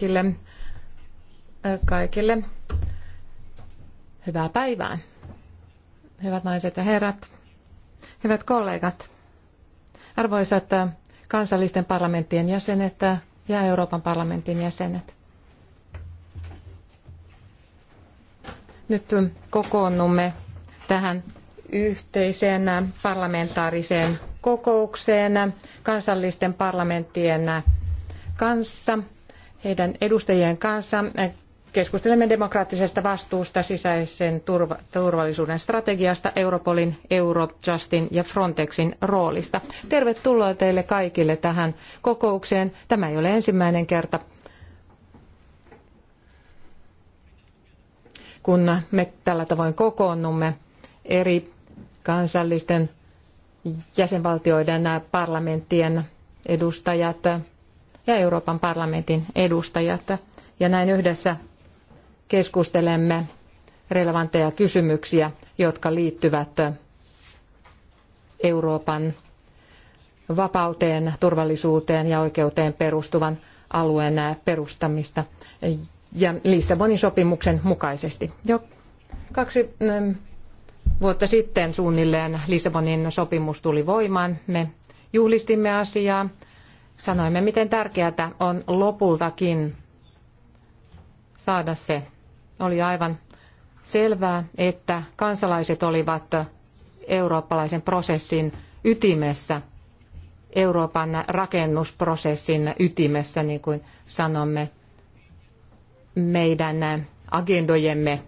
kaikille, kaikille hyvää päivää. Hyvät naiset ja herrat, hyvät kollegat, arvoisat kansallisten parlamenttien jäsenet ja Euroopan parlamentin jäsenet. Nyt kokoonnumme tähän yhteiseen parlamentaariseen kokoukseen kansallisten parlamenttien kanssa – heidän edustajien kanssa. Keskustelemme demokraattisesta vastuusta, sisäisen turva, turvallisuuden strategiasta, Europolin, Eurojustin ja Frontexin roolista. Tervetuloa teille kaikille tähän kokoukseen. Tämä ei ole ensimmäinen kerta, kun me tällä tavoin kokoonnumme eri kansallisten jäsenvaltioiden äh, parlamenttien edustajat ja Euroopan parlamentin edustajat. Ja näin yhdessä keskustelemme relevantteja kysymyksiä, jotka liittyvät Euroopan vapauteen, turvallisuuteen ja oikeuteen perustuvan alueen perustamista ja Lissabonin sopimuksen mukaisesti. Jo kaksi mm, vuotta sitten suunnilleen Lissabonin sopimus tuli voimaan. Me juhlistimme asiaa Sanoimme, miten tärkeää on lopultakin saada se. Oli aivan selvää, että kansalaiset olivat eurooppalaisen prosessin ytimessä, Euroopan rakennusprosessin ytimessä, niin kuin sanomme, meidän agendojemme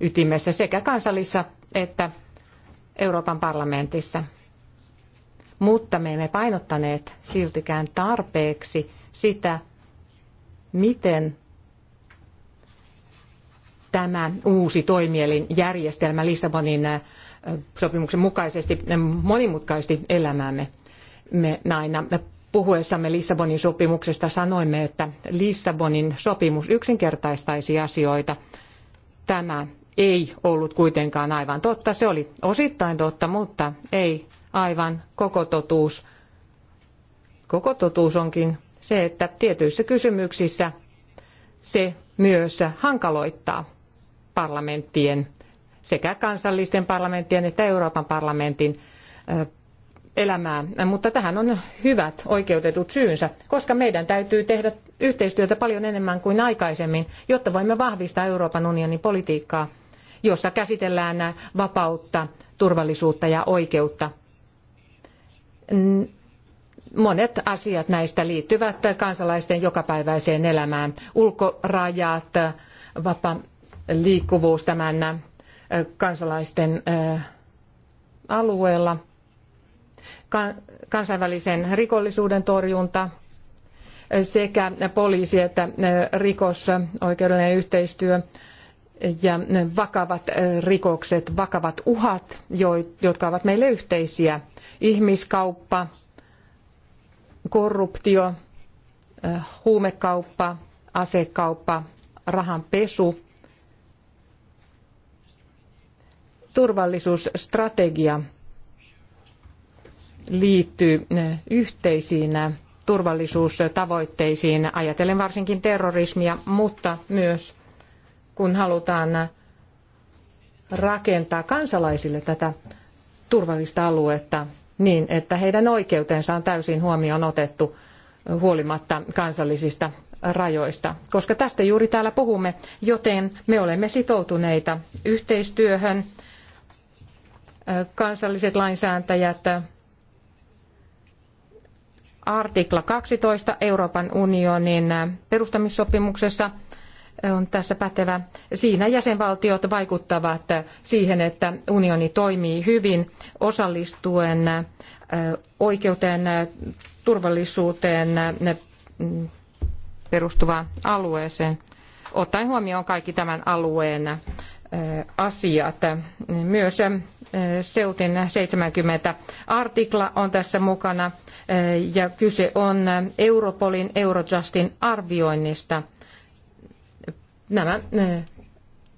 ytimessä sekä kansallissa että Euroopan parlamentissa mutta me emme painottaneet siltikään tarpeeksi sitä, miten tämä uusi toimielinjärjestelmä Lissabonin äh, sopimuksen mukaisesti monimutkaisti elämäämme. Me aina puhuessamme Lissabonin sopimuksesta sanoimme, että Lissabonin sopimus yksinkertaistaisi asioita. Tämä ei ollut kuitenkaan aivan totta. Se oli osittain totta, mutta ei aivan koko totuus. Koko totuus onkin se, että tietyissä kysymyksissä se myös hankaloittaa parlamenttien sekä kansallisten parlamenttien että Euroopan parlamentin elämää, mutta tähän on hyvät oikeutetut syynsä, koska meidän täytyy tehdä yhteistyötä paljon enemmän kuin aikaisemmin, jotta voimme vahvistaa Euroopan unionin politiikkaa, jossa käsitellään vapautta, turvallisuutta ja oikeutta monet asiat näistä liittyvät kansalaisten jokapäiväiseen elämään. Ulkorajat, vapaa liikkuvuus tämän äh, kansalaisten äh, alueella, kansainvälisen rikollisuuden torjunta äh, sekä poliisi- että rikosoikeudellinen yhteistyö ja vakavat rikokset, vakavat uhat, jotka ovat meille yhteisiä. Ihmiskauppa, korruptio, huumekauppa, asekauppa, rahanpesu, turvallisuusstrategia liittyy yhteisiin turvallisuustavoitteisiin, ajatellen varsinkin terrorismia, mutta myös kun halutaan rakentaa kansalaisille tätä turvallista aluetta niin, että heidän oikeutensa on täysin huomioon otettu huolimatta kansallisista rajoista, koska tästä juuri täällä puhumme, joten me olemme sitoutuneita yhteistyöhön. Kansalliset lainsääntäjät, artikla 12 Euroopan unionin perustamissopimuksessa – on tässä pätevä. Siinä jäsenvaltiot vaikuttavat siihen, että unioni toimii hyvin osallistuen oikeuteen, turvallisuuteen perustuvaan alueeseen, ottaen huomioon kaikki tämän alueen asiat. Myös Seutin 70 artikla on tässä mukana ja kyse on Europolin Eurojustin arvioinnista – Nämä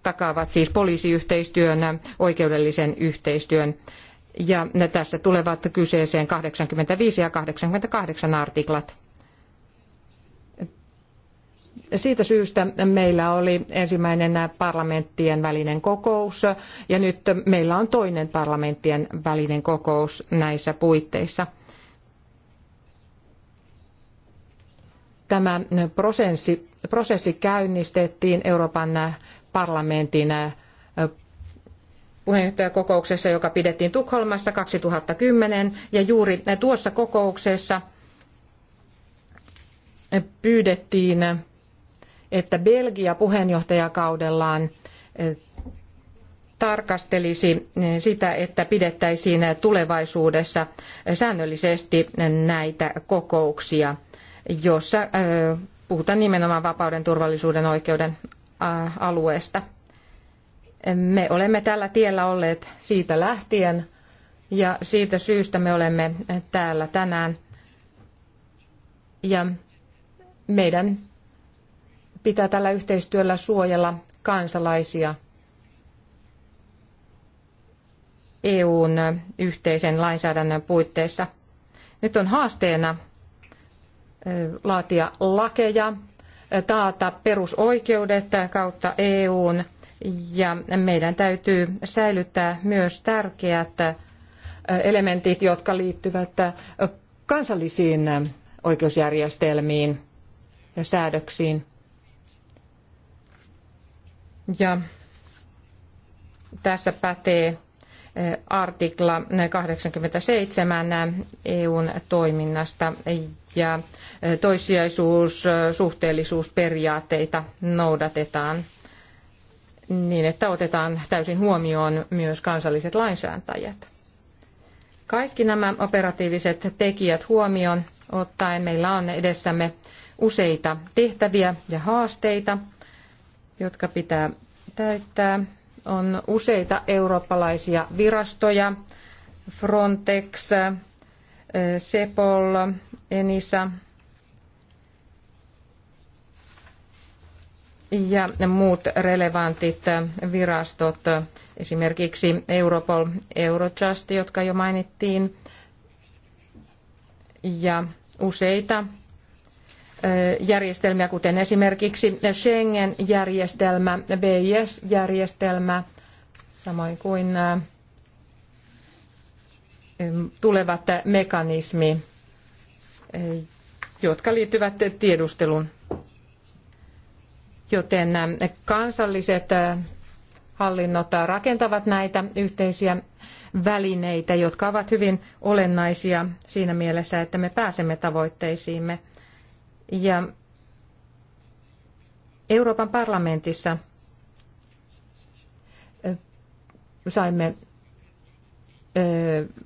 takaavat siis poliisiyhteistyön, oikeudellisen yhteistyön ja tässä tulevat kyseeseen 85 ja 88 artiklat. Siitä syystä meillä oli ensimmäinen parlamenttien välinen kokous ja nyt meillä on toinen parlamenttien välinen kokous näissä puitteissa. Tämä prosessi prosessi käynnistettiin Euroopan parlamentin äh, puheenjohtajakokouksessa, joka pidettiin Tukholmassa 2010. Ja juuri tuossa kokouksessa pyydettiin, että Belgia puheenjohtajakaudellaan äh, tarkastelisi sitä, että pidettäisiin tulevaisuudessa säännöllisesti näitä kokouksia, jossa äh, puhutaan nimenomaan vapauden, turvallisuuden, oikeuden alueesta. Me olemme tällä tiellä olleet siitä lähtien ja siitä syystä me olemme täällä tänään. Ja meidän pitää tällä yhteistyöllä suojella kansalaisia EUn yhteisen lainsäädännön puitteissa. Nyt on haasteena laatia lakeja, taata perusoikeudet kautta EUn ja meidän täytyy säilyttää myös tärkeät elementit, jotka liittyvät kansallisiin oikeusjärjestelmiin ja säädöksiin. Ja tässä pätee artikla 87 EUn toiminnasta ja toissijaisuus, suhteellisuusperiaatteita noudatetaan niin, että otetaan täysin huomioon myös kansalliset lainsääntäjät. Kaikki nämä operatiiviset tekijät huomioon ottaen meillä on edessämme useita tehtäviä ja haasteita, jotka pitää täyttää on useita eurooppalaisia virastoja, Frontex, eh, Sepol, Enisa ja muut relevantit eh, virastot, eh, esimerkiksi Europol, Eurojust, jotka jo mainittiin, ja useita järjestelmiä, kuten esimerkiksi Schengen-järjestelmä, BIS-järjestelmä, samoin kuin tulevat mekanismi, jotka liittyvät tiedusteluun. Joten kansalliset hallinnot rakentavat näitä yhteisiä välineitä, jotka ovat hyvin olennaisia siinä mielessä, että me pääsemme tavoitteisiimme – ja Euroopan parlamentissa saimme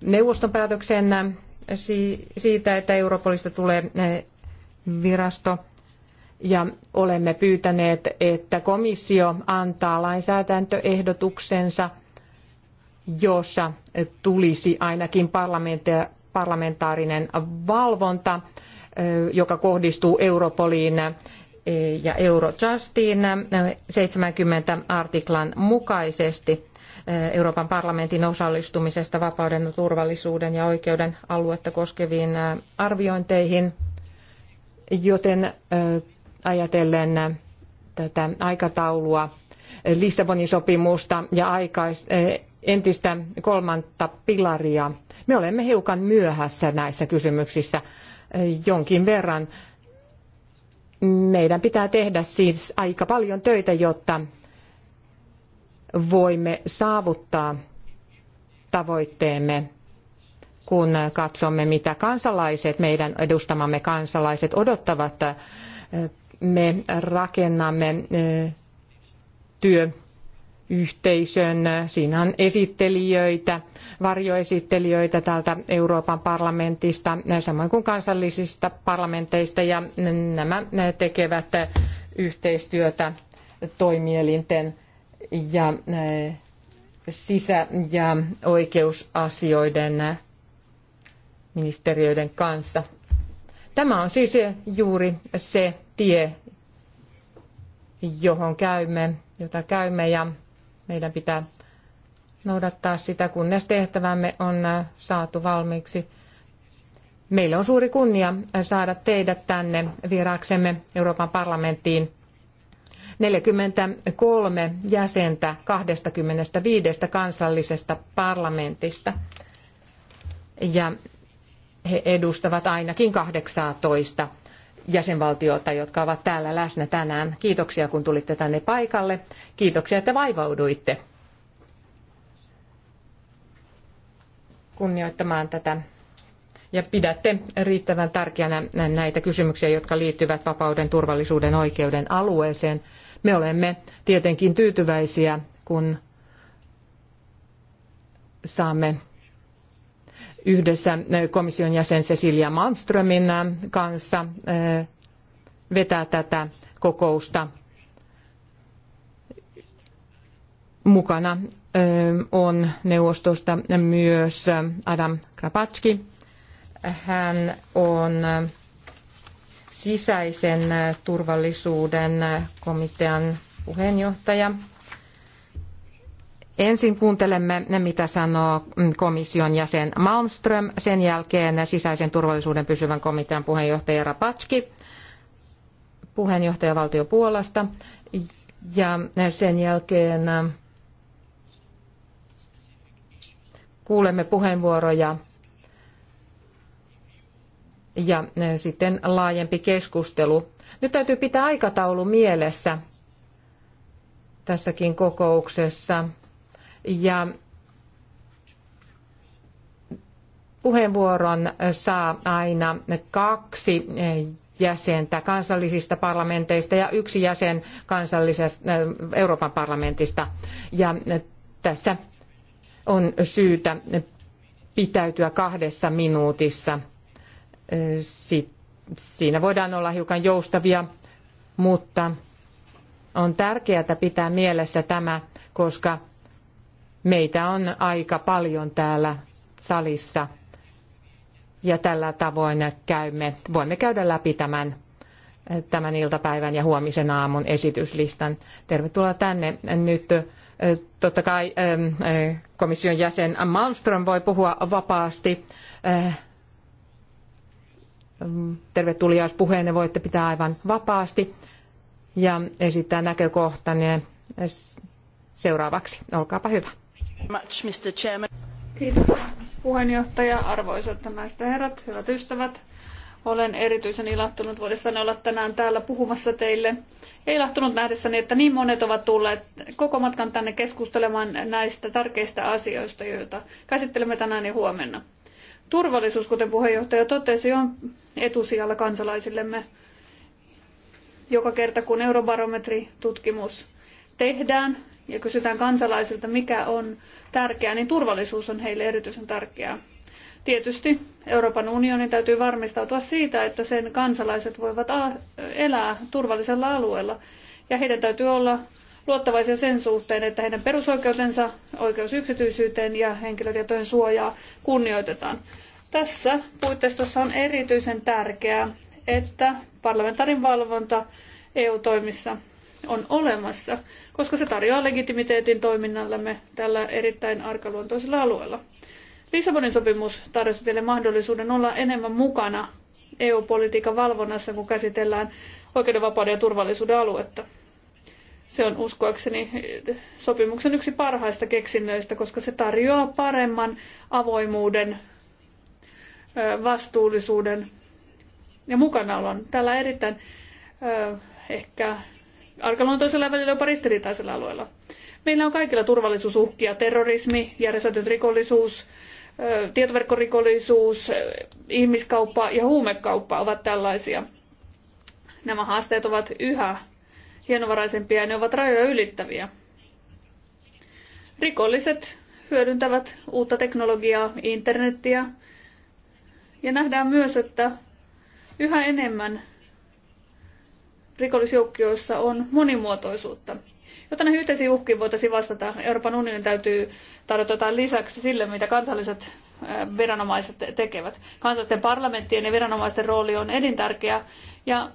neuvoston päätöksen siitä, että Europolista tulee virasto ja olemme pyytäneet, että komissio antaa lainsäädäntöehdotuksensa, jossa tulisi ainakin parlamentaarinen valvonta joka kohdistuu Europoliin ja Eurojustiin 70 artiklan mukaisesti Euroopan parlamentin osallistumisesta vapauden, turvallisuuden ja oikeuden aluetta koskeviin arviointeihin, joten ajatellen tätä aikataulua, Lissabonin sopimusta ja aikais, entistä kolmatta pilaria. Me olemme hiukan myöhässä näissä kysymyksissä jonkin verran. Meidän pitää tehdä siis aika paljon töitä, jotta voimme saavuttaa tavoitteemme, kun katsomme, mitä kansalaiset, meidän edustamamme kansalaiset odottavat. Me rakennamme työ yhteisön. Siinä on esittelijöitä, varjoesittelijöitä täältä Euroopan parlamentista, samoin kuin kansallisista parlamenteista, ja nämä tekevät yhteistyötä toimielinten ja eh, sisä- ja oikeusasioiden ministeriöiden kanssa. Tämä on siis juuri se tie, johon käymme, jota käymme ja meidän pitää noudattaa sitä, kunnes tehtävämme on äh, saatu valmiiksi. Meillä on suuri kunnia äh, saada teidät tänne vieraaksemme Euroopan parlamenttiin. 43 jäsentä 25 kansallisesta parlamentista. Ja he edustavat ainakin 18 Jäsenvaltioita, jotka ovat täällä läsnä tänään. Kiitoksia, kun tulitte tänne paikalle. Kiitoksia, että vaivauduitte kunnioittamaan tätä ja pidätte riittävän tärkeänä näitä kysymyksiä, jotka liittyvät vapauden, turvallisuuden, oikeuden alueeseen. Me olemme tietenkin tyytyväisiä, kun saamme yhdessä komission jäsen Cecilia Malmströmin kanssa vetää tätä kokousta. Mukana on neuvostosta myös Adam Krapatski. Hän on sisäisen turvallisuuden komitean puheenjohtaja Ensin kuuntelemme, mitä sanoo mm, komission jäsen Malmström, sen jälkeen sisäisen turvallisuuden pysyvän komitean puheenjohtaja Rapatski, puheenjohtaja valtiopuolasta Puolasta, ja sen jälkeen mm, kuulemme puheenvuoroja ja mm, sitten laajempi keskustelu. Nyt täytyy pitää aikataulu mielessä tässäkin kokouksessa. Ja puheenvuoron saa aina kaksi jäsentä kansallisista parlamenteista ja yksi jäsen kansallisesta äh, Euroopan parlamentista. Ja tässä on syytä pitäytyä kahdessa minuutissa. Siinä voidaan olla hiukan joustavia, mutta on tärkeää pitää mielessä tämä, koska Meitä on aika paljon täällä salissa ja tällä tavoin käymme, voimme käydä läpi tämän, tämän iltapäivän ja huomisen aamun esityslistan. Tervetuloa tänne nyt. Totta kai komission jäsen Malmström voi puhua vapaasti. Tervetuliaispuheenne voitte pitää aivan vapaasti ja esittää näkökohtanne seuraavaksi. Olkaapa hyvä. Kiitos puheenjohtaja, arvoisat naiset ja herrat, hyvät ystävät. Olen erityisen ilahtunut voidessani olla tänään täällä puhumassa teille. Ja ilahtunut nähdessäni, että niin monet ovat tulleet koko matkan tänne keskustelemaan näistä tärkeistä asioista, joita käsittelemme tänään ja huomenna. Turvallisuus, kuten puheenjohtaja totesi, on etusijalla kansalaisillemme. Joka kerta, kun Eurobarometri tutkimus tehdään, ja kysytään kansalaisilta, mikä on tärkeää, niin turvallisuus on heille erityisen tärkeää. Tietysti Euroopan unionin täytyy varmistautua siitä, että sen kansalaiset voivat elää turvallisella alueella. Ja heidän täytyy olla luottavaisia sen suhteen, että heidän perusoikeutensa, oikeus yksityisyyteen ja henkilötietojen suojaa kunnioitetaan. Tässä puitteistossa on erityisen tärkeää, että parlamentaarin valvonta EU-toimissa on olemassa, koska se tarjoaa legitimiteetin toiminnallemme tällä erittäin arkaluontoisella alueella. Lissabonin sopimus tarjosi teille mahdollisuuden olla enemmän mukana EU-politiikan valvonnassa, kun käsitellään oikeudenvapauden ja turvallisuuden aluetta. Se on uskoakseni sopimuksen yksi parhaista keksinnöistä, koska se tarjoaa paremman avoimuuden, vastuullisuuden ja mukanaolon. Tällä erittäin ehkä arkaluontoisella välillä jopa ristiriitaisella alueella. Meillä on kaikilla turvallisuusuhkia, terrorismi, järjestäytynyt rikollisuus, tietoverkkorikollisuus, ihmiskauppa ja huumekauppa ovat tällaisia. Nämä haasteet ovat yhä hienovaraisempia ja ne ovat rajoja ylittäviä. Rikolliset hyödyntävät uutta teknologiaa, internettiä ja nähdään myös, että yhä enemmän rikollisjoukkioissa on monimuotoisuutta. Jotta näihin yhteisiin uhkiin voitaisiin vastata, Euroopan unionin täytyy tarjota jotain lisäksi sille, mitä kansalliset viranomaiset tekevät. Kansallisten parlamenttien ja viranomaisten rooli on elintärkeä ja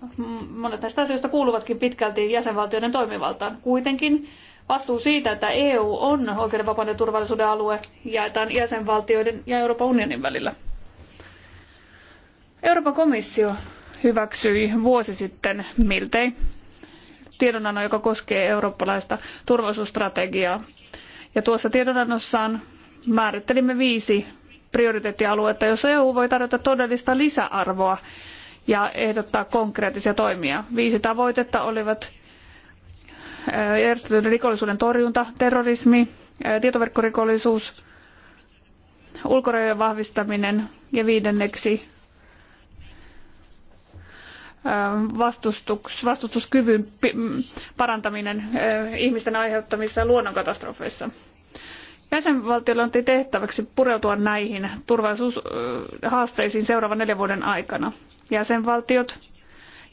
monet näistä asioista kuuluvatkin pitkälti jäsenvaltioiden toimivaltaan. Kuitenkin vastuu siitä, että EU on oikeudenvapauden ja turvallisuuden alue, jaetaan jäsenvaltioiden ja Euroopan unionin välillä. Euroopan komissio hyväksyi vuosi sitten miltei tiedonannon, joka koskee eurooppalaista turvallisuusstrategiaa. Ja tuossa tiedonannossaan määrittelimme viisi prioriteettialuetta, jossa EU voi tarjota todellista lisäarvoa ja ehdottaa konkreettisia toimia. Viisi tavoitetta olivat eh, järjestetyn rikollisuuden torjunta, terrorismi, eh, tietoverkkorikollisuus, ulkorajojen vahvistaminen ja viidenneksi vastustus, vastustuskyvyn parantaminen ihmisten aiheuttamissa luonnonkatastrofeissa. Jäsenvaltiolle on tehtäväksi pureutua näihin turvallisuushaasteisiin seuraavan neljän vuoden aikana. Jäsenvaltiot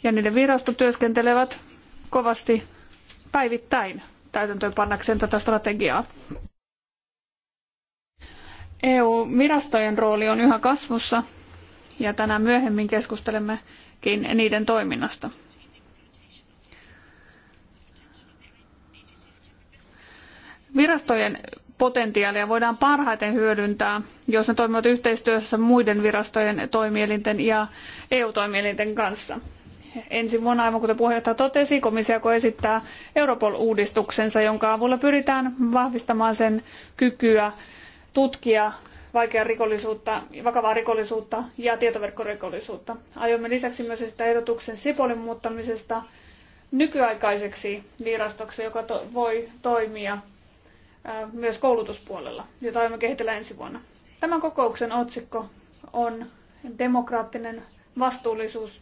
ja niiden virasto työskentelevät kovasti päivittäin täytäntöönpannakseen tätä strategiaa. EU-virastojen rooli on yhä kasvussa ja tänään myöhemmin keskustelemme niiden toiminnasta. Virastojen potentiaalia voidaan parhaiten hyödyntää, jos ne toimivat yhteistyössä muiden virastojen toimielinten ja EU-toimielinten kanssa. Ensi vuonna, aivan kuten puheenjohtaja totesi, komissio esittää Europol-uudistuksensa, jonka avulla pyritään vahvistamaan sen kykyä tutkia vaikeaa rikollisuutta, vakavaa rikollisuutta ja tietoverkkorikollisuutta. Aiomme lisäksi myös esittää ehdotuksen Sipolin muuttamisesta nykyaikaiseksi virastoksi, joka to voi toimia äh, myös koulutuspuolella, jota aiomme kehitellä ensi vuonna. Tämän kokouksen otsikko on demokraattinen vastuullisuus.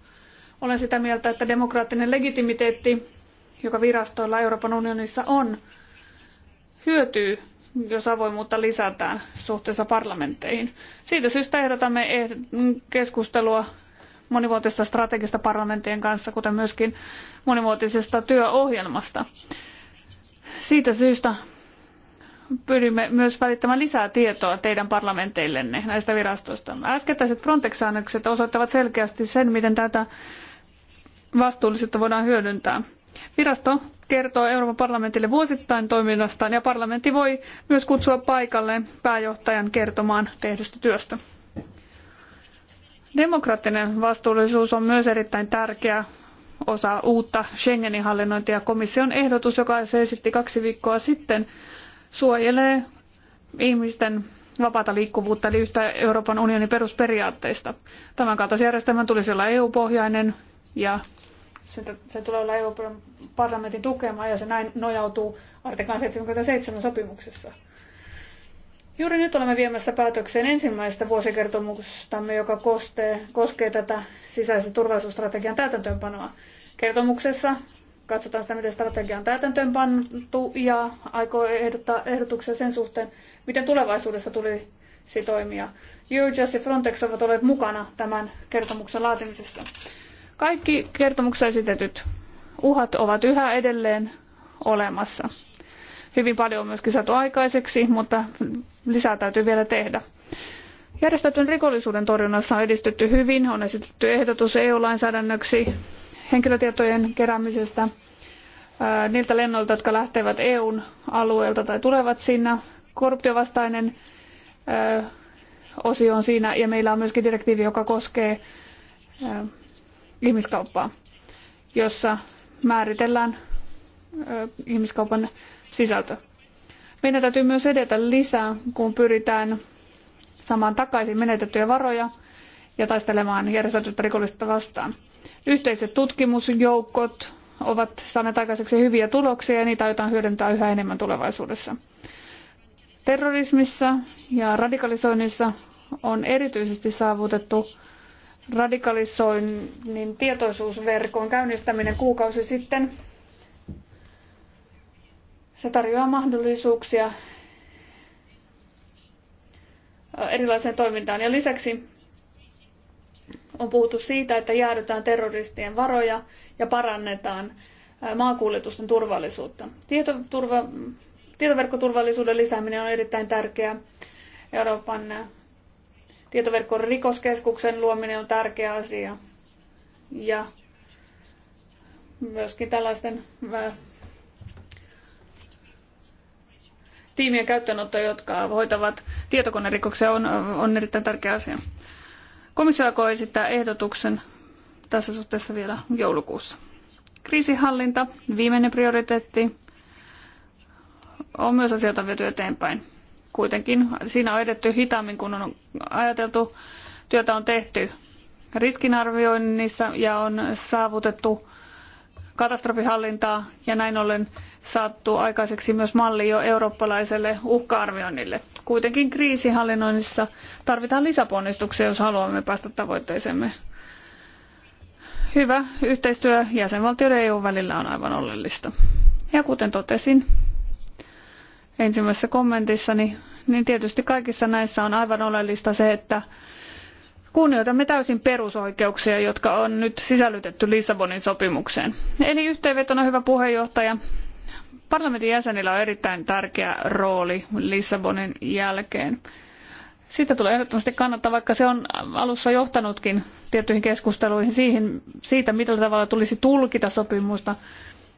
Olen sitä mieltä, että demokraattinen legitimiteetti, joka virastoilla Euroopan unionissa on, hyötyy jos avoimuutta lisätään suhteessa parlamentteihin. Siitä syystä ehdotamme eh- keskustelua monivuotisesta strategista parlamenttien kanssa, kuten myöskin monivuotisesta työohjelmasta. Siitä syystä pyrimme myös välittämään lisää tietoa teidän parlamenteillenne näistä virastoista. Äskettäiset Frontex-säännökset osoittavat selkeästi sen, miten tätä vastuullisuutta voidaan hyödyntää. Virasto kertoo Euroopan parlamentille vuosittain toiminnastaan ja parlamentti voi myös kutsua paikalle pääjohtajan kertomaan tehdystä työstä. Demokraattinen vastuullisuus on myös erittäin tärkeä osa uutta Schengenin hallinnointia. Komission ehdotus, joka se esitti kaksi viikkoa sitten, suojelee ihmisten vapaata liikkuvuutta eli yhtä Euroopan unionin perusperiaatteista. Tämän kaltaisen järjestelmän tulisi olla EU-pohjainen ja se tulee olla Euroopan parlamentin tukema ja se näin nojautuu artiklaan 77 sopimuksessa. Juuri nyt olemme viemässä päätökseen ensimmäistä vuosikertomustamme, joka koskee, koskee tätä sisäisen turvallisuusstrategian täytäntöönpanoa. Kertomuksessa katsotaan sitä, miten strategia on täytäntöönpantu ja aikoo ehdottaa ehdotuksia sen suhteen, miten tulevaisuudessa tulisi toimia. Eurojust ja Frontex ovat olleet mukana tämän kertomuksen laatimisessa. Kaikki kertomuksessa esitetyt uhat ovat yhä edelleen olemassa. Hyvin paljon on myöskin saatu aikaiseksi, mutta lisää täytyy vielä tehdä. Järjestetyn rikollisuuden torjunnassa on edistytty hyvin, on esitetty ehdotus EU-lainsäädännöksi henkilötietojen keräämisestä niiltä lennoilta, jotka lähtevät EUn alueelta tai tulevat sinne. Korruptiovastainen osio on siinä ja meillä on myöskin direktiivi, joka koskee ihmiskauppaa, jossa määritellään ihmiskaupan sisältö. Meidän täytyy myös edetä lisää, kun pyritään saamaan takaisin menetettyjä varoja ja taistelemaan järjestäytynyttä rikollista vastaan. Yhteiset tutkimusjoukot ovat saaneet aikaiseksi hyviä tuloksia ja niitä aiotaan hyödyntää yhä enemmän tulevaisuudessa. Terrorismissa ja radikalisoinnissa on erityisesti saavutettu radikalisoinnin tietoisuusverkon käynnistäminen kuukausi sitten. Se tarjoaa mahdollisuuksia äh, erilaiseen toimintaan. Ja lisäksi on puhuttu siitä, että jäädytään terroristien varoja ja parannetaan äh, maakuljetusten turvallisuutta. Tietoturva, tietoverkkoturvallisuuden lisääminen on erittäin tärkeää Euroopan äh, Tietoverkon rikoskeskuksen luominen on tärkeä asia. Ja myöskin tällaisten tiimien käyttöönotto, jotka hoitavat tietokonerikoksia, on, on erittäin tärkeä asia. Komissio alkoi esittää ehdotuksen tässä suhteessa vielä joulukuussa. Kriisihallinta, viimeinen prioriteetti, on myös asioita viety eteenpäin. Kuitenkin siinä on edetty hitaammin kuin on ajateltu. Työtä on tehty riskinarvioinnissa ja on saavutettu katastrofihallintaa ja näin ollen saattu aikaiseksi myös malli jo eurooppalaiselle uhka-arvioinnille. Kuitenkin kriisihallinnoinnissa tarvitaan lisäponnistuksia, jos haluamme päästä tavoitteeseemme. Hyvä yhteistyö jäsenvaltioiden ja EU välillä on aivan oleellista. Ja kuten totesin, ensimmäisessä kommentissani, niin tietysti kaikissa näissä on aivan oleellista se, että kunnioitamme täysin perusoikeuksia, jotka on nyt sisällytetty Lissabonin sopimukseen. Eli yhteenvetona hyvä puheenjohtaja, parlamentin jäsenillä on erittäin tärkeä rooli Lissabonin jälkeen. Siitä tulee ehdottomasti kannattaa, vaikka se on alussa johtanutkin tiettyihin keskusteluihin siihen, siitä, millä tavalla tulisi tulkita sopimusta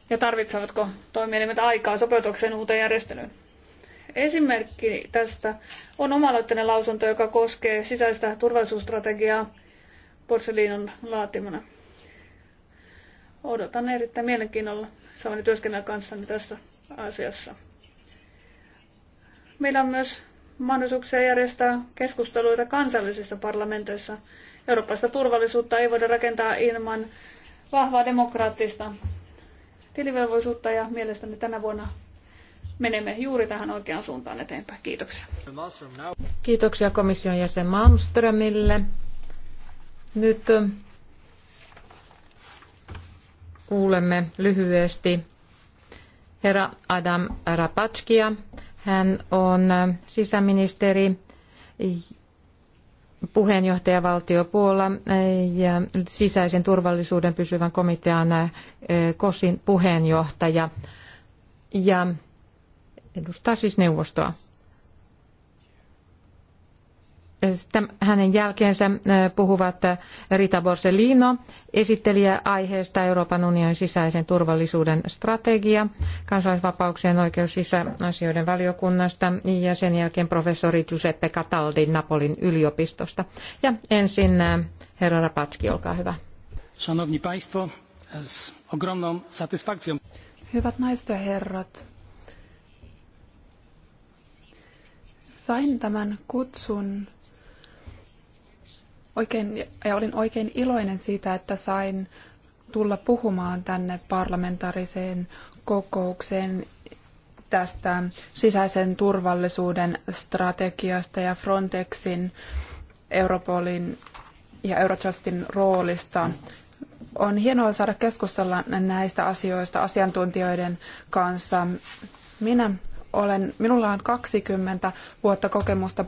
ja tarvitsevatko toimielimet aikaa sopeutuakseen uuteen järjestelyyn. Esimerkki tästä on omaloitteinen lausunto, joka koskee sisäistä turvallisuusstrategiaa Porseliinon laatimana. Odotan erittäin mielenkiinnolla saavani työskennellä kanssani tässä asiassa. Meillä on myös mahdollisuuksia järjestää keskusteluita kansallisissa parlamenteissa. Eurooppaista turvallisuutta ei voida rakentaa ilman vahvaa demokraattista tilivelvollisuutta ja mielestäni tänä vuonna menemme juuri tähän oikeaan suuntaan eteenpäin. Kiitoksia. Kiitoksia komission jäsen Malmströmille. Nyt kuulemme lyhyesti herra Adam Rapatskia. Hän on sisäministeri puheenjohtajavaltio Puola ja sisäisen turvallisuuden pysyvän komitean KOSin puheenjohtaja. Ja edustaa siis neuvostoa. Sitten hänen jälkeensä äh, puhuvat äh, Rita Borsellino, esittelijä aiheesta Euroopan unionin sisäisen turvallisuuden strategia, kansalaisvapauksien oikeus sisäasioiden valiokunnasta ja sen jälkeen professori Giuseppe Cataldi Napolin yliopistosta. Ja ensin äh, herra Rapatski, olkaa hyvä. Państwo, z ogromną satysfakcją. Hyvät naiset ja herrat, sain tämän kutsun oikein, ja olin oikein iloinen siitä, että sain tulla puhumaan tänne parlamentaariseen kokoukseen tästä sisäisen turvallisuuden strategiasta ja Frontexin, Europolin ja Eurojustin roolista. On hienoa saada keskustella näistä asioista asiantuntijoiden kanssa. Minä olen, minulla on 20 vuotta kokemusta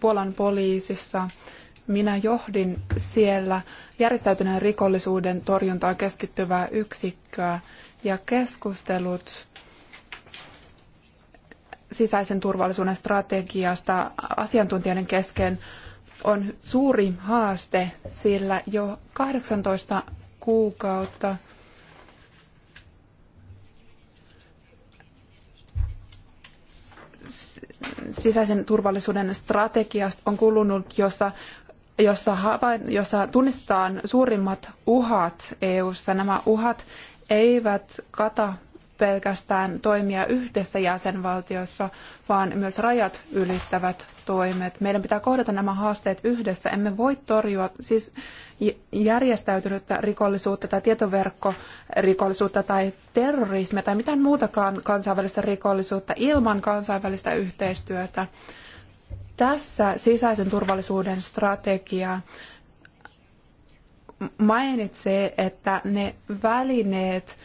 Puolan poliisissa. Minä johdin siellä järjestäytyneen rikollisuuden torjuntaan keskittyvää yksikköä ja keskustelut sisäisen turvallisuuden strategiasta asiantuntijoiden kesken on suuri haaste, sillä jo 18 kuukautta sisäisen turvallisuuden strategiasta on kulunut, jossa jossa, jossa tunnistetaan suurimmat uhat EU:ssa. Nämä uhat eivät kata pelkästään toimia yhdessä jäsenvaltiossa, vaan myös rajat ylittävät toimet. Meidän pitää kohdata nämä haasteet yhdessä. Emme voi torjua siis järjestäytynyttä rikollisuutta tai tietoverkkorikollisuutta tai terrorismia tai mitään muutakaan kansainvälistä rikollisuutta ilman kansainvälistä yhteistyötä. Tässä sisäisen turvallisuuden strategia mainitsee, että ne välineet,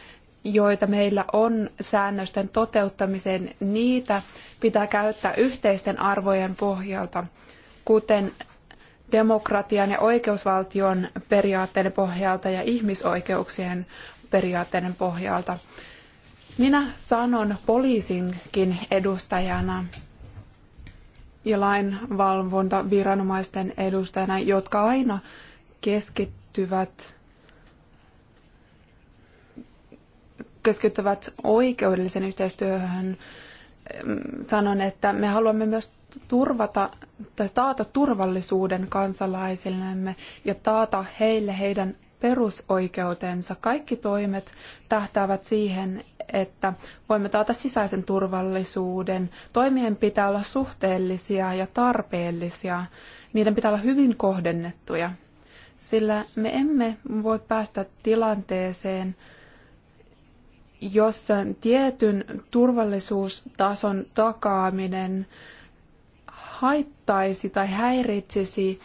joita meillä on säännösten toteuttamiseen, niitä pitää käyttää yhteisten arvojen pohjalta, kuten demokratian ja oikeusvaltion periaatteiden pohjalta ja ihmisoikeuksien periaatteiden pohjalta. Minä sanon poliisinkin edustajana ja lainvalvontaviranomaisten edustajana, jotka aina keskittyvät keskittyvät oikeudelliseen yhteistyöhön, sanon, että me haluamme myös turvata tai taata turvallisuuden kansalaisillemme ja taata heille heidän perusoikeutensa. Kaikki toimet tähtäävät siihen, että voimme taata sisäisen turvallisuuden. Toimien pitää olla suhteellisia ja tarpeellisia. Niiden pitää olla hyvin kohdennettuja, sillä me emme voi päästä tilanteeseen, jossa tietyn turvallisuustason takaaminen haittaisi tai häiritsisi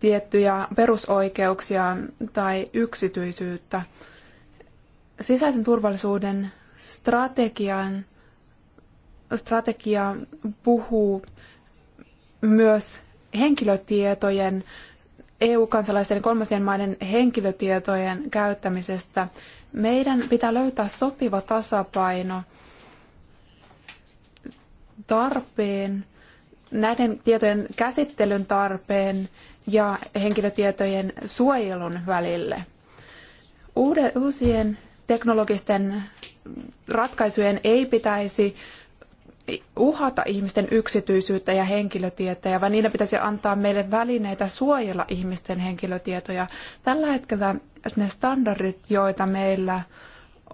tiettyjä perusoikeuksia tai yksityisyyttä. Sisäisen turvallisuuden strategian, strategia puhuu myös henkilötietojen, EU-kansalaisten ja kolmansien maiden henkilötietojen käyttämisestä meidän pitää löytää sopiva tasapaino tarpeen, näiden tietojen käsittelyn tarpeen ja henkilötietojen suojelun välille. uusien teknologisten ratkaisujen ei pitäisi uhata ihmisten yksityisyyttä ja henkilötietoja, vaan niiden pitäisi antaa meille välineitä suojella ihmisten henkilötietoja. Tällä hetkellä ne standardit, joita meillä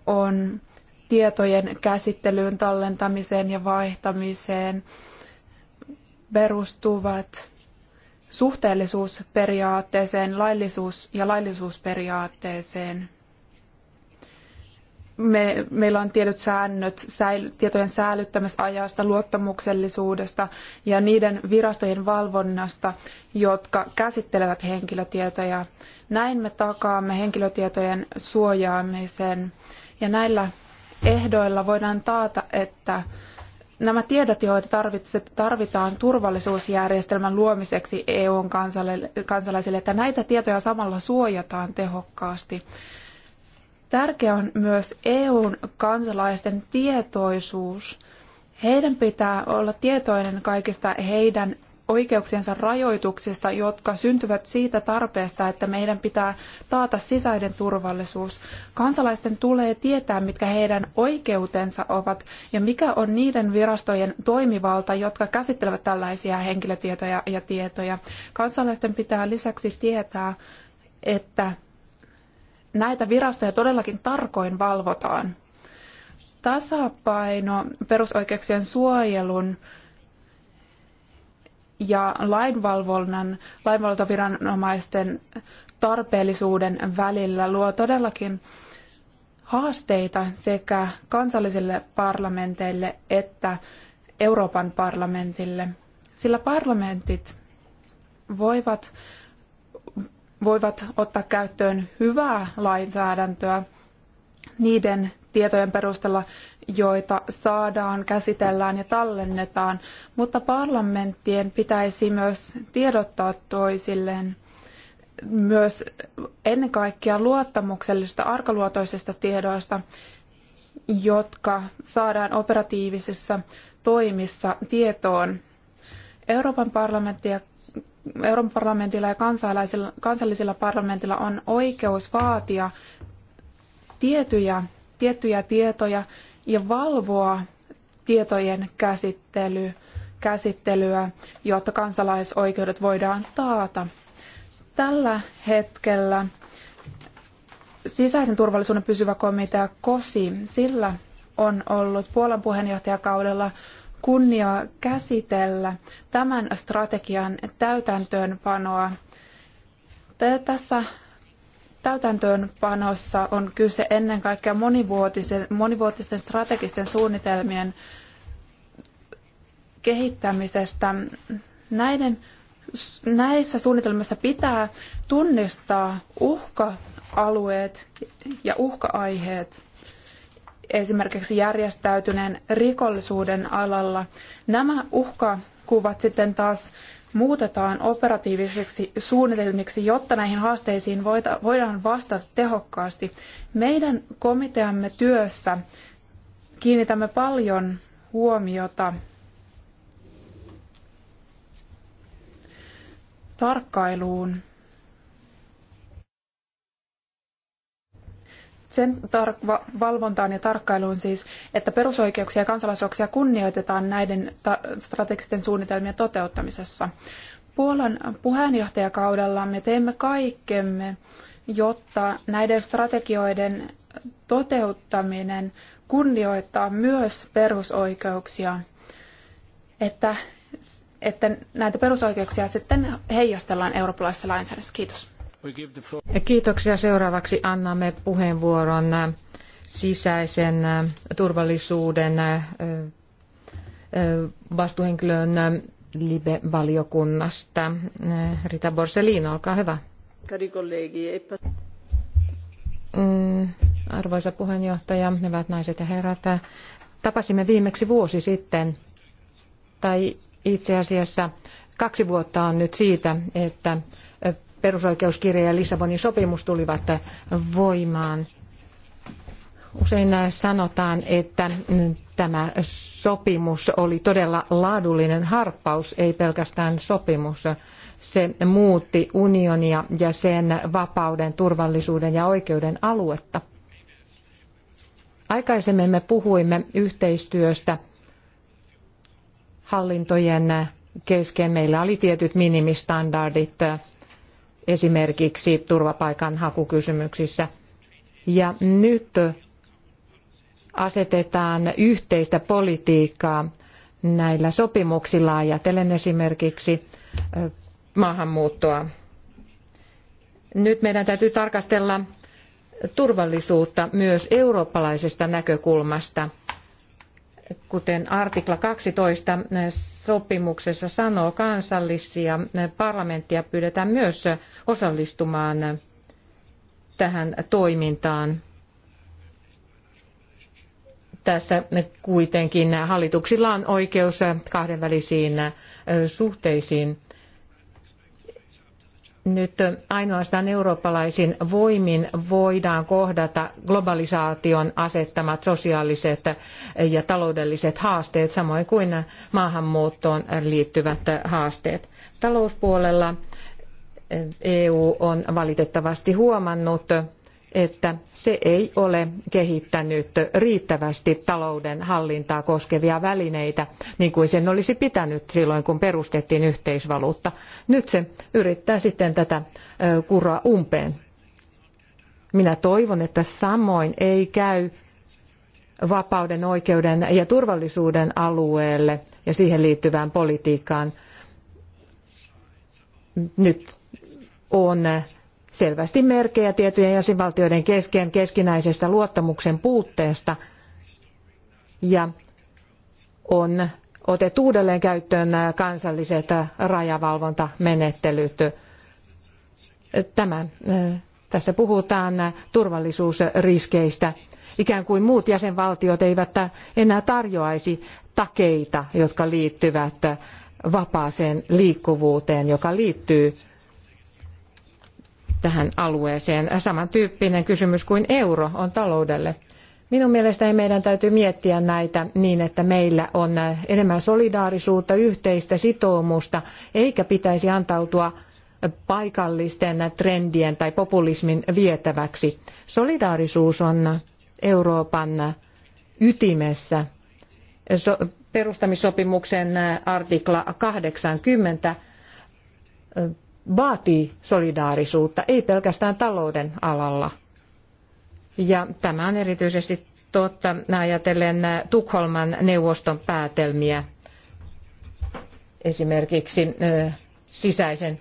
on tietojen käsittelyyn, tallentamiseen ja vaihtamiseen, perustuvat suhteellisuusperiaatteeseen, laillisuus- ja laillisuusperiaatteeseen me, meillä on tietyt säännöt säily, tietojen säilyttämisajasta, luottamuksellisuudesta ja niiden virastojen valvonnasta, jotka käsittelevät henkilötietoja. Näin me takaamme henkilötietojen suojaamisen ja näillä ehdoilla voidaan taata, että nämä tiedot, joita tarvitaan turvallisuusjärjestelmän luomiseksi EUn kansalaisille, että näitä tietoja samalla suojataan tehokkaasti. Tärkeä on myös EUn kansalaisten tietoisuus. Heidän pitää olla tietoinen kaikista heidän oikeuksiensa rajoituksista, jotka syntyvät siitä tarpeesta, että meidän pitää taata sisäinen turvallisuus. Kansalaisten tulee tietää, mitkä heidän oikeutensa ovat ja mikä on niiden virastojen toimivalta, jotka käsittelevät tällaisia henkilötietoja ja tietoja. Kansalaisten pitää lisäksi tietää, että näitä virastoja todellakin tarkoin valvotaan. Tasapaino perusoikeuksien suojelun ja lainvalvonnan, lainvalvontaviranomaisten tarpeellisuuden välillä luo todellakin haasteita sekä kansallisille parlamenteille että Euroopan parlamentille, sillä parlamentit voivat voivat ottaa käyttöön hyvää lainsäädäntöä niiden tietojen perusteella, joita saadaan, käsitellään ja tallennetaan, mutta parlamenttien pitäisi myös tiedottaa toisilleen myös ennen kaikkea luottamuksellisista arkaluotoisista tiedoista, jotka saadaan operatiivisissa toimissa tietoon. Euroopan parlamentti ja Euroopan parlamentilla ja kansallisilla parlamentilla on oikeus vaatia tiettyjä, tiettyjä tietoja ja valvoa tietojen käsittely, käsittelyä, jotta kansalaisoikeudet voidaan taata. Tällä hetkellä sisäisen turvallisuuden pysyvä komitea KOSI, sillä on ollut Puolan puheenjohtajakaudella kunniaa käsitellä tämän strategian täytäntöönpanoa. Tässä täytäntöönpanossa on kyse ennen kaikkea monivuotisen, monivuotisten strategisten suunnitelmien kehittämisestä. Näiden, näissä suunnitelmissa pitää tunnistaa uhka-alueet ja uhka-aiheet esimerkiksi järjestäytyneen rikollisuuden alalla. Nämä uhkakuvat sitten taas muutetaan operatiivisiksi suunnitelmiksi, jotta näihin haasteisiin voidaan vastata tehokkaasti. Meidän komiteamme työssä kiinnitämme paljon huomiota tarkkailuun sen valvontaan ja tarkkailuun siis, että perusoikeuksia ja kansalaisoikeuksia kunnioitetaan näiden strategisten suunnitelmien toteuttamisessa. Puolan puheenjohtajakaudella me teemme kaikkemme, jotta näiden strategioiden toteuttaminen kunnioittaa myös perusoikeuksia, että, että näitä perusoikeuksia sitten heijastellaan eurooppalaisessa lainsäädännössä. Kiitos. Kiitoksia. Seuraavaksi annamme puheenvuoron sisäisen turvallisuuden vastuuhenkilön Libe-valiokunnasta. Rita Borsellin, olkaa hyvä. Mm, arvoisa puheenjohtaja, hyvät naiset ja herrat, tapasimme viimeksi vuosi sitten, tai itse asiassa kaksi vuotta on nyt siitä, että perusoikeuskirja ja Lissabonin sopimus tulivat voimaan. Usein sanotaan, että tämä sopimus oli todella laadullinen harppaus, ei pelkästään sopimus. Se muutti unionia ja sen vapauden, turvallisuuden ja oikeuden aluetta. Aikaisemmin me puhuimme yhteistyöstä hallintojen kesken. Meillä oli tietyt minimistandardit esimerkiksi turvapaikanhakukysymyksissä. Ja nyt asetetaan yhteistä politiikkaa näillä sopimuksilla. Ajatellen esimerkiksi maahanmuuttoa. Nyt meidän täytyy tarkastella turvallisuutta myös eurooppalaisesta näkökulmasta – kuten artikla 12 sopimuksessa sanoo, kansallisia parlamenttia pyydetään myös osallistumaan tähän toimintaan. Tässä kuitenkin hallituksilla on oikeus kahdenvälisiin suhteisiin nyt ainoastaan eurooppalaisin voimin voidaan kohdata globalisaation asettamat sosiaaliset ja taloudelliset haasteet, samoin kuin maahanmuuttoon liittyvät haasteet. Talouspuolella EU on valitettavasti huomannut, että se ei ole kehittänyt riittävästi talouden hallintaa koskevia välineitä, niin kuin sen olisi pitänyt silloin, kun perustettiin yhteisvaluutta. Nyt se yrittää sitten tätä kuroa umpeen. Minä toivon, että samoin ei käy vapauden, oikeuden ja turvallisuuden alueelle ja siihen liittyvään politiikkaan. Nyt on selvästi merkejä tietojen jäsenvaltioiden kesken keskinäisestä luottamuksen puutteesta ja on otettu uudelleen käyttöön kansalliset rajavalvontamenettelyt. Tämä, äh, tässä puhutaan turvallisuusriskeistä. Ikään kuin muut jäsenvaltiot eivät enää tarjoaisi takeita, jotka liittyvät vapaaseen liikkuvuuteen, joka liittyy tähän alueeseen. Samantyyppinen kysymys kuin euro on taloudelle. Minun mielestäni meidän täytyy miettiä näitä niin, että meillä on enemmän solidaarisuutta, yhteistä sitoumusta, eikä pitäisi antautua paikallisten trendien tai populismin vietäväksi. Solidaarisuus on Euroopan ytimessä. perustamissopimuksen artikla 80 vaatii solidaarisuutta, ei pelkästään talouden alalla. Ja tämä on erityisesti totta ajatellen Tukholman neuvoston päätelmiä esimerkiksi sisäisen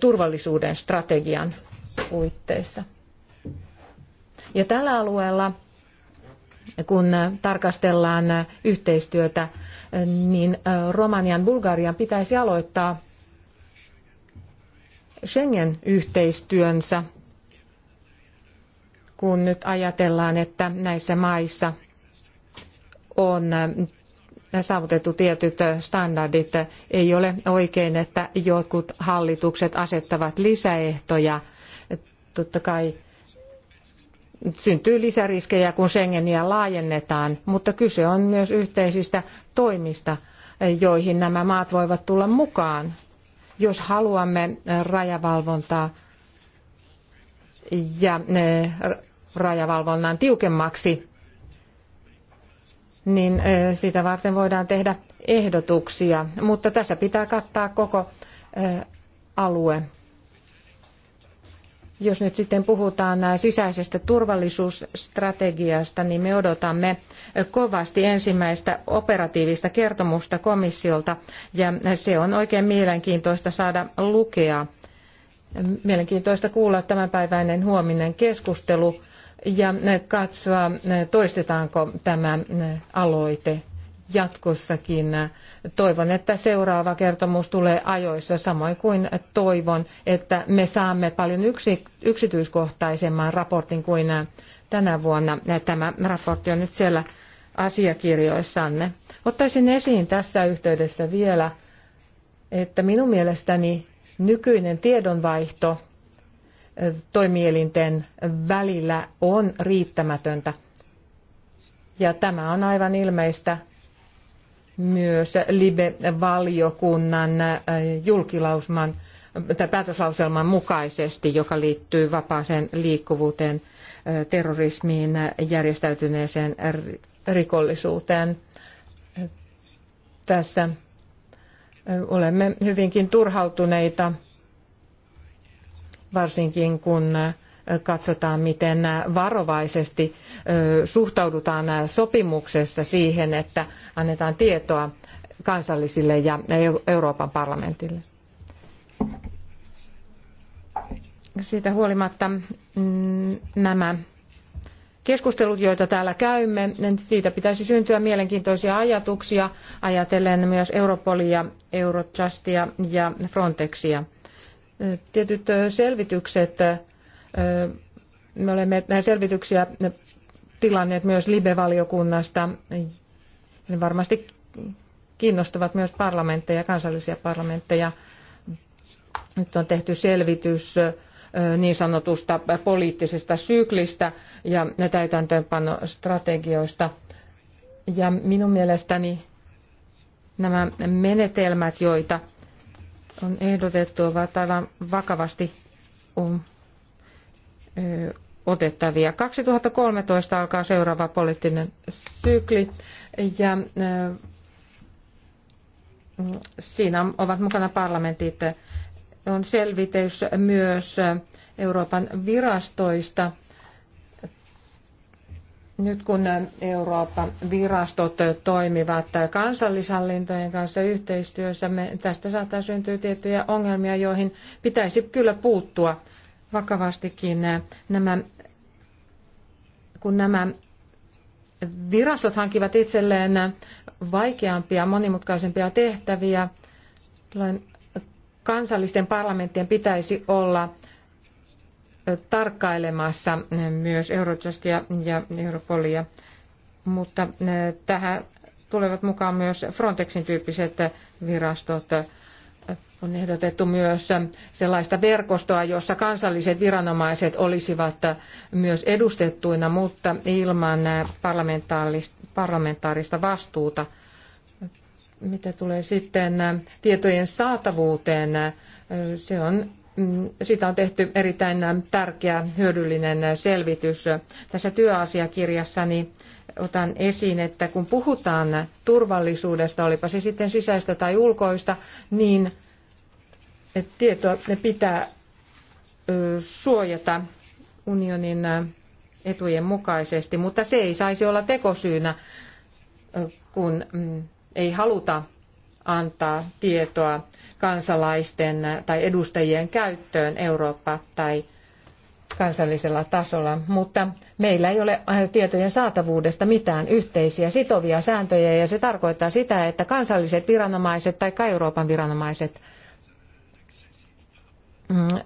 turvallisuuden strategian puitteissa. Ja tällä alueella, kun tarkastellaan yhteistyötä, niin Romanian Bulgarian pitäisi aloittaa Schengen-yhteistyönsä, kun nyt ajatellaan, että näissä maissa on saavutettu tietyt standardit. Ei ole oikein, että jotkut hallitukset asettavat lisäehtoja. Totta kai syntyy lisäriskejä, kun Schengeniä laajennetaan, mutta kyse on myös yhteisistä toimista, joihin nämä maat voivat tulla mukaan. Jos haluamme äh, rajavalvontaa ja äh, rajavalvonnan tiukemmaksi, niin äh, sitä varten voidaan tehdä ehdotuksia, mutta tässä pitää kattaa koko alue. Jos nyt sitten puhutaan sisäisestä turvallisuusstrategiasta, niin me odotamme kovasti ensimmäistä operatiivista kertomusta komissiolta ja se on oikein mielenkiintoista saada lukea. Mielenkiintoista kuulla tämänpäiväinen huominen keskustelu ja katsoa, toistetaanko tämä aloite jatkossakin. Toivon, että seuraava kertomus tulee ajoissa, samoin kuin toivon, että me saamme paljon yksityiskohtaisemman raportin kuin tänä vuonna. Tämä raportti on nyt siellä asiakirjoissanne. Ottaisin esiin tässä yhteydessä vielä, että minun mielestäni nykyinen tiedonvaihto toimielinten välillä on riittämätöntä. Ja tämä on aivan ilmeistä myös Libe-valiokunnan äh, julkilausman tai päätöslauselman mukaisesti, joka liittyy vapaaseen liikkuvuuteen, äh, terrorismiin, järjestäytyneeseen rikollisuuteen. Tässä äh, olemme hyvinkin turhautuneita, varsinkin kun katsotaan, miten varovaisesti suhtaudutaan sopimuksessa siihen, että annetaan tietoa kansallisille ja Euroopan parlamentille. Siitä huolimatta mm, nämä keskustelut, joita täällä käymme, siitä pitäisi syntyä mielenkiintoisia ajatuksia ajatellen myös Europolia, Eurojustia ja Frontexia. Tietyt selvitykset me olemme selvityksiä tilanneet myös Libe-valiokunnasta. Ne varmasti kiinnostavat myös parlamentteja, kansallisia parlamentteja. Nyt on tehty selvitys niin sanotusta poliittisesta syklistä ja täytäntöönpanostrategioista. Ja minun mielestäni nämä menetelmät, joita on ehdotettu, ovat aivan vakavasti otettavia. 2013 alkaa seuraava poliittinen sykli ja siinä ovat mukana parlamentit. On selvitys myös Euroopan virastoista. Nyt kun Euroopan virastot toimivat kansallishallintojen kanssa yhteistyössä, me, tästä saattaa syntyä tiettyjä ongelmia, joihin pitäisi kyllä puuttua vakavastikin nämä, kun nämä virastot hankivat itselleen vaikeampia, monimutkaisempia tehtäviä, kansallisten parlamenttien pitäisi olla tarkkailemassa myös Eurojustia ja Europolia, mutta tähän tulevat mukaan myös Frontexin tyyppiset virastot, on ehdotettu myös sellaista verkostoa, jossa kansalliset viranomaiset olisivat myös edustettuina, mutta ilman parlamentaarista vastuuta. Mitä tulee sitten tietojen saatavuuteen, se on siitä on tehty erittäin tärkeä hyödyllinen selvitys. Tässä työasiakirjassani otan esiin, että kun puhutaan turvallisuudesta, olipa se sitten sisäistä tai ulkoista, niin tietoa pitää suojata unionin etujen mukaisesti, mutta se ei saisi olla tekosyynä, kun mm, ei haluta antaa tietoa kansalaisten tai edustajien käyttöön Eurooppa tai kansallisella tasolla, mutta meillä ei ole tietojen saatavuudesta mitään yhteisiä sitovia sääntöjä ja se tarkoittaa sitä, että kansalliset viranomaiset tai Euroopan viranomaiset Mm.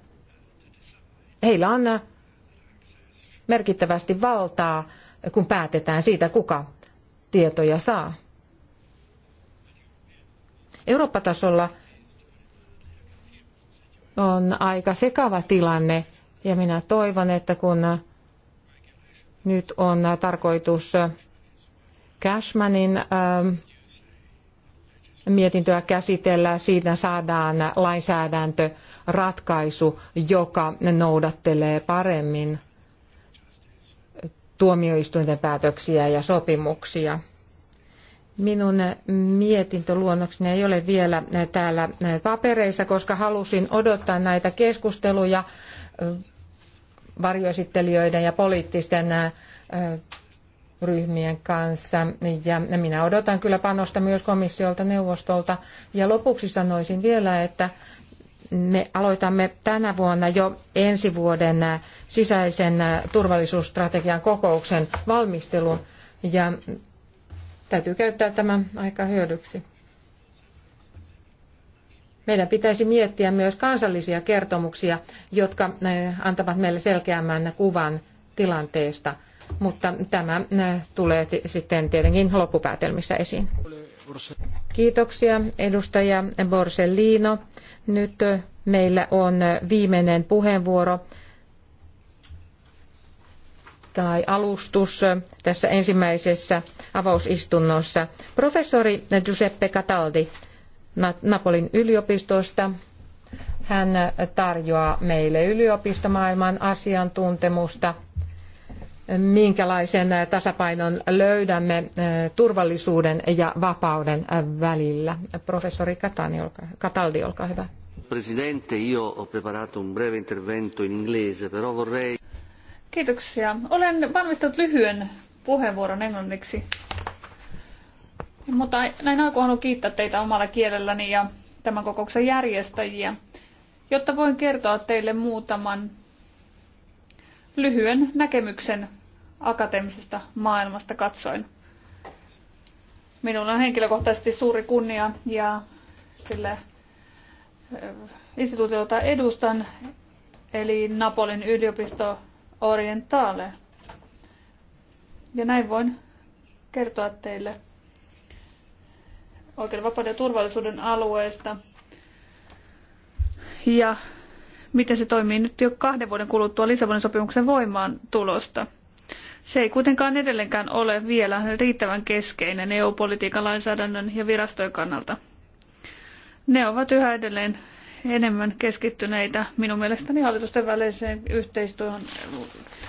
heillä on merkittävästi valtaa, kun päätetään siitä, kuka tietoja saa. Eurooppa-tasolla on aika sekava tilanne ja minä toivon, että kun nyt on tarkoitus Cashmanin ähm, mietintöä käsitellään, siitä saadaan lainsäädäntöratkaisu, joka noudattelee paremmin tuomioistuinten päätöksiä ja sopimuksia. Minun mietintöluonnokseni ei ole vielä täällä papereissa, koska halusin odottaa näitä keskusteluja varjoesittelijöiden ja poliittisten ryhmien kanssa ja minä odotan kyllä panosta myös komissiolta, neuvostolta. Ja lopuksi sanoisin vielä, että me aloitamme tänä vuonna jo ensi vuoden sisäisen turvallisuusstrategian kokouksen valmistelun ja täytyy käyttää tämä aika hyödyksi. Meidän pitäisi miettiä myös kansallisia kertomuksia, jotka eh, antavat meille selkeämmän kuvan tilanteesta – mutta tämä äh, tulee sitten tietenkin loppupäätelmissä esiin. Kiitoksia edustaja Borsellino. Nyt äh, meillä on äh, viimeinen puheenvuoro tai alustus tässä ensimmäisessä avausistunnossa. Professori Giuseppe Cataldi Napolin yliopistosta. Hän tarjoaa meille yliopistomaailman asiantuntemusta minkälaisen tasapainon löydämme eh, turvallisuuden ja vapauden eh, välillä. Professori Katani, Cataldi, olkaa hyvä. Presidente, io ho preparato un breve intervento in inglese, però vorrei... Kiitoksia. Olen valmistellut lyhyen puheenvuoron englanniksi. Mutta näin alkuun haluan kiittää teitä omalla kielelläni ja tämän kokouksen järjestäjiä, jotta voin kertoa teille muutaman lyhyen näkemyksen akateemisesta maailmasta katsoen. Minulla on henkilökohtaisesti suuri kunnia ja sille eh, instituutiota edustan, eli Napolin yliopisto Orientale. Ja näin voin kertoa teille oikeuden, vapauden ja turvallisuuden alueesta ja miten se toimii nyt jo kahden vuoden kuluttua Lissabonin sopimuksen voimaan tulosta. Se ei kuitenkaan edelleenkään ole vielä riittävän keskeinen EU-politiikan lainsäädännön ja virastojen kannalta. Ne ovat yhä edelleen enemmän keskittyneitä minun mielestäni hallitusten väliseen yhteistyöhön,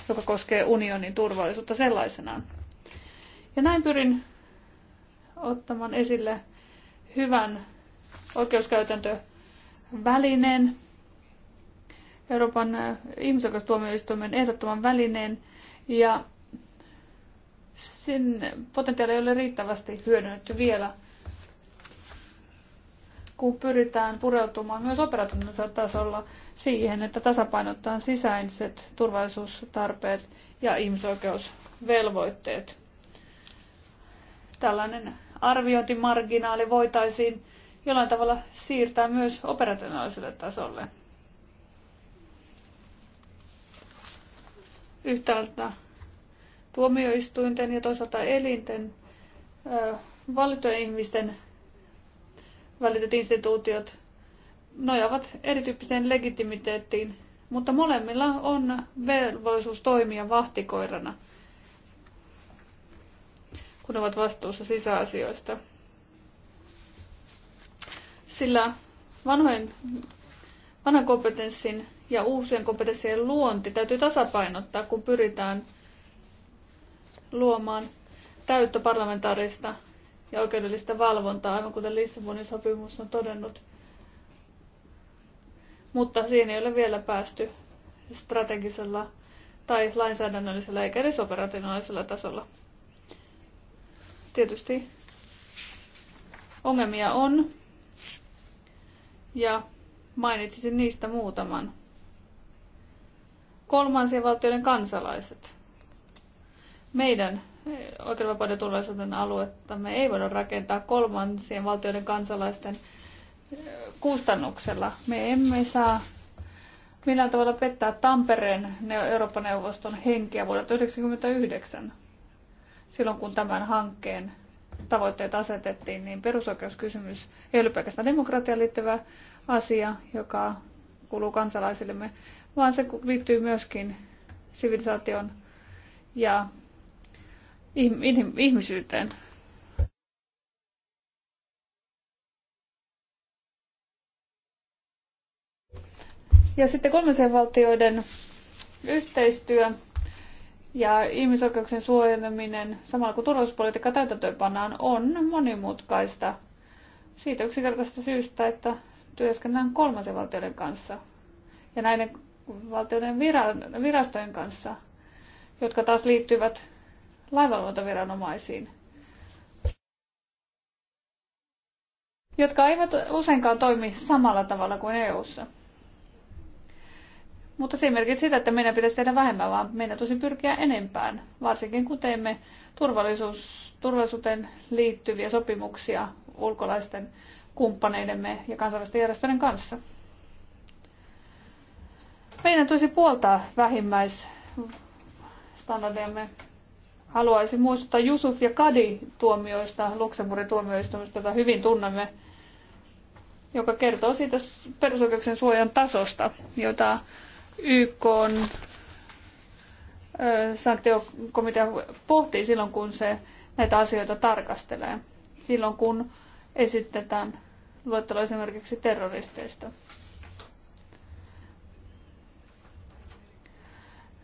joka koskee unionin turvallisuutta sellaisenaan. Ja näin pyrin ottamaan esille hyvän oikeuskäytäntövälineen, välineen Euroopan eh, ihmisoikeustuomioistuimen ehdottoman välineen ja sen potentiaali ei ole riittävästi hyödynnetty vielä, kun pyritään pureutumaan myös operatiivisella tasolla siihen, että tasapainottaa sisäiset turvallisuustarpeet ja ihmisoikeusvelvoitteet. Tällainen arviointimarginaali voitaisiin jollain tavalla siirtää myös operationaaliselle tasolle. yhtäältä tuomioistuinten ja toisaalta elinten valittujen ihmisten välityt instituutiot nojaavat erityyppiseen legitimiteettiin, mutta molemmilla on velvollisuus toimia vahtikoirana, kun ovat vastuussa sisäasioista. Sillä vanhojen, vanhan kompetenssin ja uusien kompetenssien luonti täytyy tasapainottaa, kun pyritään luomaan täyttä parlamentaarista ja oikeudellista valvontaa, aivan kuten Lissabonin sopimus on todennut. Mutta siinä ei ole vielä päästy strategisella tai lainsäädännöllisellä eikä edes operationaalisella tasolla. Tietysti ongelmia on ja mainitsisin niistä muutaman kolmansien valtioiden kansalaiset. Meidän eh, oikeudenvapauden turvallisuuden aluetta me ei voida rakentaa kolmansien valtioiden kansalaisten eh, kustannuksella. Me emme saa millään tavalla pettää Tampereen Euroopan neuvoston henkeä vuonna 1999. Silloin kun tämän hankkeen tavoitteet asetettiin, niin perusoikeuskysymys ei ole pelkästään demokratiaan liittyvä asia, joka kuuluu kansalaisillemme, vaan se liittyy myöskin sivilisaation ja ihmisyyteen. Ja sitten kolmansien valtioiden yhteistyö ja ihmisoikeuksien suojeleminen samalla kun turvallisuuspolitiikka täytäntöönpanaan on monimutkaista siitä yksinkertaisesta syystä, että työskennellään kolmansien valtioiden kanssa. Ja näiden valtioiden virastojen kanssa, jotka taas liittyvät laivanluontoviranomaisiin, jotka eivät useinkaan toimi samalla tavalla kuin EU:ssa. Mutta se merkitsee sitä, että meidän pitäisi tehdä vähemmän, vaan meidän tosi pyrkiä enempään, varsinkin kun teemme turvallisuus, turvallisuuteen liittyviä sopimuksia ulkolaisten kumppaneidemme ja kansainvälisten järjestöjen kanssa. Meidän tulisi puoltaa vähimmäisstandardejamme. Haluaisin muistuttaa Jusuf ja Kadi tuomioista, Luxemburgin tuomioistumista, jota hyvin tunnemme, joka kertoo siitä perusoikeuksien suojan tasosta, jota YK on sanktiokomitea pohtii silloin, kun se näitä asioita tarkastelee. Silloin, kun esitetään luettelo esimerkiksi terroristeista.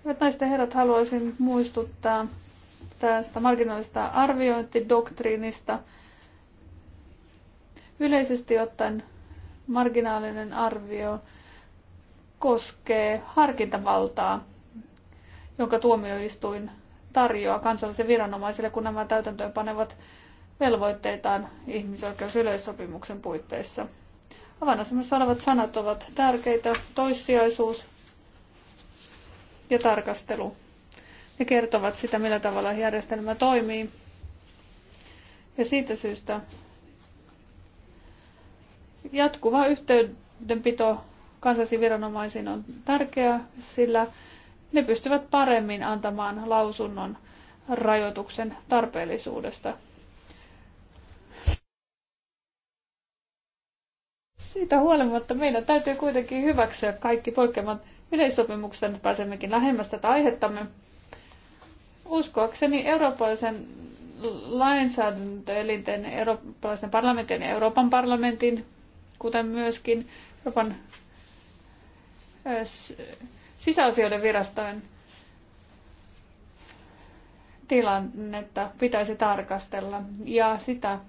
Hyvät naiset ja herrat, haluaisin muistuttaa tästä marginaalista arviointidoktriinista. Yleisesti ottaen marginaalinen arvio koskee harkintavaltaa, jonka tuomioistuin tarjoaa kansallisille viranomaisille, kun nämä täytäntöön panevat velvoitteitaan ihmisoikeusyleissopimuksen puitteissa. Avainasemassa olevat sanat ovat tärkeitä. Toissijaisuus, ja tarkastelu. Ne kertovat sitä, millä tavalla järjestelmä toimii. Ja siitä syystä jatkuva yhteydenpito kansallisiin viranomaisiin on tärkeää, sillä ne pystyvät paremmin antamaan lausunnon rajoituksen tarpeellisuudesta. Siitä huolimatta meidän täytyy kuitenkin hyväksyä kaikki poikkeamat yleissopimuksesta nyt pääsemmekin lähemmäs tätä aihettamme. Uskoakseni eurooppalaisen lainsäädäntöelinten, eurooppalaisen parlamentin ja Euroopan parlamentin, kuten myöskin Euroopan sisäasioiden virastojen tilannetta pitäisi tarkastella ja sitä,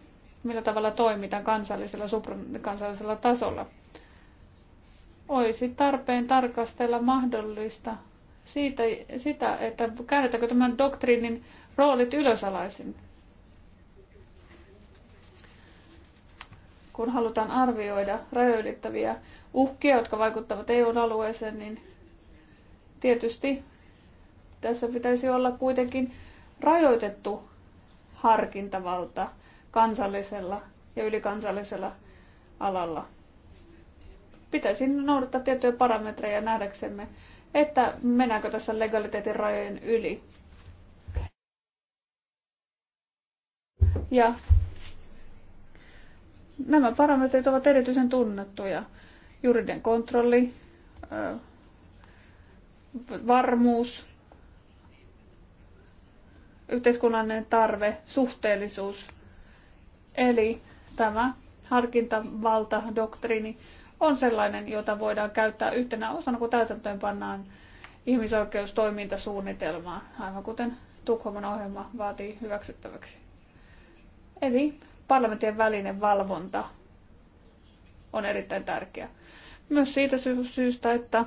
millä tavalla toimitaan kansallisella, suprakansallisella tasolla – olisi tarpeen tarkastella mahdollista siitä, sitä, että käännetäänkö tämän doktriinin roolit ylösalaisin. Kun halutaan arvioida rajoittavia uhkia, jotka vaikuttavat EU-alueeseen, niin tietysti tässä pitäisi olla kuitenkin rajoitettu harkintavalta kansallisella ja ylikansallisella alalla pitäisi noudattaa tiettyjä parametreja nähdäksemme, että mennäänkö tässä legaliteetin rajojen yli. Ja nämä parametrit ovat erityisen tunnettuja. Juridinen kontrolli, varmuus, yhteiskunnallinen tarve, suhteellisuus. Eli tämä harkintavalta, doktriini on sellainen, jota voidaan käyttää yhtenä osana, kun täytäntöön pannaan ihmisoikeustoimintasuunnitelmaa, aivan kuten Tukholman ohjelma vaatii hyväksyttäväksi. Eli parlamentin välinen valvonta on erittäin tärkeä. Myös siitä syystä, että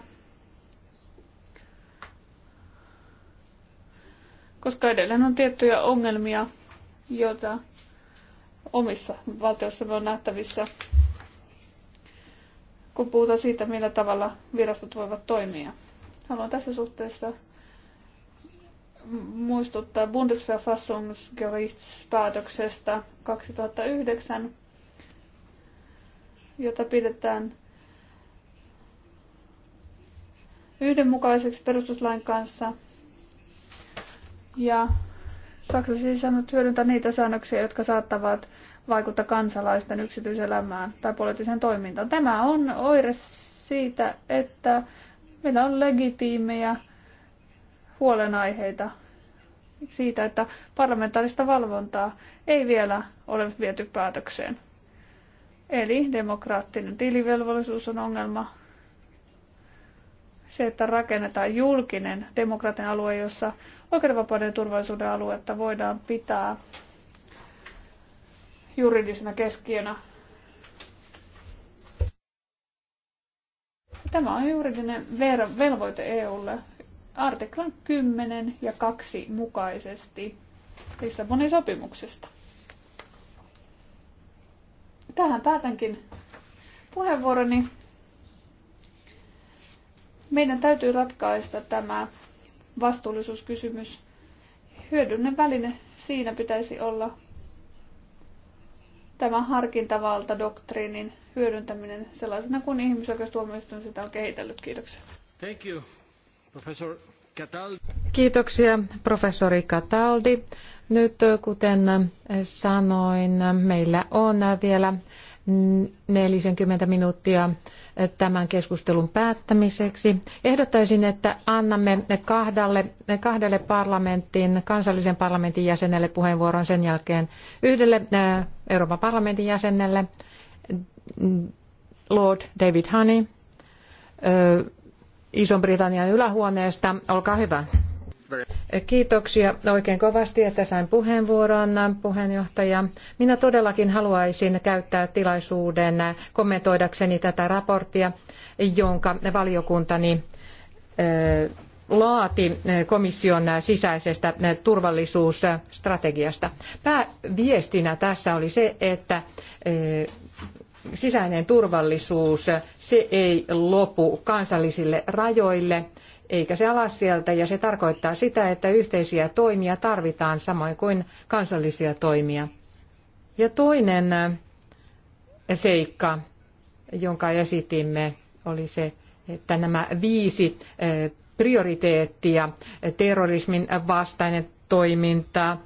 koska edelleen on tiettyjä ongelmia, joita omissa valtioissa on nähtävissä kun puhutaan siitä, millä tavalla virastot voivat toimia. Haluan tässä suhteessa muistuttaa Bundesverfassungsgerichtspäätöksestä 2009, jota pidetään yhdenmukaiseksi perustuslain kanssa. Ja Saksa siis sanoo hyödyntää niitä säännöksiä, jotka saattavat vaikuta kansalaisten yksityiselämään tai poliittiseen toimintaan. Tämä on oire siitä, että meillä on legitiimejä huolenaiheita siitä, että parlamentaarista valvontaa ei vielä ole viety päätökseen. Eli demokraattinen tilivelvollisuus on ongelma. Se, että rakennetaan julkinen demokratian alue, jossa oikeudenvapauden ja turvallisuuden aluetta voidaan pitää juridisena keskiönä. Tämä on juridinen velvoite EUlle artiklan 10 ja 2 mukaisesti Lissabonin sopimuksesta. Tähän päätänkin puheenvuoroni. Meidän täytyy ratkaista tämä vastuullisuuskysymys. Hyödyllinen väline siinä pitäisi olla tämä harkintavaltadoktriinin hyödyntäminen sellaisena kuin ihmisoikeustuomioistuin sitä on kehitellyt. Kiitoksia. Thank you, professor Cataldi. Kiitoksia, professori Cataldi. Nyt kuten sanoin, meillä on vielä 40 minuuttia tämän keskustelun päättämiseksi. Ehdottaisin, että annamme kahdalle, kahdelle parlamentin, kansallisen parlamentin jäsenelle puheenvuoron sen jälkeen yhdelle Euroopan parlamentin jäsenelle, Lord David Honey, Ison-Britannian ylähuoneesta. Olkaa hyvä. Kiitoksia oikein kovasti, että sain puheenvuoron, puheenjohtaja. Minä todellakin haluaisin käyttää tilaisuuden kommentoidakseni tätä raporttia, jonka valiokuntani laati komission sisäisestä turvallisuusstrategiasta. Pääviestinä tässä oli se, että sisäinen turvallisuus, se ei lopu kansallisille rajoille eikä se ala sieltä, ja se tarkoittaa sitä, että yhteisiä toimia tarvitaan samoin kuin kansallisia toimia. Ja toinen äh, seikka, jonka esitimme, oli se, että nämä viisi äh, prioriteettia, äh, terrorismin vastainen toiminta,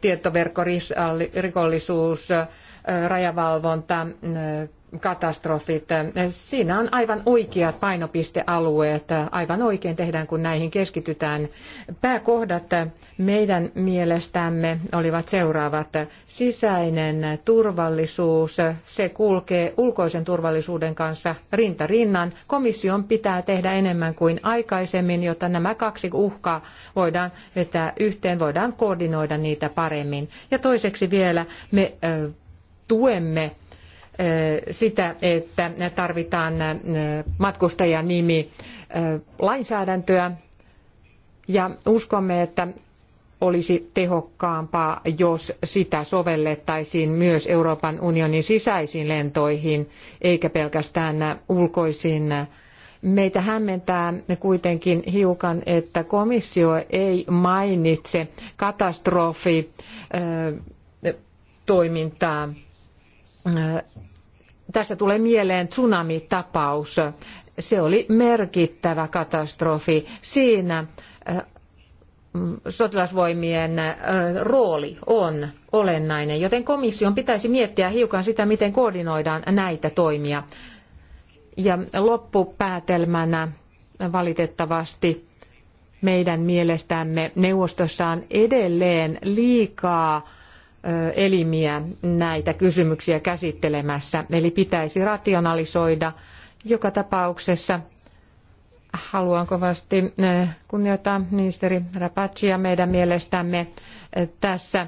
tietoverkkorikollisuus, rajavalvonta, katastrofit. Siinä on aivan oikeat painopistealueet. Aivan oikein tehdään, kun näihin keskitytään. Pääkohdat meidän mielestämme olivat seuraavat. Sisäinen turvallisuus, se kulkee ulkoisen turvallisuuden kanssa rinta rinnan. Komission pitää tehdä enemmän kuin aikaisemmin, jotta nämä kaksi uhkaa voidaan vetää yhteen, voidaan koordinoida niitä paremmin. Ja toiseksi vielä me tuemme sitä, että tarvitaan nimi lainsäädäntöä ja uskomme, että olisi tehokkaampaa, jos sitä sovellettaisiin myös Euroopan unionin sisäisiin lentoihin, eikä pelkästään ulkoisiin. Meitä hämmentää kuitenkin hiukan, että komissio ei mainitse katastrofi toimintaa tässä tulee mieleen tsunamitapaus. Se oli merkittävä katastrofi. Siinä äh, mm, sotilasvoimien äh, rooli on olennainen, joten komission pitäisi miettiä hiukan sitä, miten koordinoidaan näitä toimia. Ja loppupäätelmänä valitettavasti meidän mielestämme neuvostossa on edelleen liikaa elimiä näitä kysymyksiä käsittelemässä. Eli pitäisi rationalisoida joka tapauksessa. Haluan kovasti kunnioittaa ministeri Rapacia meidän mielestämme tässä.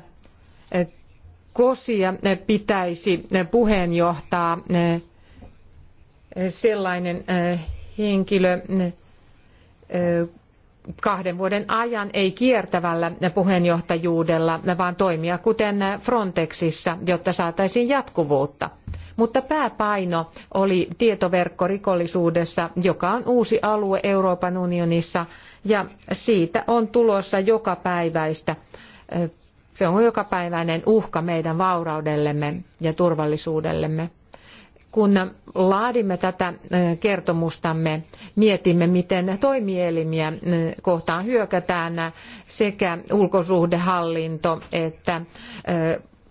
Kosia pitäisi puheenjohtaa sellainen henkilö, kahden vuoden ajan ei kiertävällä puheenjohtajuudella, vaan toimia kuten Frontexissa, jotta saataisiin jatkuvuutta. Mutta pääpaino oli tietoverkkorikollisuudessa, joka on uusi alue Euroopan unionissa ja siitä on tulossa päiväistä, Se on jokapäiväinen uhka meidän vauraudellemme ja turvallisuudellemme kun laadimme tätä eh, kertomustamme, mietimme, miten toimielimiä eh, kohtaan hyökätään eh, sekä ulkosuhdehallinto että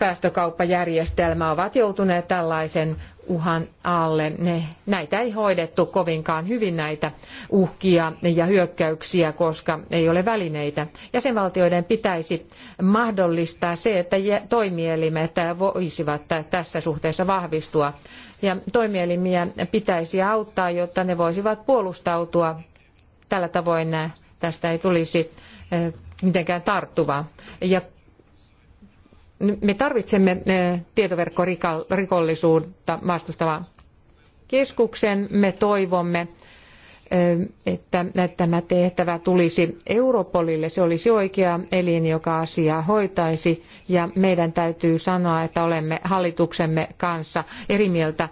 päästökauppajärjestelmä ovat joutuneet tällaisen uhan alle. Ne, näitä ei hoidettu kovinkaan hyvin näitä uhkia ja hyökkäyksiä, koska ei ole välineitä. Jäsenvaltioiden pitäisi mahdollistaa se, että toimielimet voisivat tässä suhteessa vahvistua. Ja toimielimiä pitäisi auttaa, jotta ne voisivat puolustautua. Tällä tavoin tästä ei tulisi eh, mitenkään tarttuvaa. Ja me tarvitsemme eh, tietoverkkorikollisuutta vastustavan keskuksen. Me toivomme, eh, että tämä tehtävä tulisi Europolille. Se olisi oikea elin, joka asiaa hoitaisi. Ja meidän täytyy sanoa, että olemme hallituksemme kanssa eri mieltä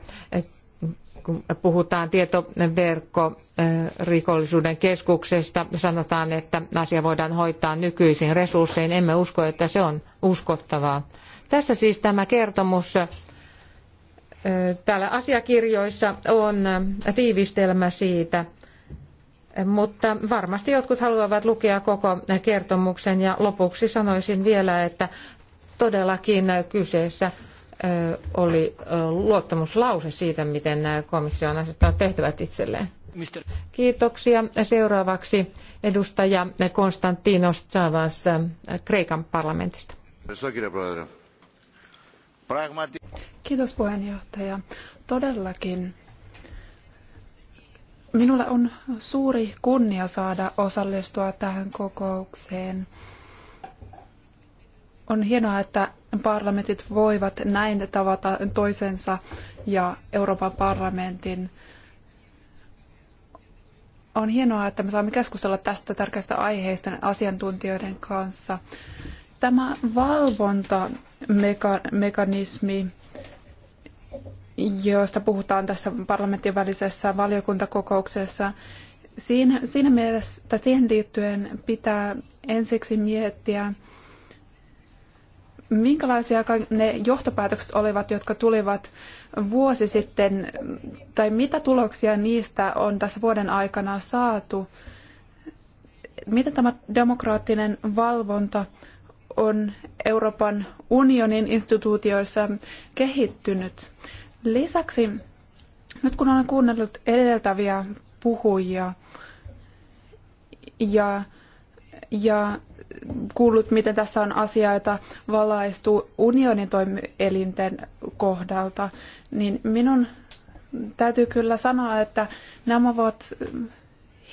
kun puhutaan tietoverkkorikollisuuden keskuksesta, sanotaan, että asia voidaan hoitaa nykyisin resurssein. Emme usko, että se on uskottavaa. Tässä siis tämä kertomus täällä asiakirjoissa on tiivistelmä siitä, mutta varmasti jotkut haluavat lukea koko kertomuksen ja lopuksi sanoisin vielä, että todellakin kyseessä oli luottamuslause siitä, miten komission asettaa tehtävät itselleen. Kiitoksia. Seuraavaksi edustaja Konstantinos Tsavas Kreikan parlamentista. Kiitos puheenjohtaja. Todellakin minulla on suuri kunnia saada osallistua tähän kokoukseen. On hienoa, että parlamentit voivat näin tavata toisensa ja Euroopan parlamentin. On hienoa, että me saamme keskustella tästä tärkeästä aiheesta asiantuntijoiden kanssa. Tämä valvontamekanismi, josta puhutaan tässä parlamentin välisessä valiokuntakokouksessa, siinä, siinä mielessä, siihen liittyen pitää ensiksi miettiä, minkälaisia ne johtopäätökset olivat, jotka tulivat vuosi sitten, tai mitä tuloksia niistä on tässä vuoden aikana saatu? Miten tämä demokraattinen valvonta on Euroopan unionin instituutioissa kehittynyt? Lisäksi, nyt kun olen kuunnellut edeltäviä puhujia ja, ja kuullut, miten tässä on asioita valaistu unionin toimielinten kohdalta, niin minun täytyy kyllä sanoa, että nämä ovat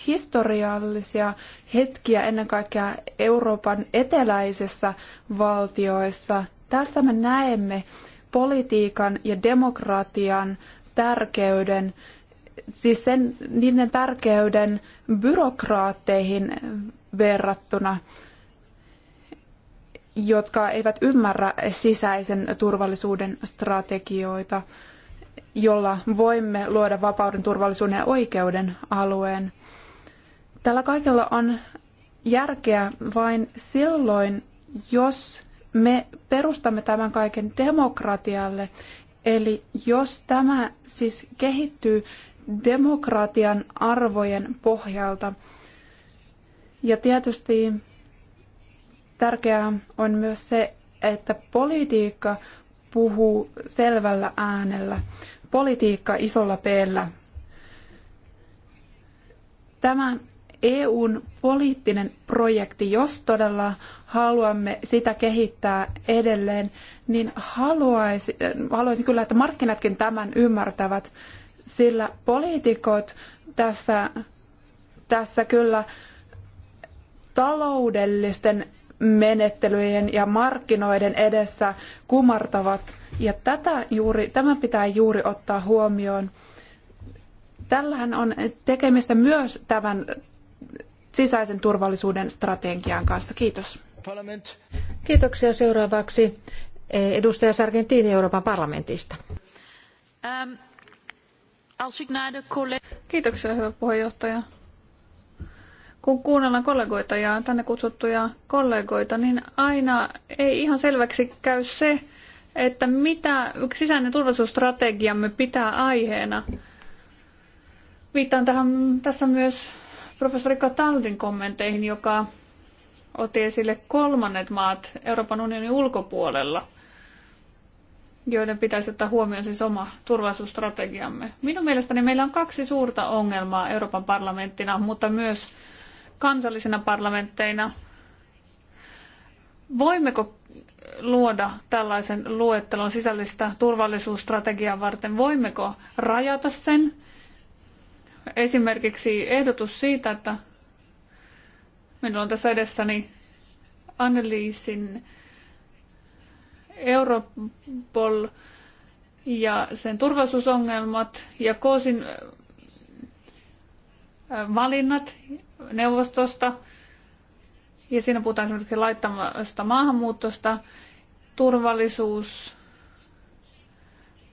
historiallisia hetkiä ennen kaikkea Euroopan eteläisissä valtioissa. Tässä me näemme politiikan ja demokratian tärkeyden, siis sen, niiden tärkeyden byrokraatteihin verrattuna jotka eivät ymmärrä sisäisen turvallisuuden strategioita, jolla voimme luoda vapauden, turvallisuuden ja oikeuden alueen. Tällä kaikella on järkeä vain silloin, jos me perustamme tämän kaiken demokratialle. Eli jos tämä siis kehittyy demokratian arvojen pohjalta. Ja tietysti Tärkeää on myös se, että politiikka puhuu selvällä äänellä. Politiikka isolla peellä. Tämä EUn poliittinen projekti, jos todella haluamme sitä kehittää edelleen, niin haluaisin, haluaisin kyllä, että markkinatkin tämän ymmärtävät, sillä poliitikot tässä, tässä kyllä taloudellisten menettelyjen ja markkinoiden edessä kumartavat. Ja tätä juuri, tämä pitää juuri ottaa huomioon. Tällähän on tekemistä myös tämän sisäisen turvallisuuden strategian kanssa. Kiitos. Parlament. Kiitoksia seuraavaksi eh, edustaja Sargentini Euroopan parlamentista. Ähm, Kiitoksia hyvä puheenjohtaja kun kuunnellaan kollegoita ja tänne kutsuttuja kollegoita, niin aina ei ihan selväksi käy se, että mitä sisäinen turvallisuusstrategiamme pitää aiheena. Viittaan tähän, tässä myös professori Kataldin kommenteihin, joka otti esille kolmannet maat Euroopan unionin ulkopuolella, joiden pitäisi ottaa huomioon siis oma turvallisuusstrategiamme. Minun mielestäni meillä on kaksi suurta ongelmaa Euroopan parlamenttina, mutta myös kansallisina parlamentteina. Voimmeko luoda tällaisen luettelon sisällistä turvallisuusstrategiaa varten? Voimmeko rajata sen? Esimerkiksi ehdotus siitä, että minulla on tässä edessäni Anneliisin Europol ja sen turvallisuusongelmat ja Koosin valinnat neuvostosta, ja siinä puhutaan esimerkiksi laittamasta maahanmuutosta, turvallisuus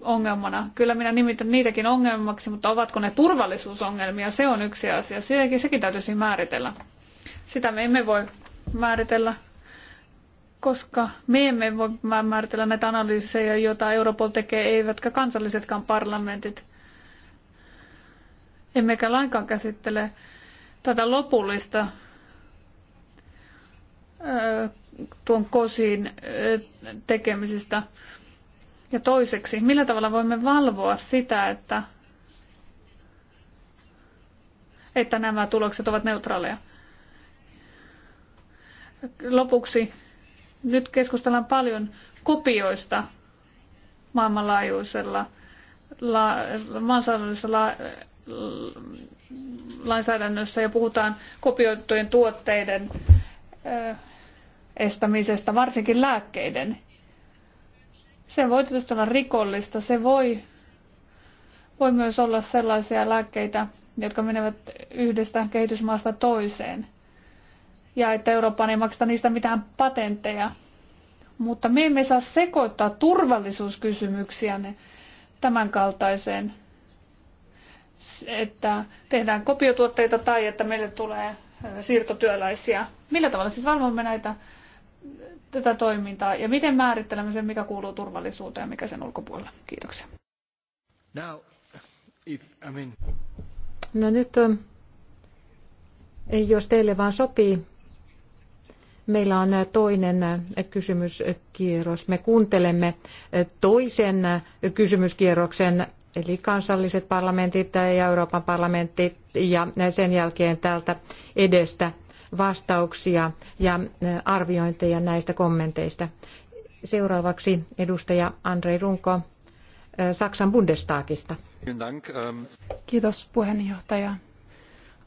ongelmana. Kyllä minä nimitän niitäkin ongelmaksi, mutta ovatko ne turvallisuusongelmia, se on yksi asia. Sekin, sekin täytyisi määritellä. Sitä me emme voi määritellä, koska me emme voi määritellä näitä analyysejä, joita Europol tekee, eivätkä kansallisetkaan parlamentit. Emmekä lainkaan käsittele tätä lopullista tuon kosin tekemisestä. Ja toiseksi, millä tavalla voimme valvoa sitä, että, että nämä tulokset ovat neutraaleja? Lopuksi, nyt keskustellaan paljon kopioista maailmanlaajuisella la, maailmanlaajuisella lainsäädännössä ja puhutaan kopioitujen tuotteiden estämisestä, varsinkin lääkkeiden. Se voi tietysti olla rikollista, se voi, voi myös olla sellaisia lääkkeitä, jotka menevät yhdestä kehitysmaasta toiseen. Ja että Eurooppaan ei makseta niistä mitään patentteja. Mutta me emme saa sekoittaa turvallisuuskysymyksiä tämän kaltaiseen että tehdään kopiotuotteita tai että meille tulee siirtotyöläisiä. Millä tavalla siis valvomme näitä, tätä toimintaa ja miten määrittelemme sen, mikä kuuluu turvallisuuteen ja mikä sen ulkopuolella? Kiitoksia. Now, if, I mean... No nyt, jos teille vaan sopii, meillä on toinen kysymyskierros. Me kuuntelemme toisen kysymyskierroksen eli kansalliset parlamentit ja Euroopan parlamentti ja sen jälkeen täältä edestä vastauksia ja arviointeja näistä kommenteista. Seuraavaksi edustaja Andrei Runko eh, Saksan Bundestagista. Kiitos puheenjohtaja.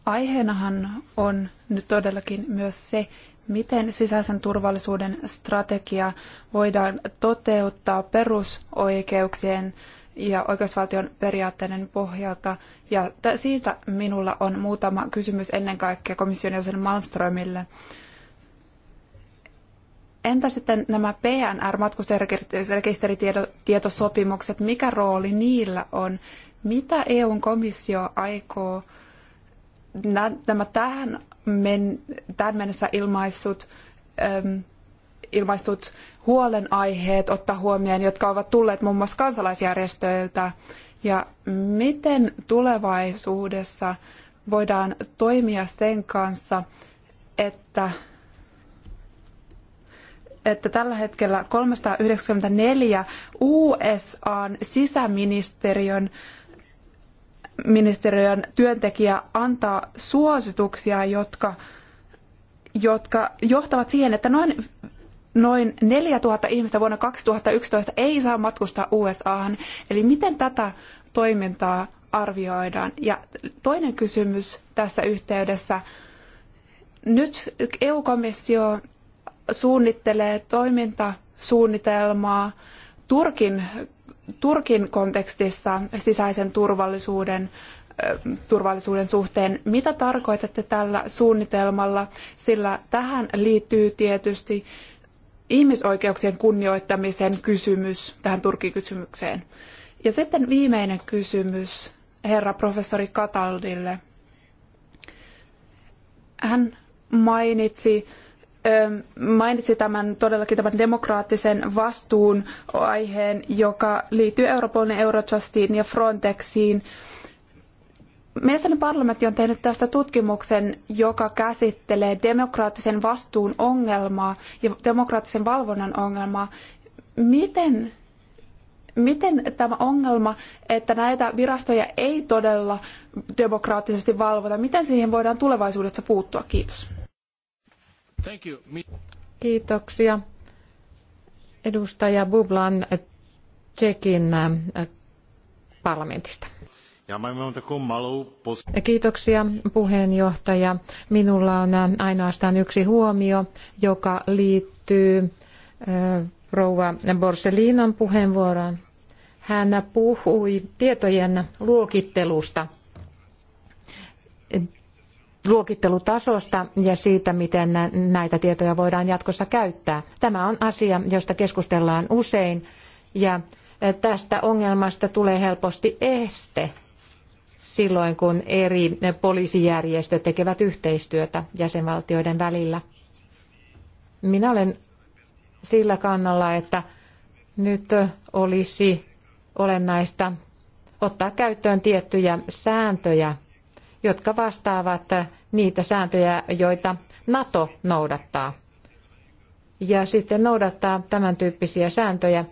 Aiheenahan on nyt todellakin myös se, miten sisäisen turvallisuuden strategia voidaan toteuttaa perusoikeuksien ja oikeusvaltion periaatteiden pohjalta. Ja siitä minulla on muutama kysymys ennen kaikkea komission jäsen Malmströmille. Entä sitten nämä PNR-matkustajarekisteritietosopimukset, mikä rooli niillä on? Mitä EUn komissio aikoo nämä tähän, men, tähän mennessä ilmaissut äm, ilmaistut huolenaiheet ottaa huomioon, jotka ovat tulleet muun muassa kansalaisjärjestöiltä. Ja miten tulevaisuudessa voidaan toimia sen kanssa, että, että tällä hetkellä 394 USAn sisäministeriön ministeriön työntekijä antaa suosituksia, jotka, jotka johtavat siihen, että noin noin 4000 ihmistä vuonna 2011 ei saa matkustaa USAhan. Eli miten tätä toimintaa arvioidaan? Ja toinen kysymys tässä yhteydessä. Nyt EU-komissio suunnittelee toimintasuunnitelmaa Turkin, Turkin kontekstissa sisäisen turvallisuuden turvallisuuden suhteen. Mitä tarkoitatte tällä suunnitelmalla? Sillä tähän liittyy tietysti ihmisoikeuksien kunnioittamisen kysymys tähän Turkki-kysymykseen. Ja sitten viimeinen kysymys herra professori Kataldille. Hän mainitsi, ähm, mainitsi tämän todellakin tämän demokraattisen vastuun aiheen, joka liittyy Euroopan Eurojustiin ja Frontexiin. Mielestäni parlamentti on tehnyt tästä tutkimuksen, joka käsittelee demokraattisen vastuun ongelmaa ja demokraattisen valvonnan ongelmaa. Miten, miten tämä ongelma, että näitä virastoja ei todella demokraattisesti valvota, miten siihen voidaan tulevaisuudessa puuttua? Kiitos. Kiitoksia. Edustaja Bublan Tsekin äh, parlamentista. Kiitoksia puheenjohtaja. Minulla on äh, ainoastaan yksi huomio, joka liittyy äh, rouva Borsellinon puheenvuoroon. Hän puhui tietojen luokittelusta, luokittelutasosta ja siitä, miten näitä tietoja voidaan jatkossa käyttää. Tämä on asia, josta keskustellaan usein ja äh, tästä ongelmasta tulee helposti este silloin, kun eri poliisijärjestöt tekevät yhteistyötä jäsenvaltioiden välillä. Minä olen sillä kannalla, että nyt olisi olennaista ottaa käyttöön tiettyjä sääntöjä, jotka vastaavat niitä sääntöjä, joita NATO noudattaa. Ja sitten noudattaa tämän tyyppisiä sääntöjä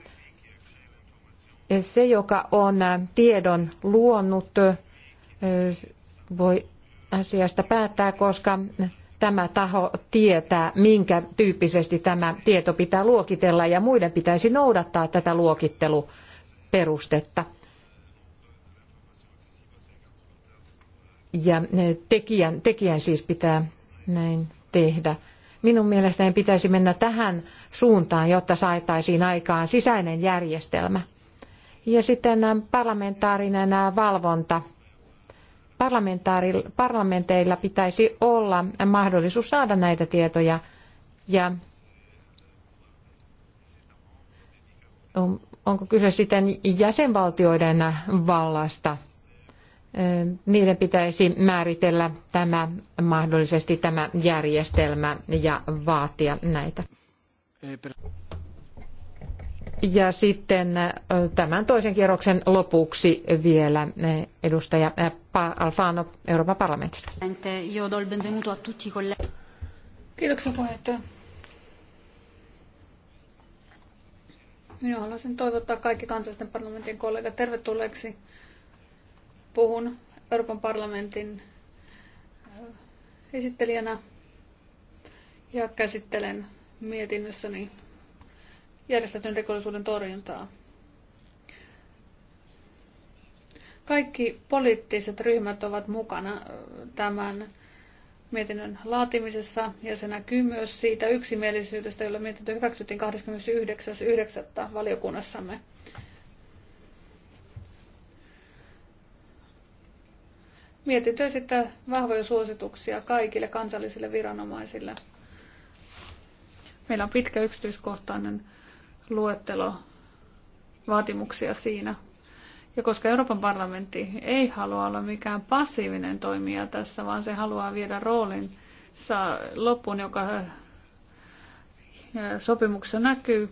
se, joka on tiedon luonut voi asiasta päättää, koska tämä taho tietää, minkä tyyppisesti tämä tieto pitää luokitella ja muiden pitäisi noudattaa tätä luokitteluperustetta. Ja tekijän, tekijän siis pitää näin tehdä. Minun mielestäni pitäisi mennä tähän suuntaan, jotta saataisiin aikaan sisäinen järjestelmä. Ja sitten parlamentaarinen valvonta – parlamenteilla pitäisi olla mahdollisuus saada näitä tietoja ja onko kyse sitten jäsenvaltioiden vallasta. Niiden pitäisi määritellä tämä mahdollisesti tämä järjestelmä ja vaatia näitä. Ja sitten tämän toisen kierroksen lopuksi vielä edustaja Alfano Euroopan parlamentista. Kiitoksia puheenjohtaja. Minä haluaisin toivottaa kaikki kansallisten parlamentin kollegat tervetulleeksi. Puhun Euroopan parlamentin esittelijänä ja käsittelen mietinnössäni järjestetyn rikollisuuden torjuntaa. Kaikki poliittiset ryhmät ovat mukana tämän mietinnön laatimisessa ja se näkyy myös siitä yksimielisyydestä, jolla mietintö hyväksyttiin 29.9. valiokunnassamme. Mietintö esittää vahvoja suosituksia kaikille kansallisille viranomaisille. Meillä on pitkä yksityiskohtainen luettelo vaatimuksia siinä. Ja koska Euroopan parlamentti ei halua olla mikään passiivinen toimija tässä, vaan se haluaa viedä saa loppuun, joka sopimuksessa näkyy,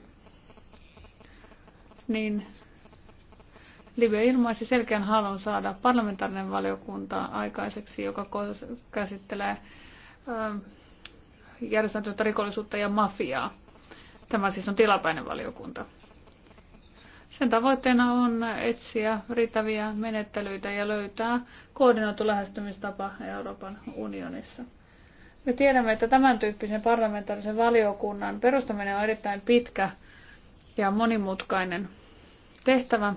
niin Libya ilmaisi selkeän halun saada parlamentaarinen valiokunta aikaiseksi, joka käsittelee järjestäytynyttä rikollisuutta ja mafiaa. Tämä siis on tilapäinen valiokunta. Sen tavoitteena on etsiä riittäviä menettelyitä ja löytää koordinoitu lähestymistapa Euroopan unionissa. Me tiedämme, että tämän tyyppisen parlamentaarisen valiokunnan perustaminen on erittäin pitkä ja monimutkainen tehtävä,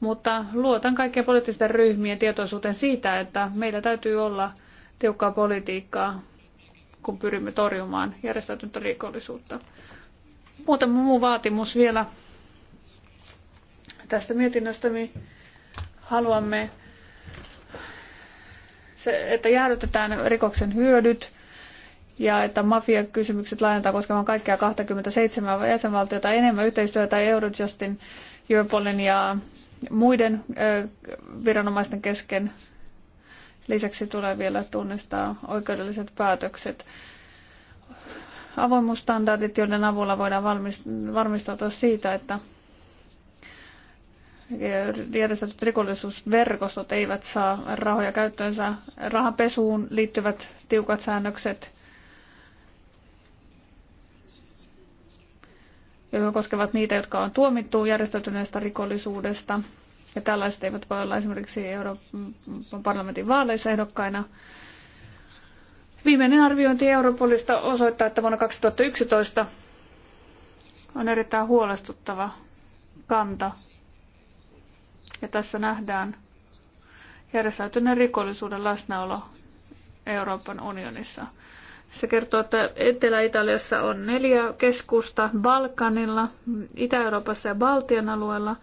mutta luotan kaikkien poliittisten ryhmien tietoisuuteen siitä, että meillä täytyy olla tiukkaa politiikkaa, kun pyrimme torjumaan järjestäytynyttä rikollisuutta. Muutama muu vaatimus vielä tästä mietinnöstä. Me haluamme, se, että jäädytetään rikoksen hyödyt ja että mafiakysymykset laajentaa koskemaan kaikkia 27 jäsenvaltiota enemmän yhteistyötä Eurojustin, Europolin ja muiden viranomaisten kesken. Lisäksi tulee vielä tunnistaa oikeudelliset päätökset avoimuusstandardit, joiden avulla voidaan varmistautua siitä, että eh, järjestetyt rikollisuusverkostot eivät saa rahoja käyttöönsä. Rahapesuun liittyvät tiukat säännökset, jotka koskevat niitä, jotka on tuomittu järjestäytyneestä rikollisuudesta. Ja tällaiset eivät voi olla esimerkiksi Euroopan parlamentin vaaleissa ehdokkaina. Viimeinen arviointi Europolista osoittaa, että vuonna 2011 on erittäin huolestuttava kanta. Ja tässä nähdään järjestäytyneen rikollisuuden läsnäolo Euroopan unionissa. Se kertoo, että Etelä-Italiassa on neljä keskusta, Balkanilla, Itä-Euroopassa ja Baltian alueella,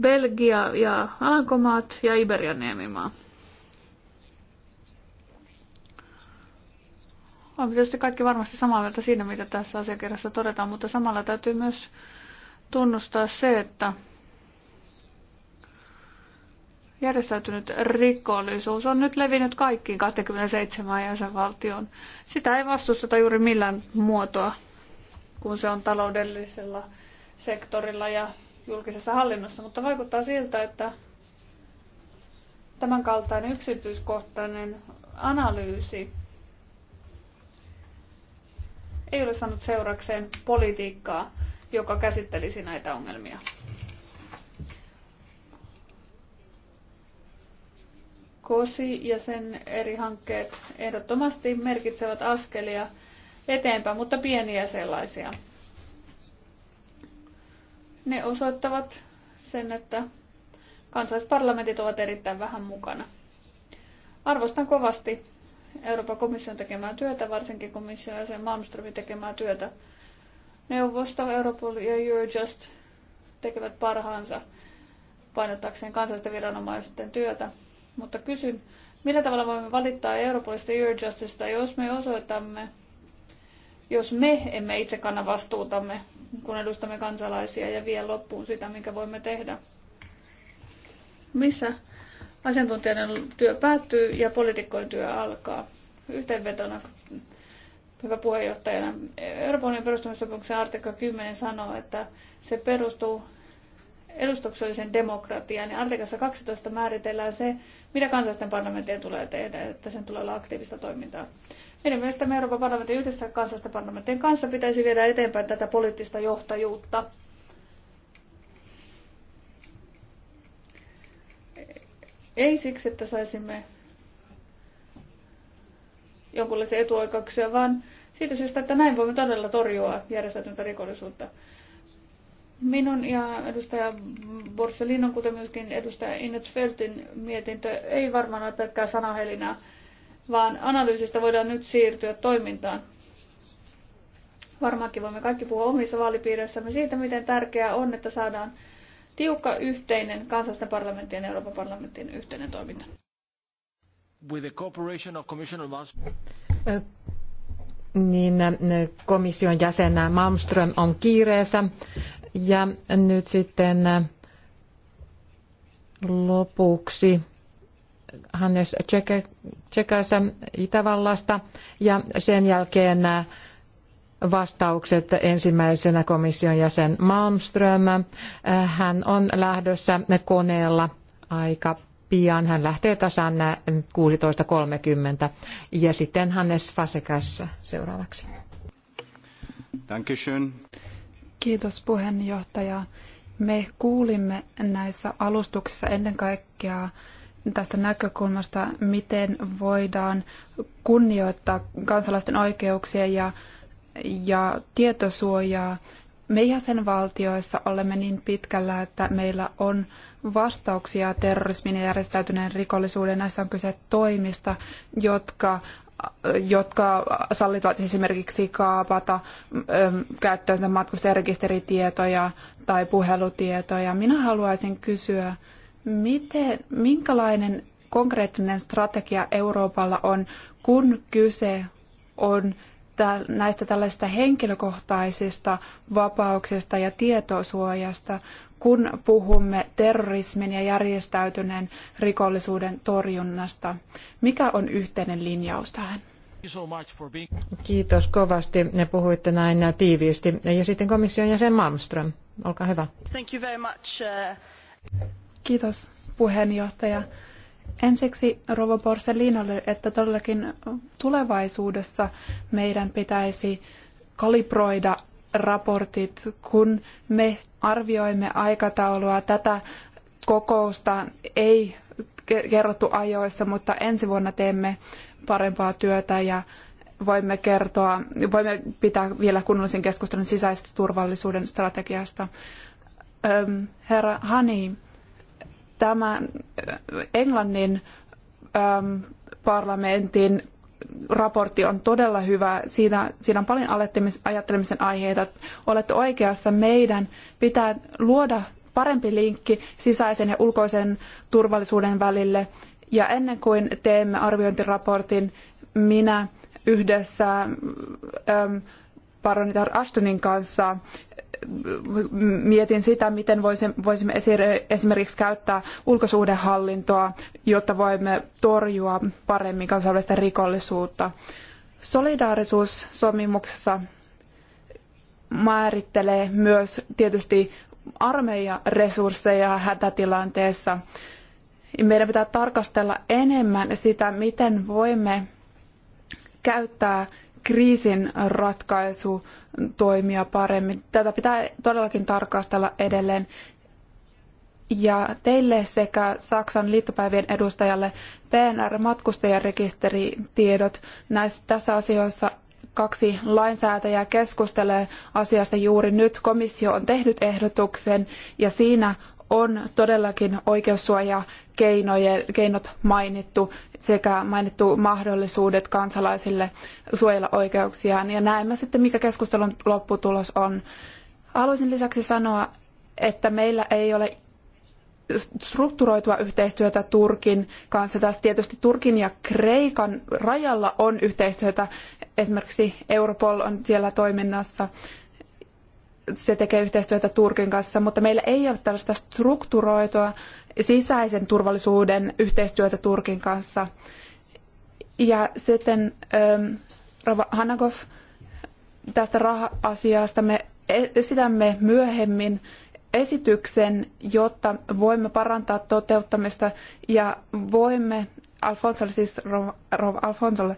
Belgia ja Alankomaat ja Iberian niemimaa. on tietysti kaikki varmasti samaa mieltä siinä, mitä tässä asiakirjassa todetaan, mutta samalla täytyy myös tunnustaa se, että järjestäytynyt rikollisuus on nyt levinnyt kaikkiin 27 jäsenvaltioon. Sitä ei vastusteta juuri millään muotoa, kun se on taloudellisella sektorilla ja julkisessa hallinnossa, mutta vaikuttaa siltä, että tämänkaltainen yksityiskohtainen analyysi ei ole saanut seurakseen politiikkaa, joka käsittelisi näitä ongelmia. KOSI ja sen eri hankkeet ehdottomasti merkitsevät askelia eteenpäin, mutta pieniä sellaisia. Ne osoittavat sen, että kansallisparlamentit ovat erittäin vähän mukana. Arvostan kovasti Euroopan komission tekemää työtä, varsinkin komission sen Malmströmin tekemää työtä. Neuvosto, Europol ja Eurojust tekevät parhaansa painottaakseen kansallisten viranomaisten työtä. Mutta kysyn, millä tavalla voimme valittaa Europolista ja Eurojustista, jos me osoitamme, jos me emme itse kanna vastuutamme, kun edustamme kansalaisia ja vie loppuun sitä, minkä voimme tehdä. Missä asiantuntijoiden työ päättyy ja poliitikkojen työ alkaa. Yhteenvetona, hyvä puheenjohtajana, Euroopan unionin perustamissopimuksen artikla 10 sanoo, että se perustuu edustuksellisen demokratiaan. Ja artikassa 12 määritellään se, mitä kansallisten parlamenttien tulee tehdä, että sen tulee olla aktiivista toimintaa. Meidän mielestämme Euroopan parlamentin yhdessä kansallisten parlamenttien kanssa pitäisi viedä eteenpäin tätä poliittista johtajuutta. Ei siksi, että saisimme jonkinlaisia etuoikeuksia, vaan siitä syystä, että näin voimme todella torjua järjestäytyntä rikollisuutta. Minun ja edustaja Borsellinon, kuten myöskin edustaja Inet Feltin mietintö, ei varmaan ole pelkkää sanahelinää, vaan analyysistä voidaan nyt siirtyä toimintaan. Varmaankin voimme kaikki puhua omissa vaalipiireissämme siitä, miten tärkeää on, että saadaan tiukka yhteinen kansallisten parlamenttien ja Euroopan parlamentin yhteinen toiminta. With the cooperation of Commissioner niin komission jäsenä Malmström on kiireessä. Ja nyt sitten lopuksi Hannes Tsekäsä Itävallasta ja sen jälkeen vastaukset ensimmäisenä komission jäsen Malmström. Hän on lähdössä koneella aika pian. Hän lähtee tasan 16.30 ja sitten Hannes Fasekas seuraavaksi. Kiitos puheenjohtaja. Me kuulimme näissä alustuksissa ennen kaikkea tästä näkökulmasta, miten voidaan kunnioittaa kansalaisten oikeuksia ja ja tietosuojaa. Me jäsenvaltioissa olemme niin pitkällä, että meillä on vastauksia terrorismin ja järjestäytyneen rikollisuuden. Näissä on kyse toimista, jotka jotka sallivat esimerkiksi kaapata ähm, käyttöönsä matkustajarekisteritietoja tai puhelutietoja. Minä haluaisin kysyä, miten, minkälainen konkreettinen strategia Euroopalla on, kun kyse on näistä tällaisista henkilökohtaisista vapauksista ja tietosuojasta, kun puhumme terrorismin ja järjestäytyneen rikollisuuden torjunnasta. Mikä on yhteinen linjaus tähän? Kiitos kovasti. Ne puhuitte näin tiiviisti. Ja sitten komission jäsen Malmström, olkaa hyvä. Thank you very much. Uh, Kiitos puheenjohtaja. Ensiksi Rovo Porcelinalle, että todellakin tulevaisuudessa meidän pitäisi kalibroida raportit, kun me arvioimme aikataulua. Tätä kokousta ei kerrottu ajoissa, mutta ensi vuonna teemme parempaa työtä ja voimme kertoa, voimme pitää vielä kunnollisen keskustelun sisäisestä turvallisuuden strategiasta. Herra Hani, tämä äh, Englannin ähm, parlamentin raportti on todella hyvä. Siinä, siinä on paljon ajattelemisen aiheita. Olette oikeassa. Meidän pitää luoda parempi linkki sisäisen ja ulkoisen turvallisuuden välille. Ja ennen kuin teemme arviointiraportin, minä yhdessä äm, Ashtonin kanssa mietin sitä, miten voisimme esimerkiksi käyttää ulkosuhdehallintoa, jotta voimme torjua paremmin kansainvälistä rikollisuutta. Solidaarisuussopimuksessa määrittelee myös tietysti armeijan resursseja hätätilanteessa. Meidän pitää tarkastella enemmän sitä, miten voimme käyttää kriisin ratkaisu toimia paremmin. Tätä pitää todellakin tarkastella edelleen. Ja teille sekä Saksan liittopäivien edustajalle PNR-matkustajarekisteritiedot näissä, tässä asioissa kaksi lainsäätäjää keskustelee asiasta juuri nyt. Komissio on tehnyt ehdotuksen ja siinä on todellakin oikeussuojakeinot mainittu sekä mainittu mahdollisuudet kansalaisille suojella oikeuksiaan ja näemme sitten mikä keskustelun lopputulos on. Haluaisin lisäksi sanoa, että meillä ei ole strukturoitua yhteistyötä Turkin kanssa. Tässä tietysti Turkin ja Kreikan rajalla on yhteistyötä. Esimerkiksi Europol on siellä toiminnassa se tekee yhteistyötä Turkin kanssa, mutta meillä ei ole tällaista strukturoitua sisäisen turvallisuuden yhteistyötä Turkin kanssa. Ja sitten ähm, Hanakov, tästä raha-asiasta me esitämme myöhemmin esityksen, jotta voimme parantaa toteuttamista ja voimme Alfonsolle, siis Rova Alfonsolle,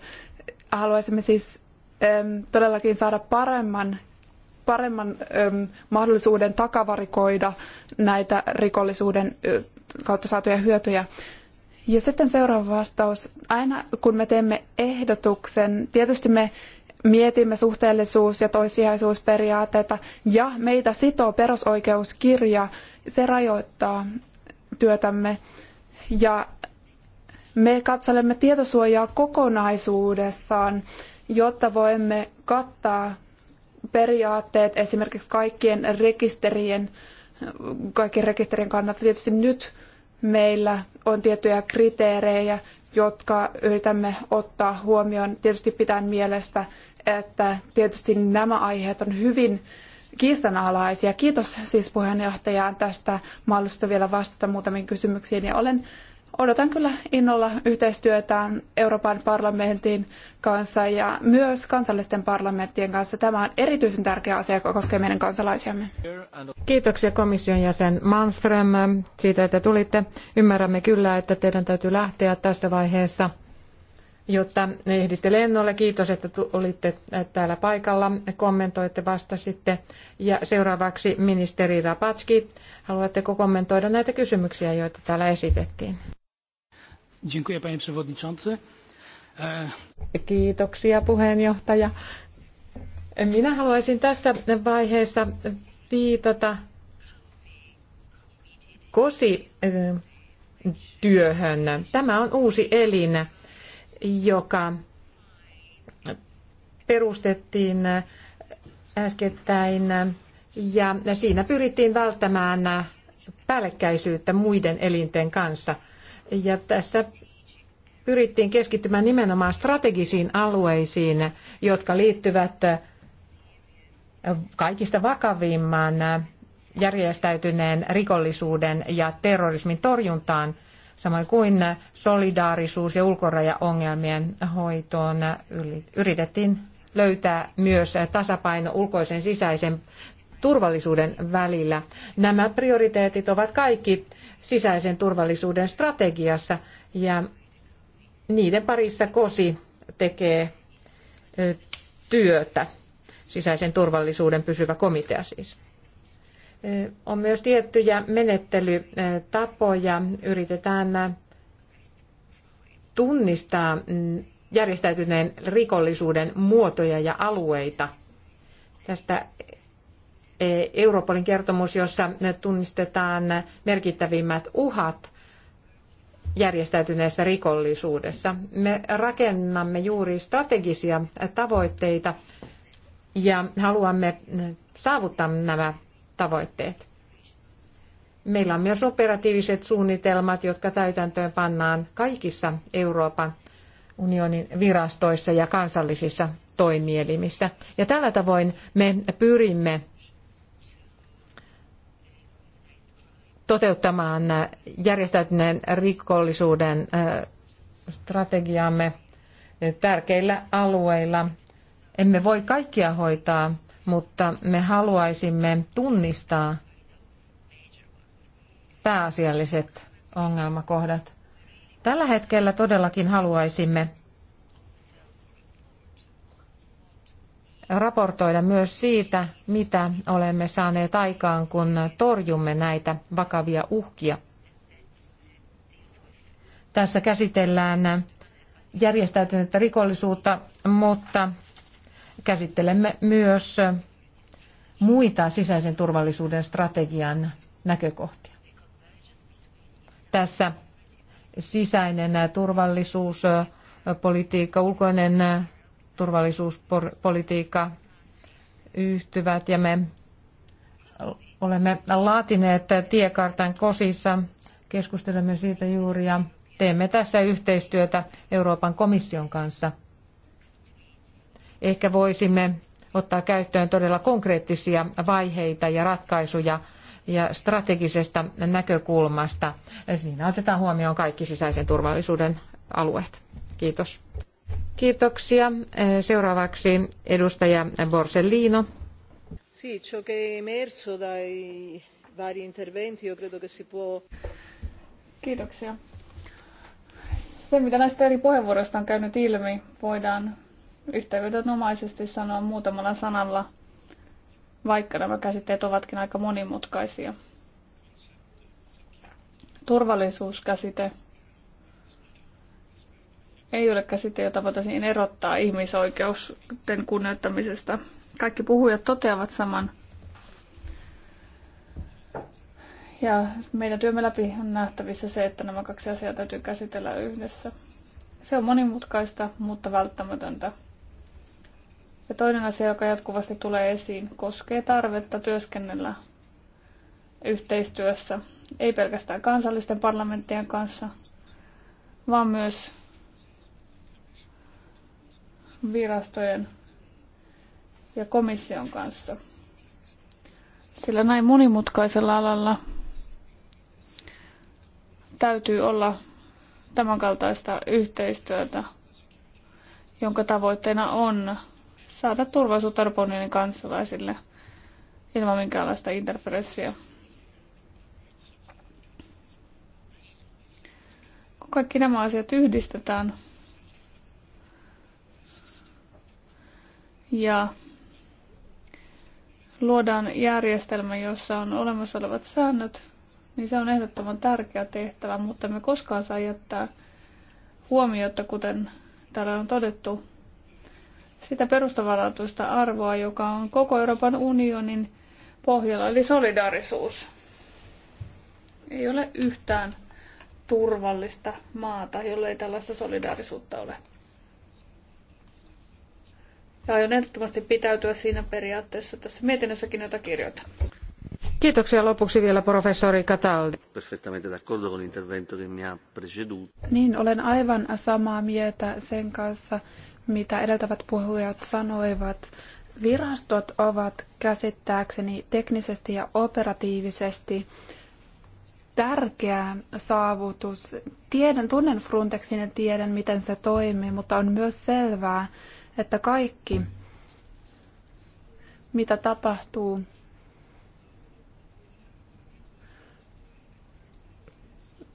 haluaisimme siis äm, todellakin saada paremman paremman mahdollisuuden takavarikoida näitä rikollisuuden kautta saatuja hyötyjä. Ja sitten seuraava vastaus. Aina kun me teemme ehdotuksen, tietysti me mietimme suhteellisuus- ja toissijaisuusperiaatteita ja meitä sitoo perusoikeuskirja. Se rajoittaa työtämme ja me katselemme tietosuojaa kokonaisuudessaan, jotta voimme kattaa periaatteet, esimerkiksi kaikkien rekisterien, kaikkien rekisterien kannalta. Tietysti nyt meillä on tiettyjä kriteerejä, jotka yritämme ottaa huomioon. Tietysti pitää mielestä, että tietysti nämä aiheet on hyvin kiistanalaisia. Kiitos siis puheenjohtajaan tästä mahdollisuudesta vielä vastata muutamiin kysymyksiin ja olen Odotan kyllä innolla yhteistyötä Euroopan parlamentin kanssa ja myös kansallisten parlamenttien kanssa. Tämä on erityisen tärkeä asia, joka koskee meidän kansalaisiamme. Kiitoksia komission jäsen Malmström siitä, että tulitte. Ymmärrämme kyllä, että teidän täytyy lähteä tässä vaiheessa jotta ehditte lennolle. Kiitos, että olitte täällä paikalla. Kommentoitte vastasitte. Ja seuraavaksi ministeri Rapatski. Haluatteko kommentoida näitä kysymyksiä, joita täällä esitettiin? Dziękuję, panie przewodniczący. E, Kiitoksia puheenjohtaja. Minä haluaisin tässä vaiheessa viitata KOSI-työhön. Tämä on uusi elin, joka perustettiin äskettäin ja siinä pyrittiin välttämään päällekkäisyyttä muiden elinten kanssa – tässä pyrittiin keskittymään nimenomaan strategisiin alueisiin, jotka liittyvät kaikista vakavimman järjestäytyneen rikollisuuden ja terrorismin torjuntaan, samoin kuin solidaarisuus- ja ulkorajaongelmien hoitoon yritettiin löytää myös tasapaino ulkoisen sisäisen turvallisuuden välillä. Nämä prioriteetit ovat kaikki sisäisen turvallisuuden strategiassa ja niiden parissa KOSI tekee työtä, sisäisen turvallisuuden pysyvä komitea siis. On myös tiettyjä menettelytapoja, yritetään tunnistaa mm, järjestäytyneen rikollisuuden muotoja ja alueita. Tästä Eh, Europolin kertomus, jossa tunnistetaan merkittävimmät uhat järjestäytyneessä rikollisuudessa. Me rakennamme juuri strategisia tavoitteita ja haluamme saavuttaa nämä tavoitteet. Meillä on myös operatiiviset suunnitelmat, jotka täytäntöön pannaan kaikissa Euroopan unionin virastoissa ja kansallisissa toimielimissä. Ja tällä tavoin me pyrimme toteuttamaan järjestäytyneen rikollisuuden strategiamme tärkeillä alueilla. Emme voi kaikkia hoitaa, mutta me haluaisimme tunnistaa pääasialliset ongelmakohdat. Tällä hetkellä todellakin haluaisimme raportoida myös siitä, mitä olemme saaneet aikaan, kun torjumme näitä vakavia uhkia. Tässä käsitellään järjestäytynyttä rikollisuutta, mutta käsittelemme myös muita sisäisen turvallisuuden strategian näkökohtia. Tässä sisäinen turvallisuus, politiikka, ulkoinen turvallisuuspolitiikka yhtyvät ja me olemme laatineet tiekartan kosissa. Keskustelemme siitä juuri ja teemme tässä yhteistyötä Euroopan komission kanssa. Ehkä voisimme ottaa käyttöön todella konkreettisia vaiheita ja ratkaisuja ja strategisesta näkökulmasta. Siinä otetaan huomioon kaikki sisäisen turvallisuuden alueet. Kiitos. Kiitoksia. Seuraavaksi edustaja Borsellino. Sì, ciò che è emerso dai vari interventi, io credo che si può... Kiitoksia. Se, mitä näistä eri puheenvuoroista on käynyt ilmi, voidaan yhteenvedonomaisesti sanoa muutamalla sanalla, vaikka nämä käsitteet ovatkin aika monimutkaisia. Turvallisuuskäsite ei ole käsite, jota voitaisiin erottaa ihmisoikeusten kunnioittamisesta. Kaikki puhujat toteavat saman. Ja meidän työmme läpi on nähtävissä se, että nämä kaksi asiaa täytyy käsitellä yhdessä. Se on monimutkaista, mutta välttämätöntä. Ja toinen asia, joka jatkuvasti tulee esiin, koskee tarvetta työskennellä yhteistyössä, ei pelkästään kansallisten parlamenttien kanssa, vaan myös virastojen ja komission kanssa. Sillä näin monimutkaisella alalla täytyy olla tämänkaltaista yhteistyötä, jonka tavoitteena on saada turvallisuutta Euroopan kansalaisille ilman minkäänlaista interferenssiä. Kun kaikki nämä asiat yhdistetään, ja luodaan järjestelmä, jossa on olemassa olevat säännöt, niin se on ehdottoman tärkeä tehtävä, mutta me koskaan saa jättää huomiota, kuten täällä on todettu, sitä perustavanlaatuista arvoa, joka on koko Euroopan unionin pohjalla, eli solidaarisuus. Ei ole yhtään turvallista maata, jolle ei tällaista solidaarisuutta ole. Ja aion ehdottomasti pitäytyä siinä periaatteessa tässä mietinnössäkin, jota kirjoita. Kiitoksia lopuksi vielä professori Cataldi. Niin, olen aivan samaa mieltä sen kanssa, mitä edeltävät puhujat sanoivat. Virastot ovat käsittääkseni teknisesti ja operatiivisesti tärkeä saavutus. Tiedän, tunnen Frontexin ja tiedän, miten se toimii, mutta on myös selvää, että kaikki, mitä tapahtuu,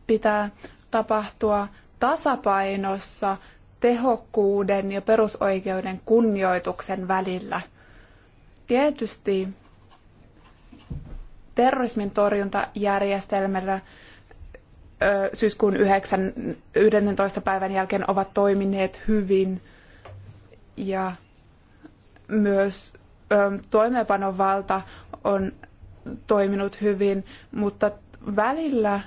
pitää tapahtua tasapainossa tehokkuuden ja perusoikeuden kunnioituksen välillä. Tietysti terrorismin torjuntajärjestelmällä syyskuun 9, 11. päivän jälkeen ovat toimineet hyvin ja myös toimeenpanovalta on toiminut hyvin, mutta välillä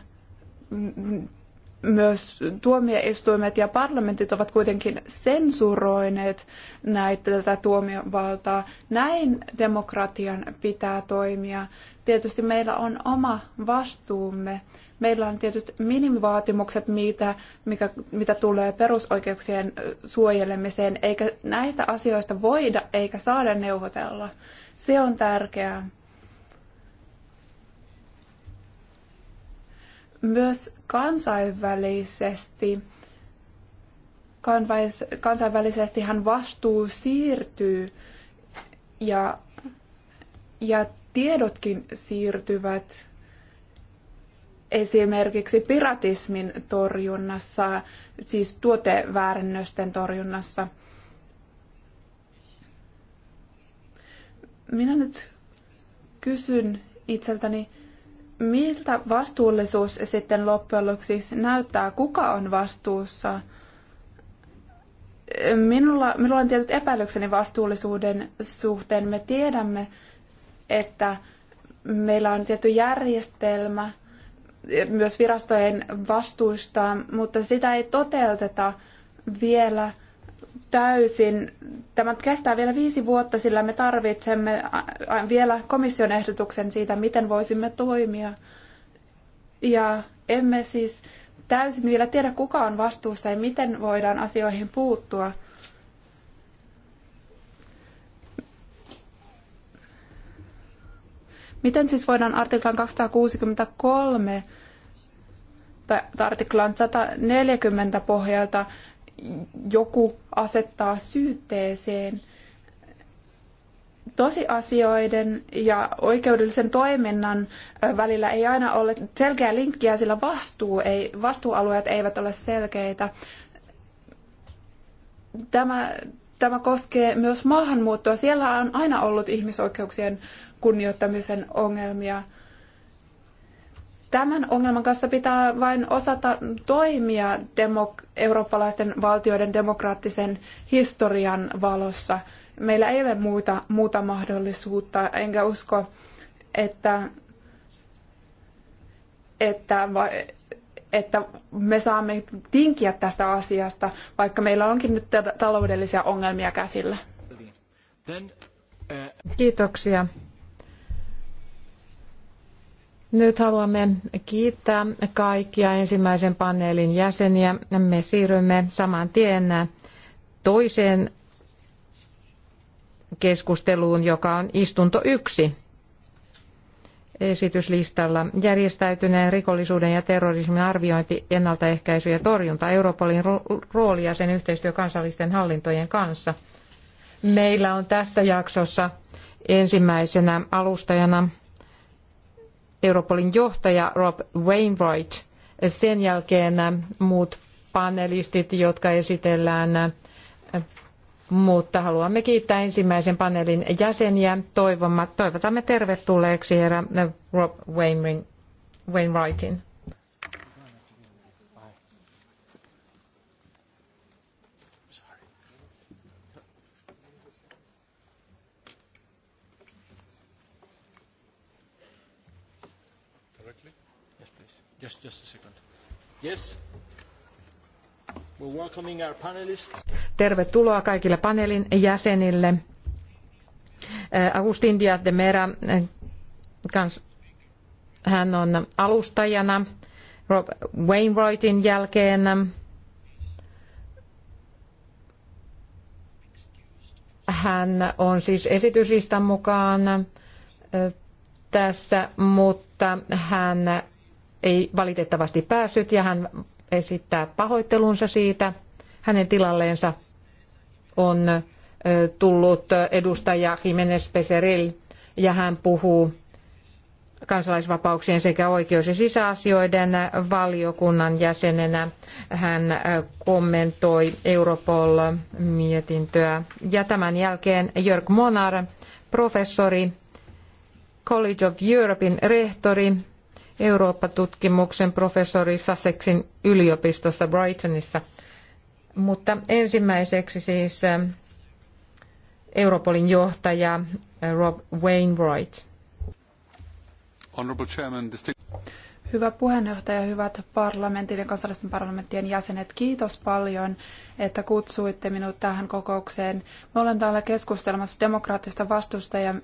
myös tuomioistuimet ja parlamentit ovat kuitenkin sensuroineet näitä tätä tuomiovaltaa. Näin demokratian pitää toimia. Tietysti meillä on oma vastuumme, Meillä on tietysti minimivaatimukset, mitä, mikä, mitä tulee perusoikeuksien suojelemiseen, eikä näistä asioista voida eikä saada neuvotella. Se on tärkeää. Myös kansainvälisesti kansainvälisesti hän vastuu siirtyy ja, ja tiedotkin siirtyvät esimerkiksi piratismin torjunnassa, siis tuoteväärennösten torjunnassa. Minä nyt kysyn itseltäni, miltä vastuullisuus sitten loppujen lopuksi näyttää, kuka on vastuussa. Minulla, minulla on tietyt epäilykseni vastuullisuuden suhteen. Me tiedämme, että meillä on tietty järjestelmä – myös virastojen vastuista, mutta sitä ei toteuteta vielä täysin. Tämä kestää vielä viisi vuotta, sillä me tarvitsemme vielä komission ehdotuksen siitä, miten voisimme toimia. Ja emme siis täysin vielä tiedä, kuka on vastuussa ja miten voidaan asioihin puuttua. Miten siis voidaan artiklan 263 tai artiklan 140 pohjalta joku asettaa syytteeseen tosiasioiden ja oikeudellisen toiminnan välillä ei aina ole selkeää linkkiä, sillä vastuu ei, vastuualueet eivät ole selkeitä. Tämä, tämä koskee myös maahanmuuttoa. Siellä on aina ollut ihmisoikeuksien kunnioittamisen ongelmia. Tämän ongelman kanssa pitää vain osata toimia demok- eurooppalaisten valtioiden demokraattisen historian valossa. Meillä ei ole muuta, muuta mahdollisuutta, enkä usko, että, että että me saamme tinkiä tästä asiasta, vaikka meillä onkin nyt taloudellisia ongelmia käsillä. Uh, Kiitoksia. Nyt haluamme kiittää kaikkia ensimmäisen paneelin jäseniä. Me siirrymme saman tien toiseen keskusteluun, joka on istunto yksi esityslistalla. Järjestäytyneen rikollisuuden ja terrorismin arviointi, ennaltaehkäisy ja torjunta, Europolin rooli ja sen yhteistyö kansallisten hallintojen kanssa. Meillä on tässä jaksossa ensimmäisenä alustajana Europolin johtaja Rob Wainwright. Sen jälkeen muut panelistit, jotka esitellään, mutta haluamme kiittää ensimmäisen paneelin jäseniä. Toivomme, toivotamme tervetulleeksi herra Rob Wainwrightin. Just a second. Yes. We're welcoming our panelists. Tervetuloa kaikille paneelin jäsenille. Äh, Agustin Diaz de Mera, äh, hän on alustajana Rob Wainwrightin jälkeen. Hän on siis esityslistan mukaan äh, tässä, mutta hän ei valitettavasti päässyt ja hän esittää pahoittelunsa siitä. Hänen tilalleensa on tullut edustaja Jimenez Peseril ja hän puhuu kansalaisvapauksien sekä oikeus- ja sisäasioiden valiokunnan jäsenenä. Hän kommentoi Europol-mietintöä. Ja tämän jälkeen Jörg Monar, professori, College of Europein rehtori, Eurooppa-tutkimuksen professori Sussexin yliopistossa Brightonissa. Mutta ensimmäiseksi siis ähm, Europolin johtaja äh, Rob Wainwright. Honorable Chairman, Hyvä puheenjohtaja, hyvät parlamentin ja kansallisten parlamenttien jäsenet, kiitos paljon, että kutsuitte minut tähän kokoukseen. Me olemme täällä keskustelemassa demokraattista vastuusta ja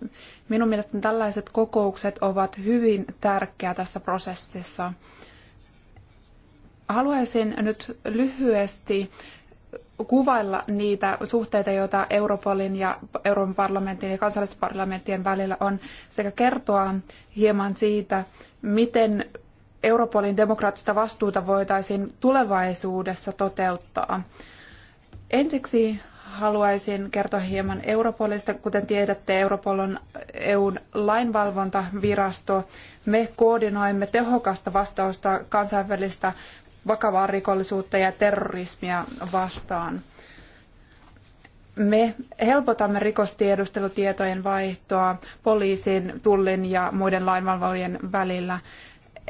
minun mielestäni tällaiset kokoukset ovat hyvin tärkeä tässä prosessissa. Haluaisin nyt lyhyesti kuvailla niitä suhteita, joita Europolin ja Euroopan parlamentin ja kansallisten parlamenttien välillä on, sekä kertoa hieman siitä, miten Europolin demokraattista vastuuta voitaisiin tulevaisuudessa toteuttaa. Ensiksi haluaisin kertoa hieman Europolista. Kuten tiedätte, Europol on EUn lainvalvontavirasto. Me koordinoimme tehokasta vastausta kansainvälistä vakavaa rikollisuutta ja terrorismia vastaan. Me helpotamme rikostiedustelutietojen vaihtoa poliisin, tullin ja muiden lainvalvojien välillä.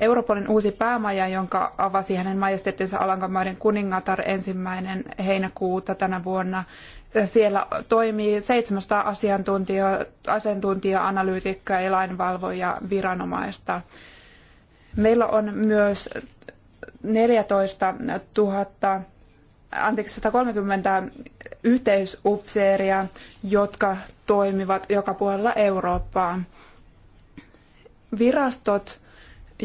Europolin uusi päämaja, jonka avasi hänen majesteettinsa Alankomaiden kuningatar ensimmäinen heinäkuuta tänä vuonna. Siellä toimii 700 asiantuntijaa, asiantuntijaa analyytikkoja ja lainvalvojaa viranomaista. Meillä on myös 14 000 anteeksi, 130 yhteisupseeria, jotka toimivat joka puolella Eurooppaa. Virastot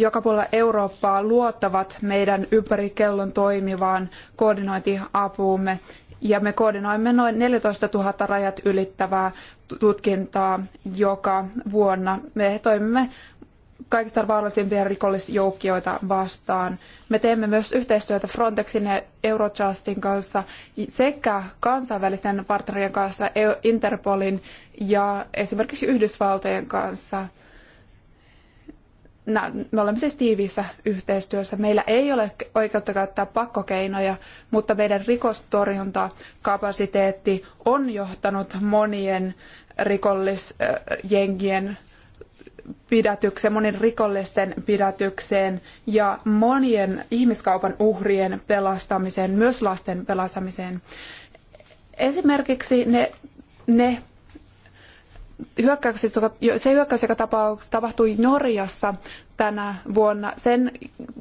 joka puolella Eurooppaa luottavat meidän ympäri kellon toimivaan koordinointiapuumme. Ja me koordinoimme noin 14 000 rajat ylittävää tutkintaa joka vuonna. Me toimimme kaikista vaarallisimpia rikollisjoukkioita vastaan. Me teemme myös yhteistyötä Frontexin ja Eurojustin kanssa sekä kansainvälisten partnerien kanssa Interpolin ja esimerkiksi Yhdysvaltojen kanssa – me olemme siis tiiviissä yhteistyössä. Meillä ei ole oikeutta käyttää pakkokeinoja, mutta meidän rikostorjuntakapasiteetti on johtanut monien rikollisjengien pidätykseen, monien rikollisten pidätykseen ja monien ihmiskaupan uhrien pelastamiseen, myös lasten pelastamiseen. Esimerkiksi ne, ne hyökkäykset, se hyökkäys, joka tapahtui Norjassa tänä vuonna, sen,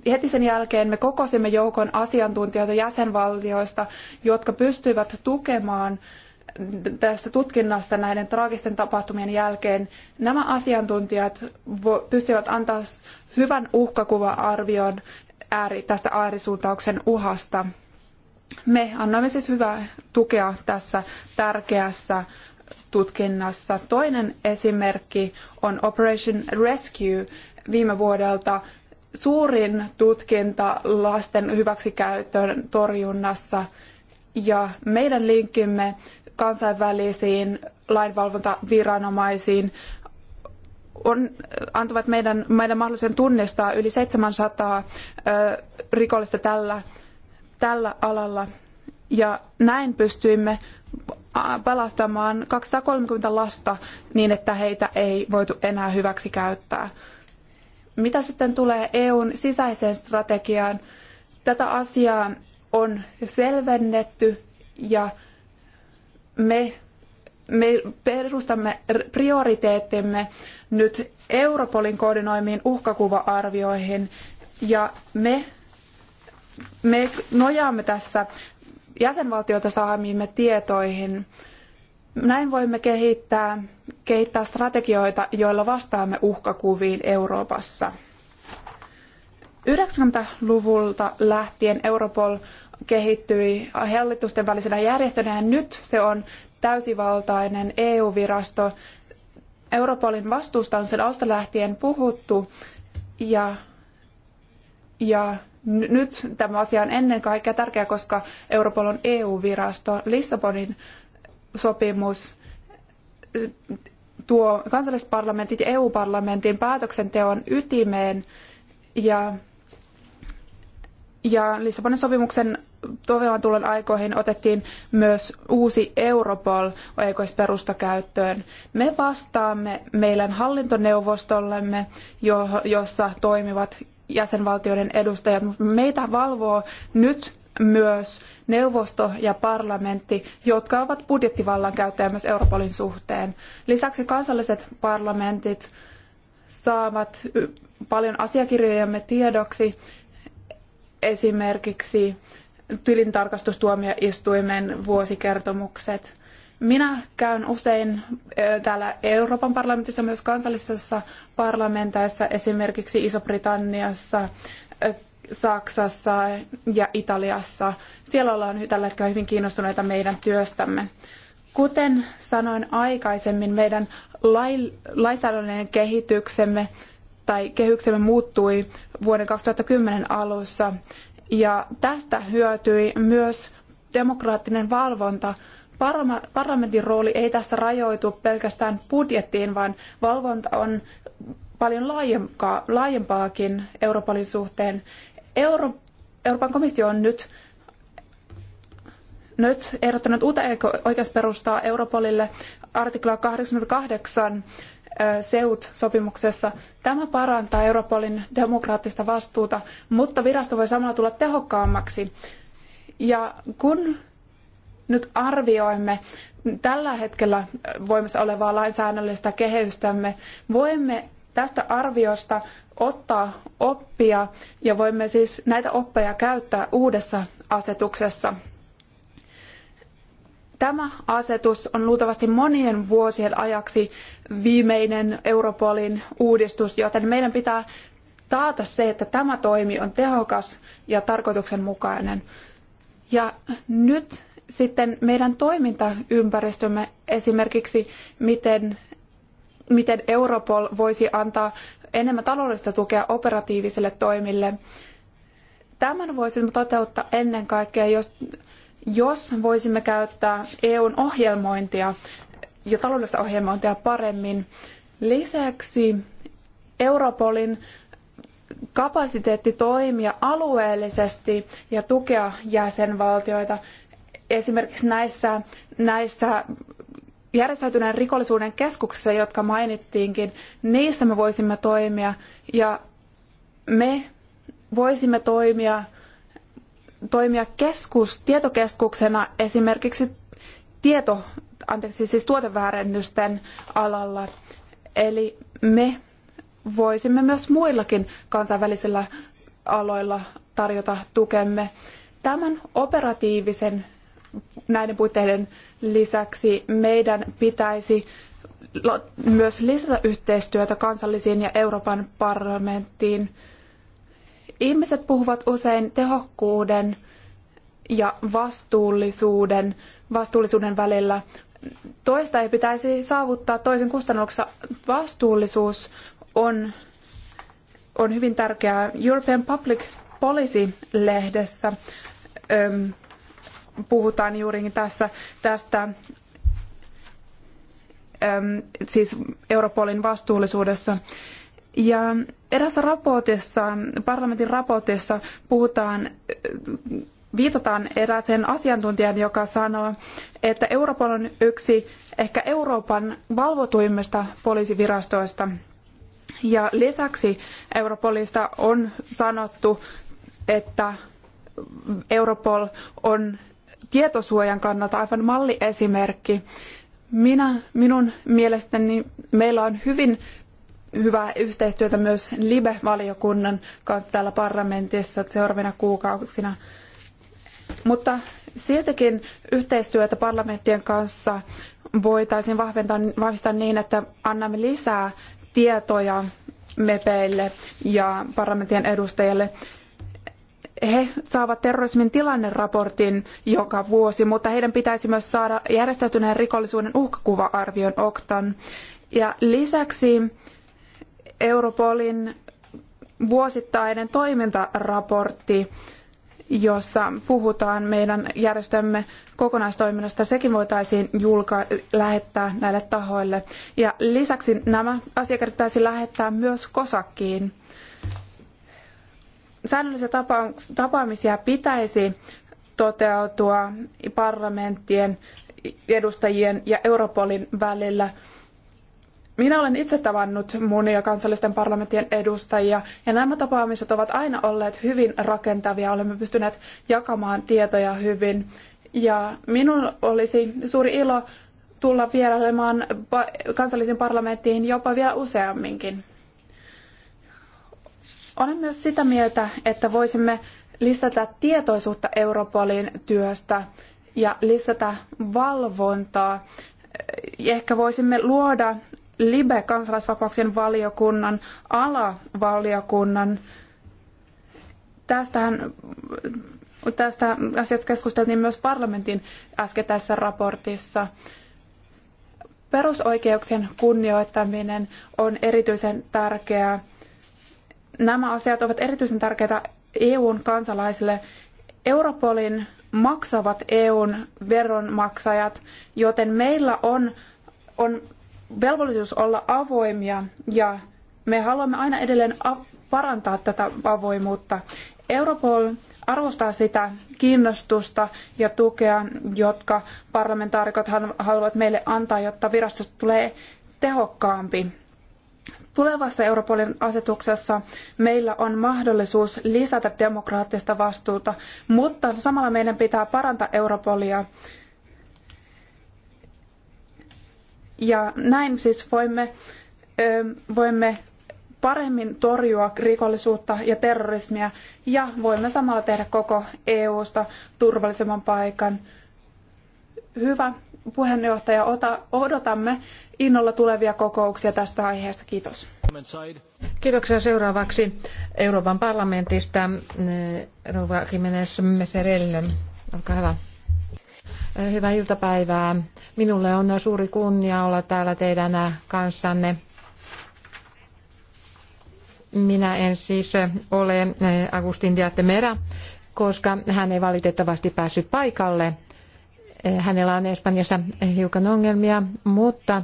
heti sen jälkeen me kokosimme joukon asiantuntijoita jäsenvaltioista, jotka pystyivät tukemaan tässä tutkinnassa näiden traagisten tapahtumien jälkeen. Nämä asiantuntijat pystyivät antamaan hyvän uhkakuva-arvion ääri, tästä äärisuuntauksen uhasta. Me annoimme siis hyvää tukea tässä tärkeässä tutkinnassa. Toinen esimerkki on Operation Rescue viime vuodelta suurin tutkinta lasten hyväksikäytön torjunnassa ja meidän linkkimme kansainvälisiin lainvalvontaviranomaisiin on, antavat meidän, meidän mahdollisen tunnistaa yli 700 ö, rikollista tällä, tällä alalla. Ja näin pystyimme pelastamaan 230 lasta niin, että heitä ei voitu enää hyväksi käyttää. Mitä sitten tulee EUn sisäiseen strategiaan? Tätä asiaa on selvennetty ja me, me perustamme prioriteettimme nyt Europolin koordinoimiin uhkakuva-arvioihin ja me, me nojaamme tässä jäsenvaltioita saamiimme tietoihin. Näin voimme kehittää, kehittää strategioita, joilla vastaamme uhkakuviin Euroopassa. 90-luvulta lähtien Europol kehittyi hallitusten välisenä järjestönä ja nyt se on täysivaltainen EU-virasto. Europolin vastuusta on sen alusta lähtien puhuttu ja, ja nyt tämä asia on ennen kaikkea tärkeä, koska Europol on EU-virasto. Lissabonin sopimus tuo kansallisparlamentit ja EU-parlamentin päätöksenteon ytimeen ja, ja Lissabonin sopimuksen toivon tulon aikoihin otettiin myös uusi Europol oikeusperusta käyttöön. Me vastaamme meidän hallintoneuvostollemme, jossa toimivat jäsenvaltioiden edustajat, mutta meitä valvoo nyt myös neuvosto ja parlamentti, jotka ovat budjettivallan käyttäjä myös Europolin suhteen. Lisäksi kansalliset parlamentit saavat paljon asiakirjojamme tiedoksi, esimerkiksi tilintarkastustuomioistuimen vuosikertomukset. Minä käyn usein täällä Euroopan parlamentissa, myös kansallisessa parlamenteissa, esimerkiksi Iso-Britanniassa, Saksassa ja Italiassa. Siellä ollaan tällä hetkellä hyvin kiinnostuneita meidän työstämme. Kuten sanoin aikaisemmin, meidän lai, lainsäädännöllinen kehityksemme tai kehyksemme muuttui vuoden 2010 alussa ja tästä hyötyi myös demokraattinen valvonta parlamentin rooli ei tässä rajoitu pelkästään budjettiin, vaan valvonta on paljon laajempaa, laajempaakin Euroopan suhteen. Euro, Euroopan komissio on nyt nyt ehdottanut uutta oikeusperustaa Europolille artikla 88 SEUT-sopimuksessa. Tämä parantaa Europolin demokraattista vastuuta, mutta virasto voi samalla tulla tehokkaammaksi. Ja kun nyt arvioimme tällä hetkellä voimassa olevaa lainsäädännöllistä kehystämme, voimme tästä arviosta ottaa oppia ja voimme siis näitä oppeja käyttää uudessa asetuksessa. Tämä asetus on luultavasti monien vuosien ajaksi viimeinen Europolin uudistus, joten meidän pitää taata se, että tämä toimi on tehokas ja tarkoituksenmukainen. Ja nyt sitten meidän toimintaympäristömme, esimerkiksi miten, miten Europol voisi antaa enemmän taloudellista tukea operatiivisille toimille. Tämän voisimme toteuttaa ennen kaikkea, jos, jos voisimme käyttää EUn ohjelmointia ja taloudellista ohjelmointia paremmin. Lisäksi Europolin kapasiteetti toimia alueellisesti ja tukea jäsenvaltioita esimerkiksi näissä, näissä järjestäytyneen rikollisuuden keskuksissa, jotka mainittiinkin, niissä me voisimme toimia ja me voisimme toimia, toimia keskus, tietokeskuksena esimerkiksi tieto, anteeksi, siis tuoteväärennysten alalla. Eli me voisimme myös muillakin kansainvälisillä aloilla tarjota tukemme. Tämän operatiivisen näiden puitteiden lisäksi meidän pitäisi myös lisätä yhteistyötä kansallisiin ja Euroopan parlamenttiin. Ihmiset puhuvat usein tehokkuuden ja vastuullisuuden, vastuullisuuden välillä. Toista ei pitäisi saavuttaa toisen kustannuksella. Vastuullisuus on, on hyvin tärkeää. European Public Policy-lehdessä puhutaan juurikin tässä tästä siis Europolin vastuullisuudessa. Ja erässä raportissa, parlamentin raportissa puhutaan, äh, viitataan erääseen asiantuntijan, joka sanoo, että Europol on yksi ehkä Euroopan valvotuimmista poliisivirastoista. Ja lisäksi Europolista on sanottu, että Europol on tietosuojan kannalta aivan malliesimerkki. Minä, minun mielestäni meillä on hyvin hyvää yhteistyötä myös LIBE-valiokunnan kanssa täällä parlamentissa seuraavina kuukausina. Mutta siltikin yhteistyötä parlamenttien kanssa voitaisiin vahvistaa niin, että annamme lisää tietoja mepeille ja parlamentin edustajille he saavat terrorismin tilanneraportin joka vuosi, mutta heidän pitäisi myös saada järjestäytyneen rikollisuuden uhkakuva-arvion Oktan. Ja lisäksi Europolin vuosittainen toimintaraportti, jossa puhutaan meidän järjestömme kokonaistoiminnasta, sekin voitaisiin julka- lähettää näille tahoille. Ja lisäksi nämä asiakirjat pitäisi lähettää myös kosakkiin säännöllisiä tapaamisia pitäisi toteutua parlamenttien edustajien ja Europolin välillä. Minä olen itse tavannut monia kansallisten parlamenttien edustajia, ja nämä tapaamiset ovat aina olleet hyvin rakentavia. Olemme pystyneet jakamaan tietoja hyvin. Ja minun olisi suuri ilo tulla vierailemaan kansallisiin parlamenttiin jopa vielä useamminkin. Olen myös sitä mieltä, että voisimme lisätä tietoisuutta Europolin työstä ja lisätä valvontaa. Ehkä voisimme luoda Libe kansalaisvapauksien valiokunnan, alavaliokunnan. Tästähän, tästä asiasta keskusteltiin myös parlamentin äskettäisessä raportissa. Perusoikeuksien kunnioittaminen on erityisen tärkeää nämä asiat ovat erityisen tärkeitä EUn kansalaisille. Europolin maksavat EUn veronmaksajat, joten meillä on, on velvollisuus olla avoimia ja me haluamme aina edelleen parantaa tätä avoimuutta. Europol arvostaa sitä kiinnostusta ja tukea, jotka parlamentaarikot haluavat meille antaa, jotta virastosta tulee tehokkaampi. Tulevassa Europolin asetuksessa meillä on mahdollisuus lisätä demokraattista vastuuta, mutta samalla meidän pitää parantaa Europolia. Ja näin siis voimme, voimme paremmin torjua rikollisuutta ja terrorismia ja voimme samalla tehdä koko EUsta turvallisemman paikan. Hyvä puheenjohtaja, ota, odotamme innolla tulevia kokouksia tästä aiheesta. Kiitos. Kiitoksia seuraavaksi Euroopan parlamentista. Eh, Rouva Jimenez Meserelle, olkaa hyvä. Eh, hyvää iltapäivää. Minulle on suuri kunnia olla täällä teidän kanssanne. Minä en siis ole eh, Agustin Diattemera, koska hän ei valitettavasti päässyt paikalle – Eh, hänellä on Espanjassa hiukan ongelmia, mutta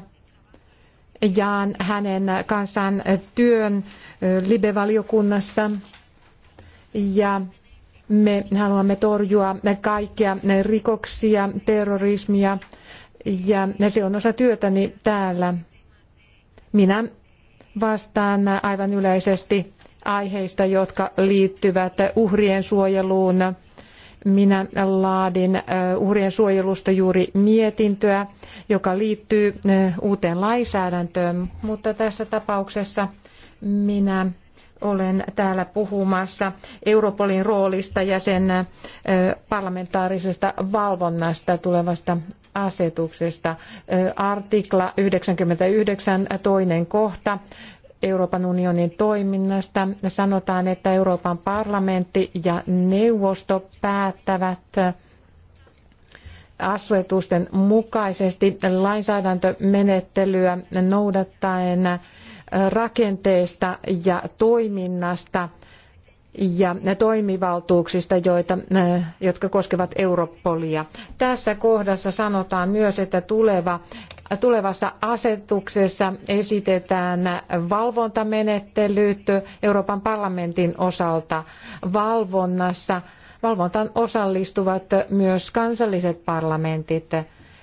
jaan hänen kanssaan työn eh, libevaliokunnassa ja me haluamme torjua kaikkia rikoksia, terrorismia ja se on osa työtäni täällä. Minä vastaan aivan yleisesti aiheista, jotka liittyvät uhrien suojeluun, minä laadin uhrien suojelusta juuri mietintöä, joka liittyy uuteen lainsäädäntöön, mutta tässä tapauksessa minä olen täällä puhumassa Europolin roolista ja sen parlamentaarisesta valvonnasta tulevasta asetuksesta. Artikla 99 toinen kohta Euroopan unionin toiminnasta. Sanotaan, että Euroopan parlamentti ja neuvosto päättävät asetusten mukaisesti lainsäädäntömenettelyä noudattaen rakenteesta ja toiminnasta ja toimivaltuuksista, joita, jotka koskevat Europolia. Tässä kohdassa sanotaan myös, että tuleva tulevassa asetuksessa esitetään valvontamenettelyt Euroopan parlamentin osalta valvonnassa. Valvontaan osallistuvat myös kansalliset parlamentit.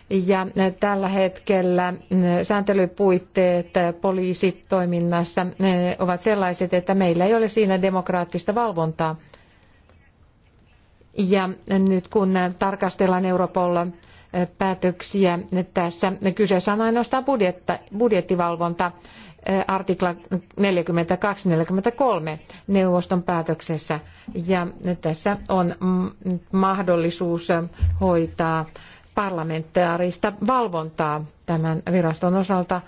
Ja tällä hetkellä sääntelypuitteet poliisitoiminnassa ovat sellaiset, että meillä ei ole siinä demokraattista valvontaa. Ja nyt kun tarkastellaan Europol päätöksiä. Tässä kyseessä on ainoastaan budjetta, budjettivalvonta artikla 42-43 neuvoston päätöksessä. Ja tässä on mahdollisuus hoitaa parlamentaarista valvontaa tämän viraston osalta.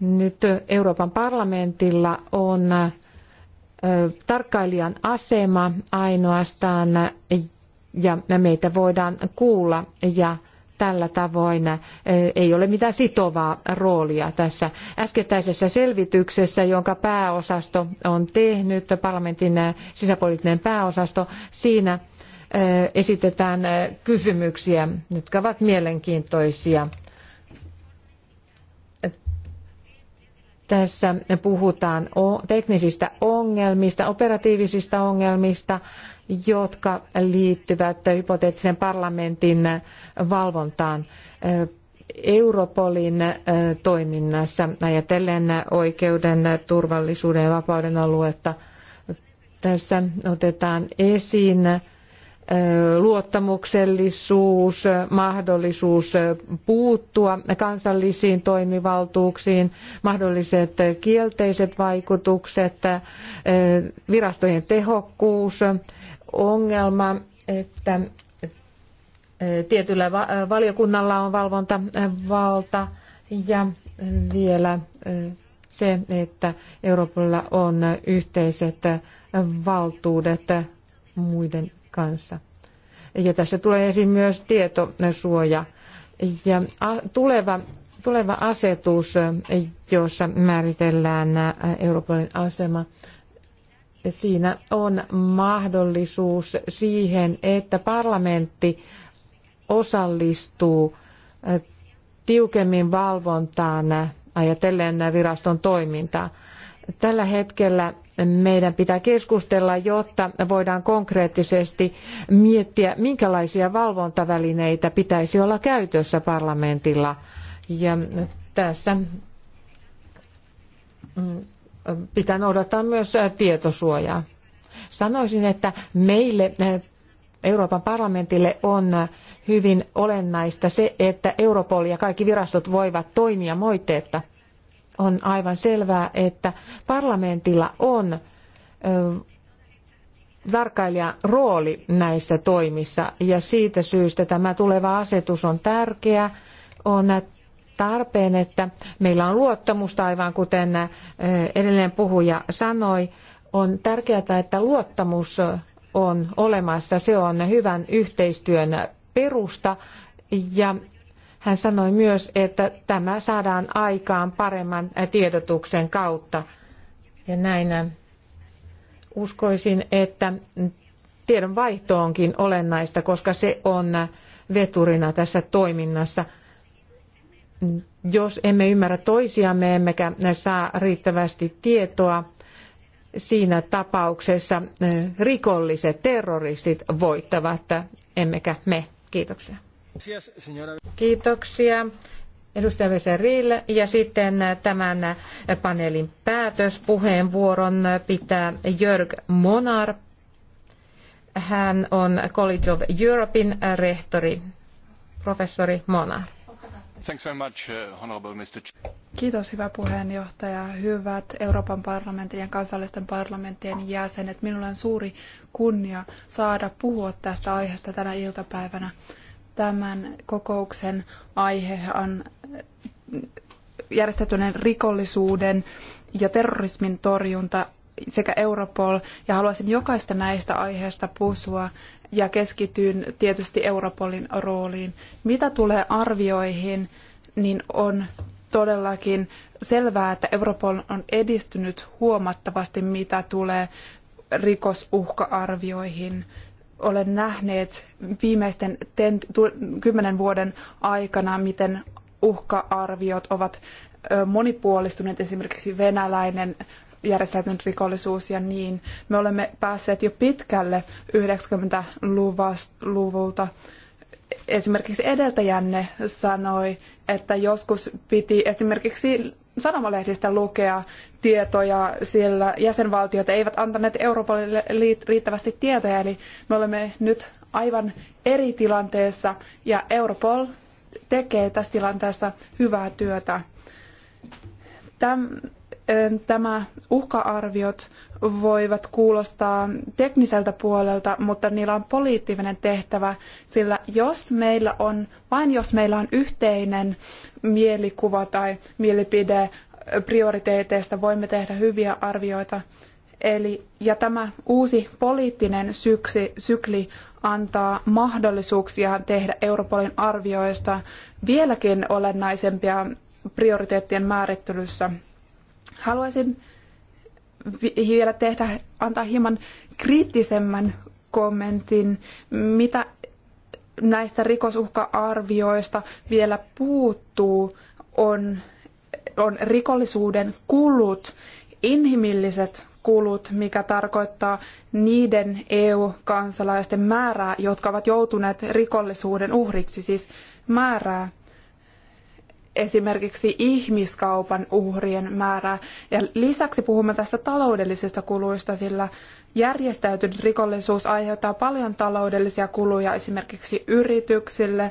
Nyt Euroopan parlamentilla on tarkkailijan asema ainoastaan ja meitä voidaan kuulla ja tällä tavoin ei ole mitään sitovaa roolia tässä äskettäisessä selvityksessä, jonka pääosasto on tehnyt, parlamentin sisäpoliittinen pääosasto, siinä esitetään kysymyksiä, jotka ovat mielenkiintoisia Tässä puhutaan teknisistä ongelmista, operatiivisista ongelmista, jotka liittyvät hypoteettisen parlamentin valvontaan. Europolin toiminnassa ajatellen oikeuden, turvallisuuden ja vapauden aluetta. Tässä otetaan esiin luottamuksellisuus, mahdollisuus puuttua kansallisiin toimivaltuuksiin, mahdolliset kielteiset vaikutukset, virastojen tehokkuus, ongelma, että tietyllä valiokunnalla on valvontavalta ja vielä se, että Euroopalla on yhteiset valtuudet muiden kanssa. Ja tässä tulee esiin myös tietosuoja ja tuleva, tuleva asetus, jossa määritellään Euroopan asema, siinä on mahdollisuus siihen, että parlamentti osallistuu tiukemmin valvontaan ajatellen viraston toimintaa. Tällä hetkellä meidän pitää keskustella, jotta voidaan konkreettisesti miettiä, minkälaisia valvontavälineitä pitäisi olla käytössä parlamentilla. Ja tässä mm, pitää noudattaa myös tietosuojaa. Sanoisin, että meille eh, Euroopan parlamentille on hyvin olennaista se, että Europol ja kaikki virastot voivat toimia moitteetta on aivan selvää, että parlamentilla on tarkkailijan rooli näissä toimissa ja siitä syystä tämä tuleva asetus on tärkeä. On tarpeen, että meillä on luottamusta, aivan kuten edellinen puhuja sanoi. On tärkeää, että luottamus on olemassa. Se on hyvän yhteistyön perusta ja hän sanoi myös, että tämä saadaan aikaan paremman tiedotuksen kautta. Ja näin uskoisin, että tiedonvaihto onkin olennaista, koska se on veturina tässä toiminnassa. Jos emme ymmärrä toisiamme emmekä saa riittävästi tietoa, siinä tapauksessa rikolliset terroristit voittavat, emmekä me. Kiitoksia. Kiitoksia edustaja Veserille. Ja sitten tämän paneelin päätöspuheenvuoron pitää Jörg Monar. Hän on College of Europein rehtori, professori Monar. Thanks very much, uh, honorable Mr. Kiitos hyvä puheenjohtaja. Hyvät Euroopan parlamentin ja kansallisten parlamenttien jäsenet. Minulla on suuri kunnia saada puhua tästä aiheesta tänä iltapäivänä. Tämän kokouksen aihe on järjestetyn rikollisuuden ja terrorismin torjunta sekä Europol, ja haluaisin jokaista näistä aiheista puhua ja keskityn tietysti Europolin rooliin. Mitä tulee arvioihin, niin on todellakin selvää, että Europol on edistynyt huomattavasti, mitä tulee rikosuhka-arvioihin. Olen nähneet viimeisten ten, tu, kymmenen vuoden aikana, miten uhka-arviot ovat monipuolistuneet, esimerkiksi venäläinen järjestäytynyt rikollisuus ja niin. Me olemme päässeet jo pitkälle 90-luvulta. Esimerkiksi edeltäjänne sanoi, että joskus piti esimerkiksi sanomalehdistä lukea tietoja, sillä jäsenvaltiot eivät antaneet Europolille riittävästi tietoja, eli me olemme nyt aivan eri tilanteessa ja Europol tekee tässä tilanteessa hyvää työtä. Tämä tämä uhka-arviot voivat kuulostaa tekniseltä puolelta, mutta niillä on poliittinen tehtävä, sillä jos meillä on, vain jos meillä on yhteinen mielikuva tai mielipide prioriteeteista, voimme tehdä hyviä arvioita. Eli, ja tämä uusi poliittinen syksi, sykli antaa mahdollisuuksia tehdä Europolin arvioista vieläkin olennaisempia prioriteettien määrittelyssä. Haluaisin vielä tehdä, antaa hieman kriittisemmän kommentin, mitä näistä rikosuhka-arvioista vielä puuttuu, on, on rikollisuuden kulut, inhimilliset kulut, mikä tarkoittaa niiden EU-kansalaisten määrää, jotka ovat joutuneet rikollisuuden uhriksi, siis määrää esimerkiksi ihmiskaupan uhrien määrää. Ja lisäksi puhumme tässä taloudellisista kuluista, sillä järjestäytynyt rikollisuus aiheuttaa paljon taloudellisia kuluja esimerkiksi yrityksille,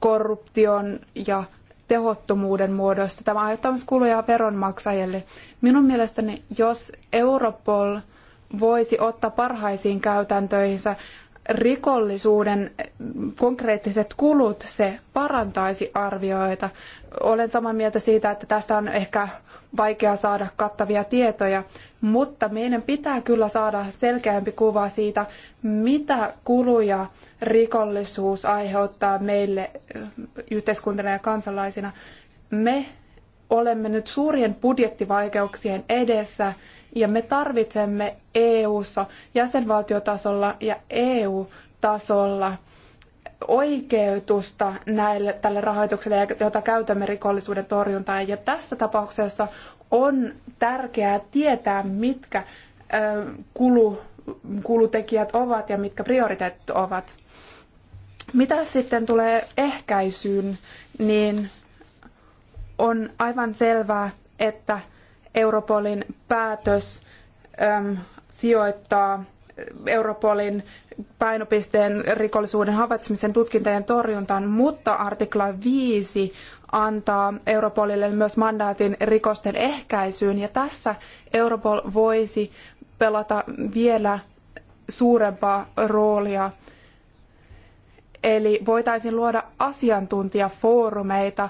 korruption ja tehottomuuden muodossa. Tämä aiheuttaa myös kuluja veronmaksajille. Minun mielestäni, jos Europol voisi ottaa parhaisiin käytäntöihinsä rikollisuuden konkreettiset kulut, se parantaisi arvioita. Olen samaa mieltä siitä, että tästä on ehkä vaikea saada kattavia tietoja, mutta meidän pitää kyllä saada selkeämpi kuva siitä, mitä kuluja rikollisuus aiheuttaa meille yhteiskuntana ja kansalaisina. Me olemme nyt suurien budjettivaikeuksien edessä ja me tarvitsemme EU-ssa, jäsenvaltiotasolla ja EU-tasolla oikeutusta näille, tälle rahoitukselle, jota käytämme rikollisuuden torjuntaan. Ja tässä tapauksessa on tärkeää tietää, mitkä kulu, kulutekijät ovat ja mitkä prioriteetit ovat. Mitä sitten tulee ehkäisyyn, niin on aivan selvää, että Europolin päätös ähm, sijoittaa Europolin painopisteen rikollisuuden havaitsemisen tutkintaan torjuntaan, mutta artikla 5 antaa Europolille myös mandaatin rikosten ehkäisyyn ja tässä Europol voisi pelata vielä suurempaa roolia. Eli voitaisiin luoda asiantuntijafoorumeita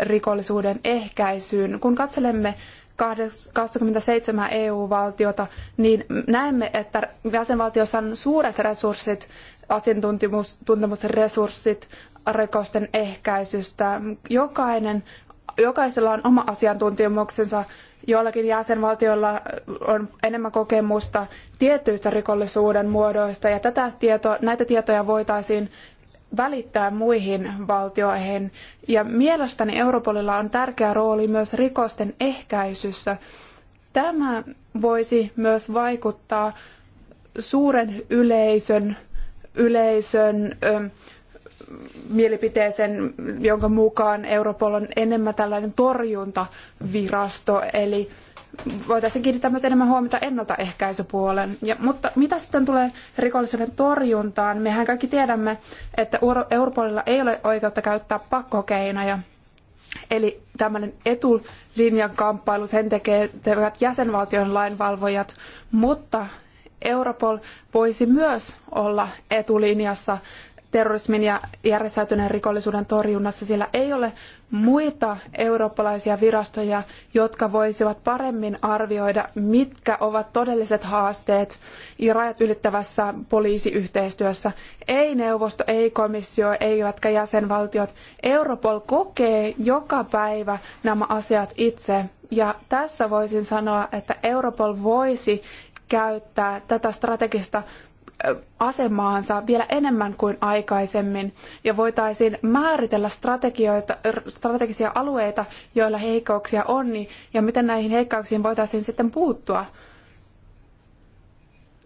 rikollisuuden ehkäisyyn. Kun katselemme 27 EU-valtiota, niin näemme, että jäsenvaltiossa on suuret resurssit, asiantuntemusten resurssit rikosten ehkäisystä. Jokainen, jokaisella on oma asiantuntemuksensa. Joillakin jäsenvaltioilla on enemmän kokemusta tietyistä rikollisuuden muodoista ja tätä tieto, näitä tietoja voitaisiin välittää muihin valtioihin. Ja mielestäni Europolilla on tärkeä rooli myös rikosten ehkäisyssä. Tämä voisi myös vaikuttaa suuren yleisön, yleisön ö, mielipiteeseen, jonka mukaan Europol on enemmän tällainen torjuntavirasto, eli voitaisiin kiinnittää myös enemmän huomiota ennaltaehkäisypuolen. Ja, mutta mitä sitten tulee rikollisuuden torjuntaan? Mehän kaikki tiedämme, että Europolilla ei ole oikeutta käyttää pakkokeinoja. Eli tämmöinen etulinjan kamppailu, sen tekevät jäsenvaltion lainvalvojat, mutta Europol voisi myös olla etulinjassa terrorismin ja järjestäytyneen rikollisuuden torjunnassa. Sillä ei ole muita eurooppalaisia virastoja, jotka voisivat paremmin arvioida, mitkä ovat todelliset haasteet ja rajat ylittävässä poliisiyhteistyössä. Ei neuvosto, ei komissio, eivätkä jäsenvaltiot. Europol kokee joka päivä nämä asiat itse. Ja tässä voisin sanoa, että Europol voisi käyttää tätä strategista asemaansa vielä enemmän kuin aikaisemmin ja voitaisiin määritellä strategioita, strategisia alueita, joilla heikkouksia on niin, ja miten näihin heikkouksiin voitaisiin sitten puuttua.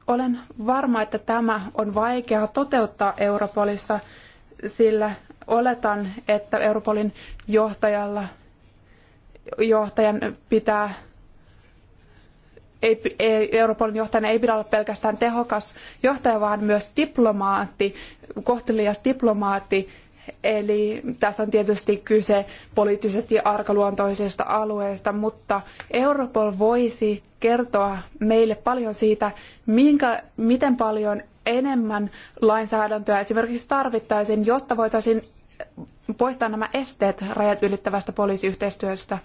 Olen varma, että tämä on vaikeaa toteuttaa Europolissa, sillä oletan, että Europolin johtajalla johtajan pitää ei, ei, Europolin johtajana ei pidä olla pelkästään tehokas johtaja, vaan myös diplomaatti, kohtelias diplomaatti. Eli tässä on tietysti kyse poliittisesti arkaluontoisesta alueesta, mutta Europol voisi kertoa meille paljon siitä, minkä, miten paljon enemmän lainsäädäntöä esimerkiksi tarvittaisiin, jotta voitaisiin poistaa nämä esteet rajat ylittävästä poliisiyhteistyöstä.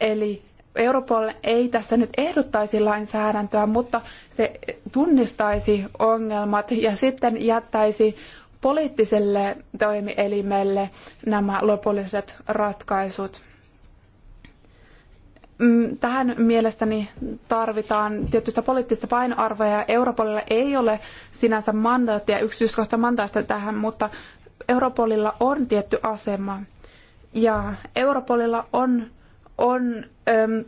Eli Europol ei tässä nyt ehdottaisi lainsäädäntöä, mutta se tunnistaisi ongelmat ja sitten jättäisi poliittiselle toimielimelle nämä lopulliset ratkaisut. Mm, tähän mielestäni tarvitaan tietystä poliittista painoarvoa ja Europolilla ei ole sinänsä mandaattia yksityiskohta mandaista tähän, mutta Europolilla on tietty asema ja Europolilla on, on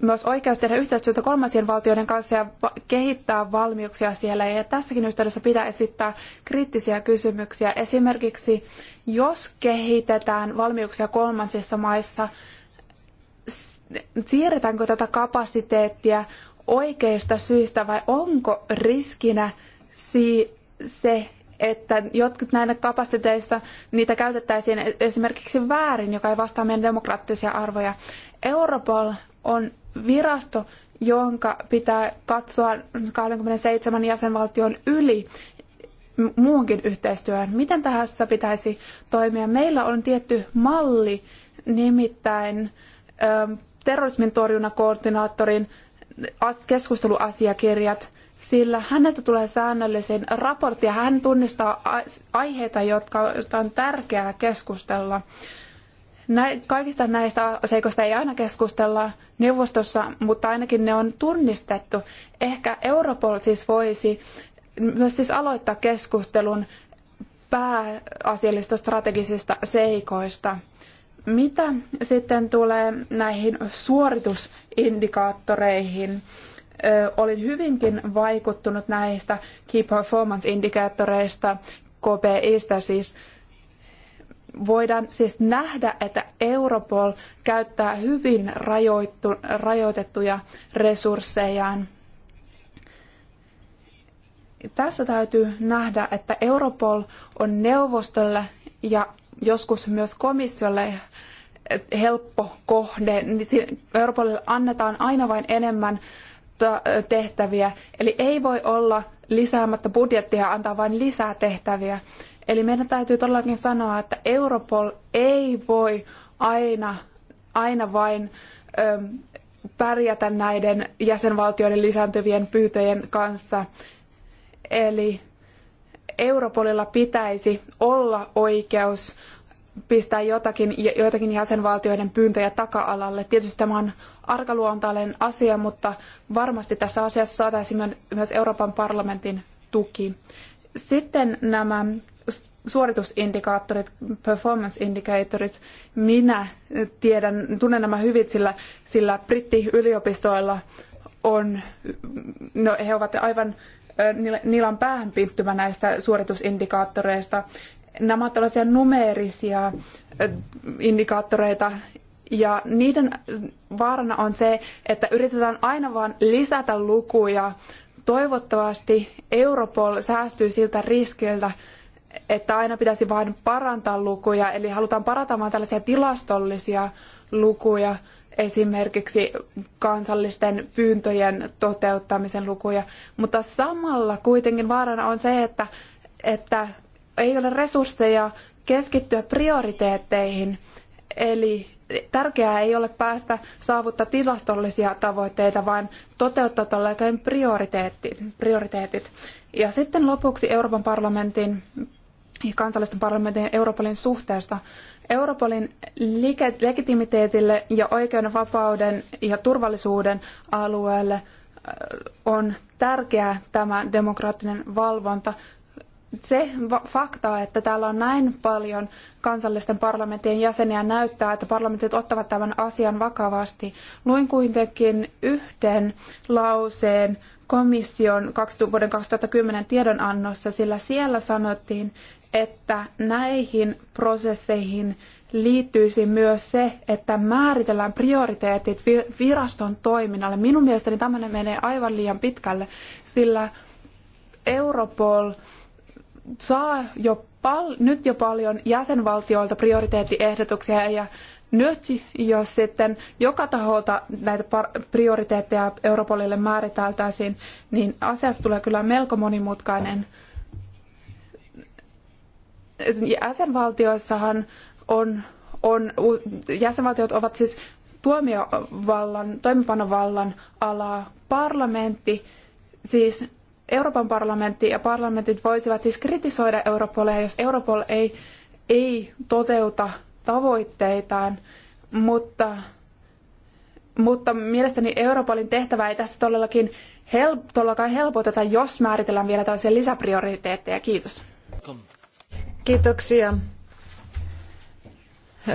myös oikeus tehdä yhteistyötä kolmansien valtioiden kanssa ja kehittää valmiuksia siellä. Ja tässäkin yhteydessä pitää esittää kriittisiä kysymyksiä. Esimerkiksi jos kehitetään valmiuksia kolmansissa maissa, siirretäänkö tätä kapasiteettia oikeista syistä vai onko riskinä se, että jotkut näitä kapasiteista niitä käytettäisiin e- esimerkiksi väärin, joka ei vastaa meidän demokraattisia arvoja. Europol on virasto, jonka pitää katsoa 27 jäsenvaltion yli muunkin yhteistyöhön. Miten tässä pitäisi toimia? Meillä on tietty malli, nimittäin ö, ähm, terrorismin torjunnan koordinaattorin keskusteluasiakirjat, sillä häneltä tulee säännöllisin raportti ja hän tunnistaa aiheita, jotka, joista on tärkeää keskustella kaikista näistä seikoista ei aina keskustella neuvostossa, mutta ainakin ne on tunnistettu. Ehkä Europol siis voisi myös siis aloittaa keskustelun pääasiallisista strategisista seikoista. Mitä sitten tulee näihin suoritusindikaattoreihin? olin hyvinkin vaikuttunut näistä key performance indikaattoreista, KPIstä siis voidaan siis nähdä, että Europol käyttää hyvin rajoittu, rajoitettuja resurssejaan. Tässä täytyy nähdä, että Europol on neuvostolle ja joskus myös komissiolle helppo kohde. Europolille annetaan aina vain enemmän tehtäviä, eli ei voi olla lisäämättä budjettia antaa vain lisää tehtäviä. Eli meidän täytyy todellakin sanoa, että Europol ei voi aina, aina vain äm, pärjätä näiden jäsenvaltioiden lisääntyvien pyytöjen kanssa. Eli Europolilla pitäisi olla oikeus pistää jotakin, joitakin jäsenvaltioiden pyyntöjä taka-alalle. Tietysti tämä on arkaluontainen asia, mutta varmasti tässä asiassa saataisiin myös Euroopan parlamentin tuki. Sitten nämä suoritusindikaattorit, performance indicatorit, minä tiedän, tunnen nämä hyvin, sillä, sillä brittiyliopistoilla on, no he ovat aivan, niillä on päähän pinttymä näistä suoritusindikaattoreista. Nämä ovat tällaisia numeerisia indikaattoreita, ja niiden vaarana on se, että yritetään aina vain lisätä lukuja. Toivottavasti Europol säästyy siltä riskiltä, että aina pitäisi vain parantaa lukuja, eli halutaan parantaa vain tällaisia tilastollisia lukuja, esimerkiksi kansallisten pyyntöjen toteuttamisen lukuja, mutta samalla kuitenkin vaarana on se, että, että ei ole resursseja keskittyä prioriteetteihin, eli tärkeää ei ole päästä saavuttaa tilastollisia tavoitteita, vaan toteuttaa todellakin prioriteetti, prioriteetit. Ja sitten lopuksi Euroopan parlamentin kansallisten parlamentin Europolin suhteesta. Europolin legitimiteetille ja oikeuden, vapauden ja turvallisuuden alueelle äh, on tärkeää tämä demokraattinen valvonta. Se fakta, että täällä on näin paljon kansallisten parlamenttien jäseniä, näyttää, että parlamentit ottavat tämän asian vakavasti. Luin kuitenkin yhden lauseen komission vuoden 2010 tiedonannossa, sillä siellä sanottiin, että näihin prosesseihin liittyisi myös se, että määritellään prioriteetit viraston toiminnalle. Minun mielestäni tämmöinen menee aivan liian pitkälle, sillä Europol saa jo pal- nyt jo paljon jäsenvaltioilta prioriteettiehdotuksia ja nyt jos sitten joka taholta näitä prioriteetteja Europolille määriteltäisiin, niin asiasta tulee kyllä melko monimutkainen jäsenvaltioissahan on, on, jäsenvaltiot ovat siis tuomiovallan, toimipanovallan alaa. Parlamentti, siis Euroopan parlamentti ja parlamentit voisivat siis kritisoida Europolia, jos Europol ei, ei toteuta tavoitteitaan, mutta, mutta mielestäni Europolin tehtävä ei tässä todellakin hel, todellakaan helpoteta, jos määritellään vielä tällaisia lisäprioriteetteja. Kiitos. Kiitoksia.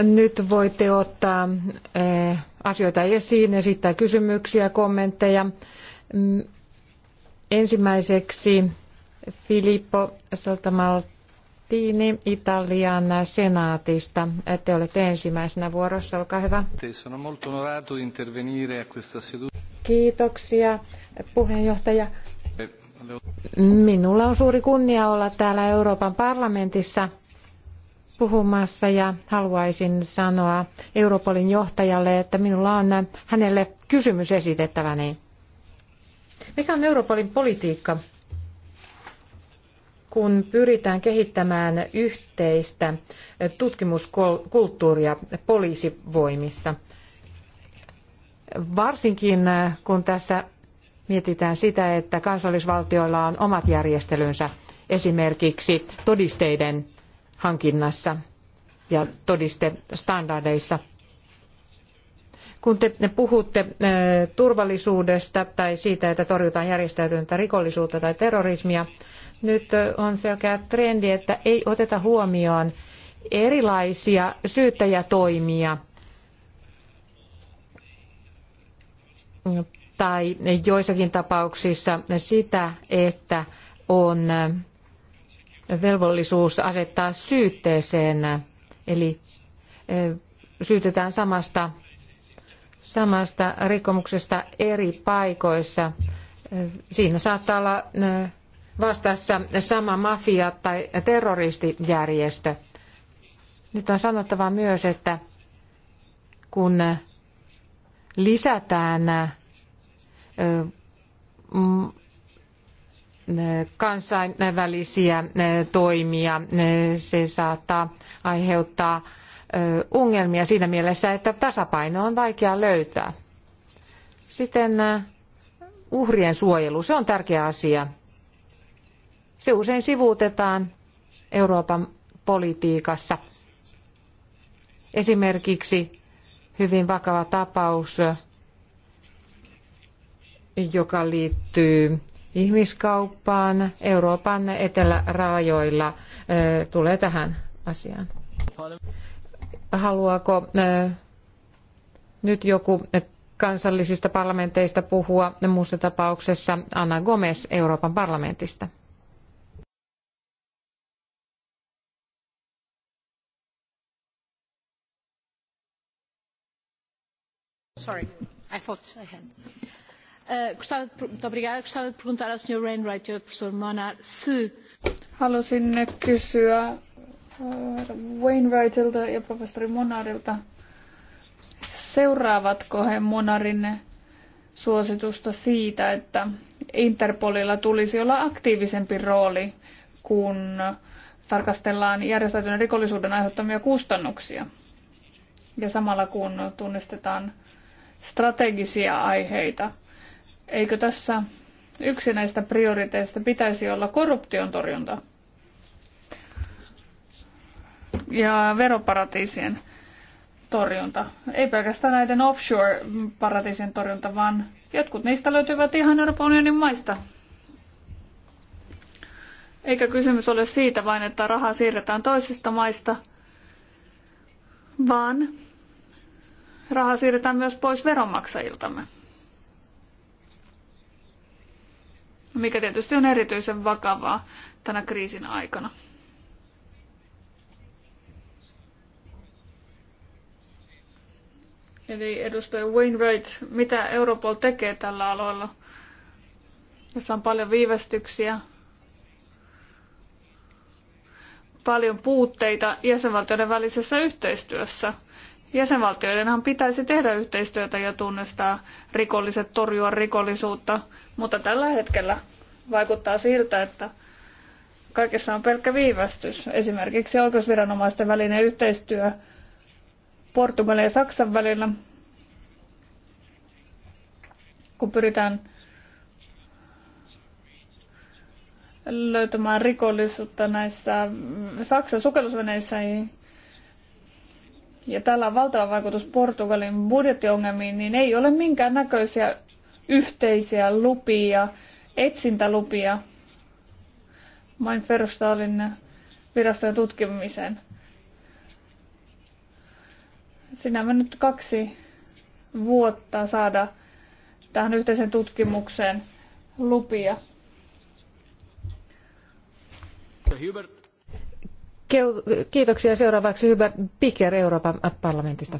Nyt voitte ottaa eh, asioita esiin, esittää kysymyksiä, kommentteja. Mm, ensimmäiseksi Filippo Saltamaltini Italian senaatista. Te olette ensimmäisenä vuorossa, olkaa hyvä. Kiitoksia puheenjohtaja. Minulla on suuri kunnia olla täällä Euroopan parlamentissa puhumassa ja haluaisin sanoa Europolin johtajalle, että minulla on hänelle kysymys esitettäväni. Mikä on Europolin politiikka, kun pyritään kehittämään yhteistä tutkimuskulttuuria poliisivoimissa? Varsinkin kun tässä mietitään sitä, että kansallisvaltioilla on omat järjestelynsä esimerkiksi todisteiden hankinnassa ja todistestandardeissa. Kun te puhutte turvallisuudesta tai siitä, että torjutaan järjestäytynyttä rikollisuutta tai terrorismia, nyt on selkeä trendi, että ei oteta huomioon erilaisia syyttäjätoimia tai joissakin tapauksissa sitä, että on äh, velvollisuus asettaa syytteeseen, eli äh, syytetään samasta, samasta rikkomuksesta eri paikoissa. Äh, siinä saattaa olla vastassa sama mafia tai terroristijärjestö. Nyt on sanottava myös, että kun lisätään kansainvälisiä eh, toimia. Eh, se saattaa aiheuttaa eh, ongelmia siinä mielessä, että tasapaino on vaikea löytää. Sitten uhrien suojelu, se on tärkeä asia. Se usein sivuutetaan Euroopan politiikassa. Esimerkiksi hyvin vakava tapaus joka liittyy ihmiskauppaan Euroopan etelärajoilla, tulee tähän asiaan. Haluaako nyt joku kansallisista parlamenteista puhua muussa tapauksessa Anna Gomes Euroopan parlamentista? Sorry, I thought I had. Eh, gostava de, perguntar ao Sr. e ao professor se... Halusin kysyä eh, Wainwrightilta ja professori Monarilta, seuraavatko he Monarin suositusta siitä, että Interpolilla tulisi olla aktiivisempi rooli, kun tarkastellaan järjestäytyneen rikollisuuden aiheuttamia kustannuksia. Ja samalla kun tunnistetaan strategisia aiheita, Eikö tässä yksi näistä prioriteista pitäisi olla korruption torjunta ja veroparatiisien torjunta? Ei pelkästään näiden offshore-paratiisien torjunta, vaan jotkut niistä löytyvät ihan Euroopan unionin maista. Eikä kysymys ole siitä vain, että rahaa siirretään toisista maista, vaan rahaa siirretään myös pois veronmaksajiltamme. mikä tietysti on erityisen vakavaa tänä kriisin aikana. Eli edustaja Wainwright, mitä Europol tekee tällä alueella, jossa on paljon viivästyksiä, paljon puutteita jäsenvaltioiden välisessä yhteistyössä – Jäsenvaltioidenhan pitäisi tehdä yhteistyötä ja tunnistaa rikolliset, torjua rikollisuutta, mutta tällä hetkellä vaikuttaa siltä, että kaikessa on pelkkä viivästys. Esimerkiksi oikeusviranomaisten välinen yhteistyö Portugalin ja Saksan välillä, kun pyritään löytämään rikollisuutta näissä Saksan sukellusveneissä, ja tällä on valtava vaikutus Portugalin budjettiongelmiin, niin ei ole minkään näköisiä yhteisiä lupia, etsintälupia Main Ferrostalin virastojen tutkimiseen. Siinä on nyt kaksi vuotta saada tähän yhteiseen tutkimukseen lupia. Hubert Kiitoksia seuraavaksi hyvä Piker Euroopan parlamentista.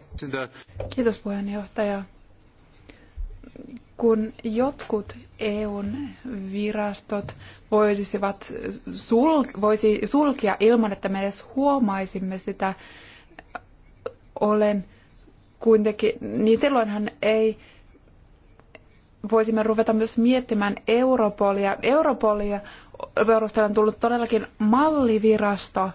Kiitos puheenjohtaja. Kun jotkut EUn virastot voisivat sul, voisi sulkia ilman, että me edes huomaisimme sitä, olen kuitenkin, niin silloinhan ei voisimme ruveta myös miettimään Europolia. Europolia Euroopasta on tullut todellakin mallivirasto,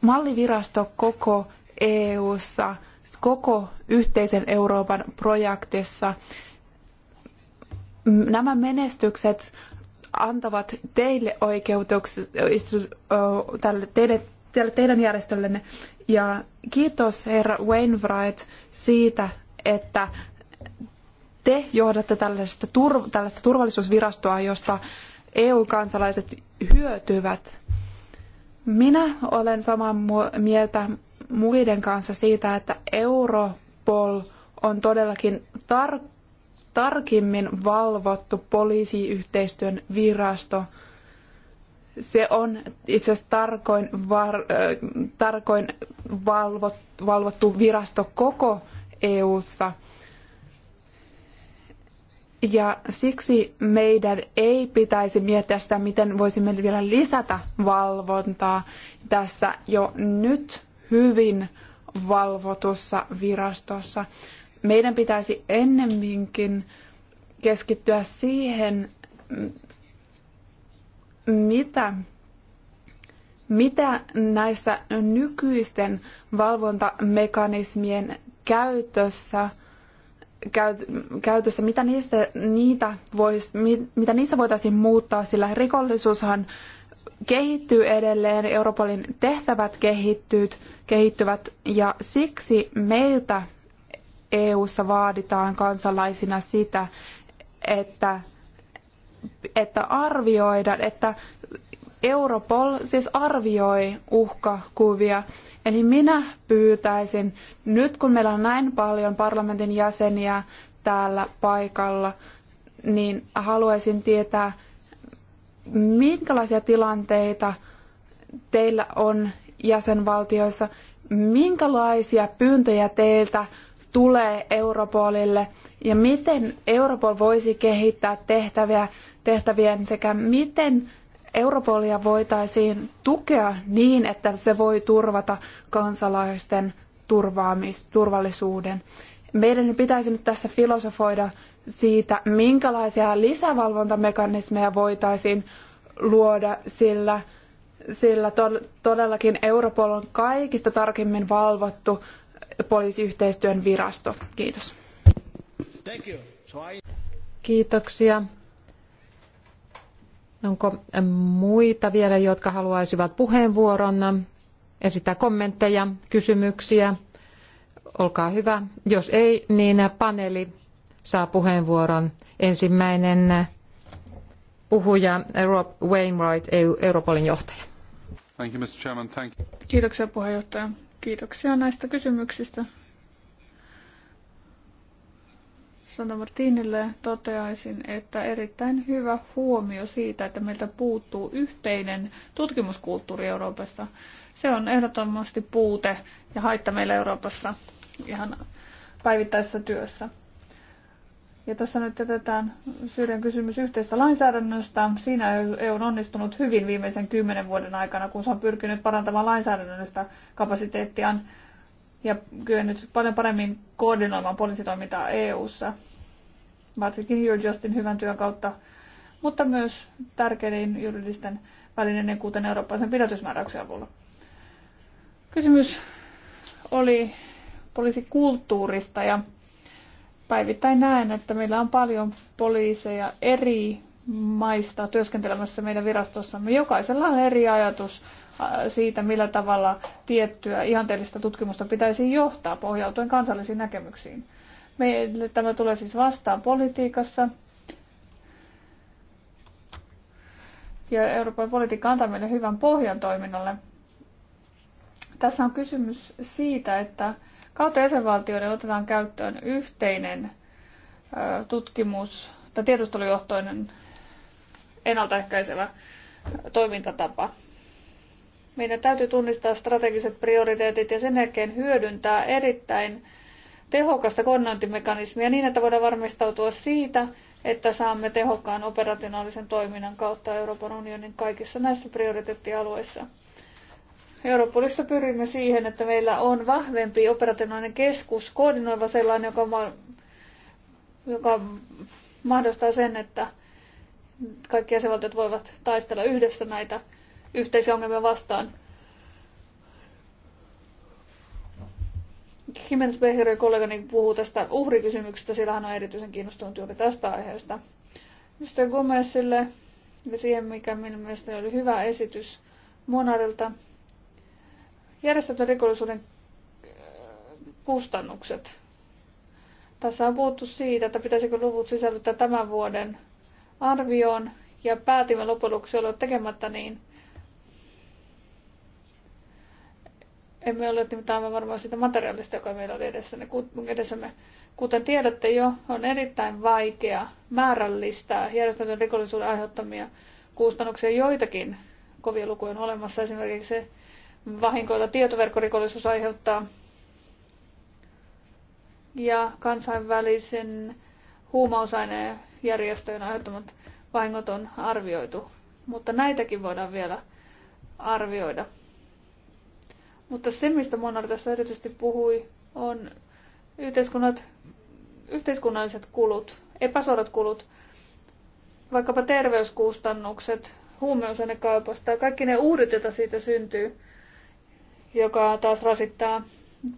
mallivirasto koko EU:ssa, koko yhteisen Euroopan projektissa. Nämä menestykset antavat teille oikeutuksia tälle teidän, teidän järjestöllenne. Ja kiitos herra Wainwright siitä, että te johdatte tällaista, tällaista turvallisuusvirastoa, josta EU-kansalaiset hyötyvät minä olen samaa mieltä muiden kanssa siitä, että Europol on todellakin tar- tarkimmin valvottu poliisiyhteistyön virasto. Se on itse asiassa tarkoin, var, äh, tarkoin valvot, valvottu virasto koko EU:ssa. ssa ja siksi meidän ei pitäisi miettiä sitä, miten voisimme vielä lisätä valvontaa tässä jo nyt hyvin valvotussa virastossa. Meidän pitäisi ennemminkin keskittyä siihen, mitä, mitä näissä nykyisten valvontamekanismien käytössä – käytössä, mitä, niistä, niitä vois, mitä niissä voitaisiin muuttaa, sillä rikollisuushan kehittyy edelleen, Europolin tehtävät kehittyvät, kehittyvät ja siksi meiltä EU:ssa vaaditaan kansalaisina sitä, että, että arvioidaan, että Europol siis arvioi uhkakuvia. Eli minä pyytäisin, nyt kun meillä on näin paljon parlamentin jäseniä täällä paikalla, niin haluaisin tietää, minkälaisia tilanteita teillä on jäsenvaltioissa, minkälaisia pyyntöjä teiltä tulee Europolille ja miten Europol voisi kehittää tehtäviä, tehtävien sekä miten Europolia voitaisiin tukea niin, että se voi turvata kansalaisten turvaamis, turvallisuuden. Meidän pitäisi nyt tässä filosofoida siitä, minkälaisia lisävalvontamekanismeja voitaisiin luoda, sillä, sillä todellakin Europol on kaikista tarkimmin valvottu poliisiyhteistyön virasto. Kiitos. Kiitoksia. Onko muita vielä, jotka haluaisivat puheenvuoron, esittää kommentteja, kysymyksiä? Olkaa hyvä. Jos ei, niin paneeli saa puheenvuoron. Ensimmäinen puhuja Rob Wainwright, Europolin johtaja. Thank you, Mr. Chairman. Thank you. Kiitoksia puheenjohtaja. Kiitoksia näistä kysymyksistä. Sanna Martinille toteaisin, että erittäin hyvä huomio siitä, että meiltä puuttuu yhteinen tutkimuskulttuuri Euroopassa. Se on ehdottomasti puute ja haitta meillä Euroopassa ihan päivittäisessä työssä. Ja tässä nyt jätetään Syyrian kysymys yhteistä lainsäädännöstä. Siinä EU on onnistunut hyvin viimeisen kymmenen vuoden aikana, kun se on pyrkinyt parantamaan lainsäädännöllistä kapasiteettiaan ja kyennyt paljon paremmin koordinoimaan poliisitoimintaa EU-ssa, varsinkin Justin hyvän työn kautta, mutta myös tärkeiden juridisten välineiden, kuten eurooppalaisen pidätysmääräyksen avulla. Kysymys oli poliisikulttuurista ja päivittäin näen, että meillä on paljon poliiseja eri maista työskentelemässä meidän virastossamme. Jokaisella on eri ajatus Äh, siitä, millä tavalla tiettyä ihanteellista tutkimusta pitäisi johtaa pohjautuen kansallisiin näkemyksiin. Meille tämä tulee siis vastaan politiikassa. Ja Euroopan politiikka antaa meille hyvän pohjan toiminnalle. Tässä on kysymys siitä, että kautta jäsenvaltioiden otetaan käyttöön yhteinen tutkimus tai tiedustelujohtoinen ennaltaehkäisevä toimintatapa. Meidän täytyy tunnistaa strategiset prioriteetit ja sen jälkeen hyödyntää erittäin tehokasta koordinointimekanismia niin, että voidaan varmistautua siitä, että saamme tehokkaan operationaalisen toiminnan kautta Euroopan unionin kaikissa näissä prioriteettialueissa. Europolista pyrimme siihen, että meillä on vahvempi operationaalinen keskus, koordinoiva sellainen, joka, ma- joka mahdollistaa sen, että kaikki jäsenvaltiot voivat taistella yhdessä näitä yhteisiä ongelmia vastaan. Jimenez Beherin kollegani puhuu tästä uhrikysymyksestä, sillä hän on erityisen kiinnostunut juuri tästä aiheesta. Mr. Gomezille ja siihen, mikä minun mielestäni oli hyvä esitys Monarilta. Järjestetyn rikollisuuden äh, kustannukset. Tässä on puhuttu siitä, että pitäisikö luvut sisällyttää tämän vuoden arvioon, ja päätimme lopuksi olla tekemättä niin, Emme ole nimittäin aivan varmoja siitä materiaalista, joka meillä oli edessämme. Kuten tiedätte jo, on erittäin vaikea määrällistää järjestetyn rikollisuuden aiheuttamia kustannuksia. Joitakin kovia lukuja on olemassa, esimerkiksi se vahinko, jota tietoverkkorikollisuus aiheuttaa. Ja kansainvälisen huumausaineen järjestöjen aiheuttamat vahingot on arvioitu. Mutta näitäkin voidaan vielä arvioida. Mutta se, mistä Monar tässä erityisesti puhui, on yhteiskunnat, yhteiskunnalliset kulut, epäsuorat kulut, vaikkapa terveyskustannukset, huumeusainekaupasta ja kaikki ne uhrit, joita siitä syntyy, joka taas rasittaa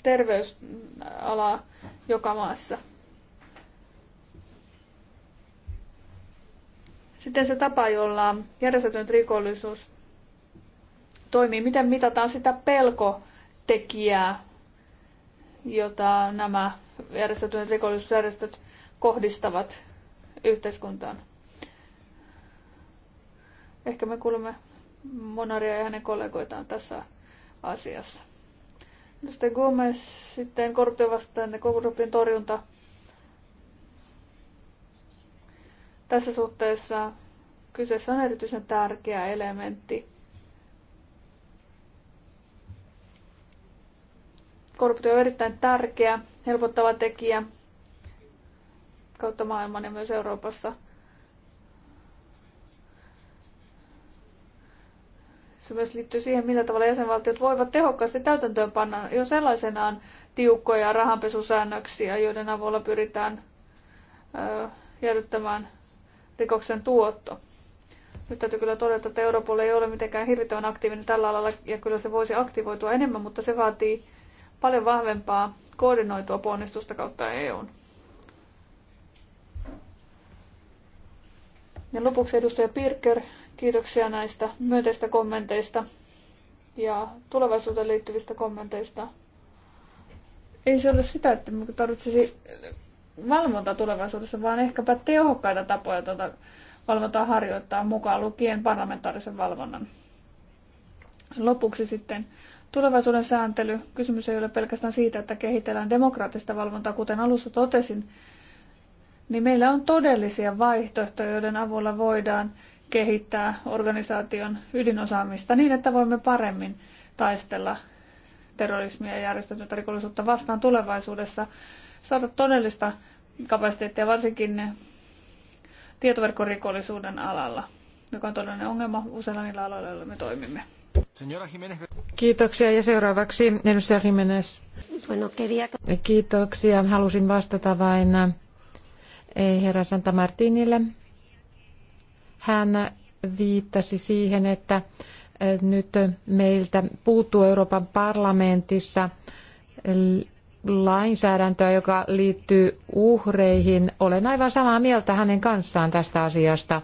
terveysalaa joka maassa. Sitten se tapa, jolla järjestetyn rikollisuus toimii, miten mitataan sitä pelkotekijää, jota nämä järjestetyt rikollisuusjärjestöt kohdistavat yhteiskuntaan. Ehkä me kuulemme Monaria ja hänen kollegoitaan tässä asiassa. Sitten Gomez, sitten korruptiovastainen korruption torjunta. Tässä suhteessa kyseessä on erityisen tärkeä elementti Korruptio on erittäin tärkeä, helpottava tekijä kautta maailman ja myös Euroopassa. Se myös liittyy siihen, millä tavalla jäsenvaltiot voivat tehokkaasti täytäntöön panna jo sellaisenaan tiukkoja rahanpesusäännöksiä, joiden avulla pyritään jäädyttämään rikoksen tuotto. Nyt täytyy kyllä todeta, että Europol ei ole mitenkään hirvittävän aktiivinen tällä alalla, ja kyllä se voisi aktivoitua enemmän, mutta se vaatii paljon vahvempaa koordinoitua ponnistusta kautta EUn. Ja lopuksi edustaja Pirker, kiitoksia näistä myönteistä kommenteista ja tulevaisuuteen liittyvistä kommenteista. Ei se ole sitä, että tarvitsisi valvontaa tulevaisuudessa, vaan ehkäpä tehokkaita tapoja tuota valvontaa harjoittaa mukaan lukien parlamentaarisen valvonnan. Lopuksi sitten Tulevaisuuden sääntely, kysymys ei ole pelkästään siitä, että kehitellään demokraattista valvontaa, kuten alussa totesin, niin meillä on todellisia vaihtoehtoja, joiden avulla voidaan kehittää organisaation ydinosaamista niin, että voimme paremmin taistella terrorismia ja järjestäytynyttä rikollisuutta vastaan tulevaisuudessa, saada todellista kapasiteettia varsinkin tietoverkkorikollisuuden alalla, joka on todellinen ongelma useilla niillä aloilla, joilla me toimimme. Kiitoksia ja seuraavaksi edustaja Jimenez. Kiitoksia. Halusin vastata vain eh, herra Santa Martinille. Hän viittasi siihen, että eh, nyt meiltä puuttuu Euroopan parlamentissa eh, lainsäädäntöä, joka liittyy uhreihin. Olen aivan samaa mieltä hänen kanssaan tästä asiasta.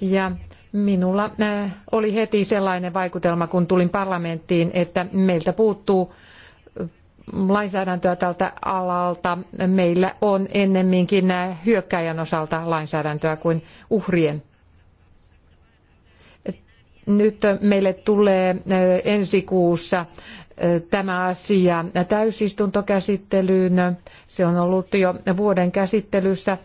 Ja Minulla äh, oli heti sellainen vaikutelma, kun tulin parlamenttiin, että meiltä puuttuu äh, lainsäädäntöä tältä alalta. Meillä on ennemminkin äh, hyökkäjän osalta lainsäädäntöä kuin uhrien. Nyt meille tulee ensi kuussa tämä asia täysistuntokäsittelyyn. Se on ollut jo vuoden käsittelyssä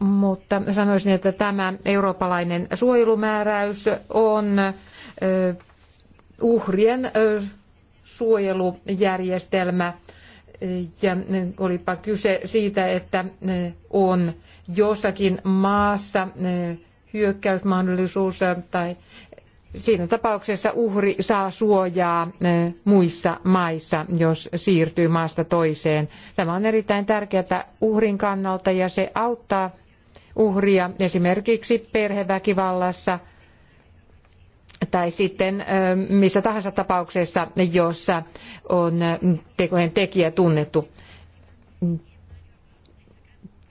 mutta sanoisin, että tämä eurooppalainen suojelumääräys on uhrien suojelujärjestelmä ja olipa kyse siitä, että on jossakin maassa hyökkäysmahdollisuus tai siinä tapauksessa uhri saa suojaa eh, muissa maissa, jos siirtyy maasta toiseen. Tämä on erittäin tärkeää uhrin kannalta ja se auttaa uhria esimerkiksi perheväkivallassa tai sitten eh, missä tahansa tapauksessa, jossa on eh, tekojen tekijä tunnettu.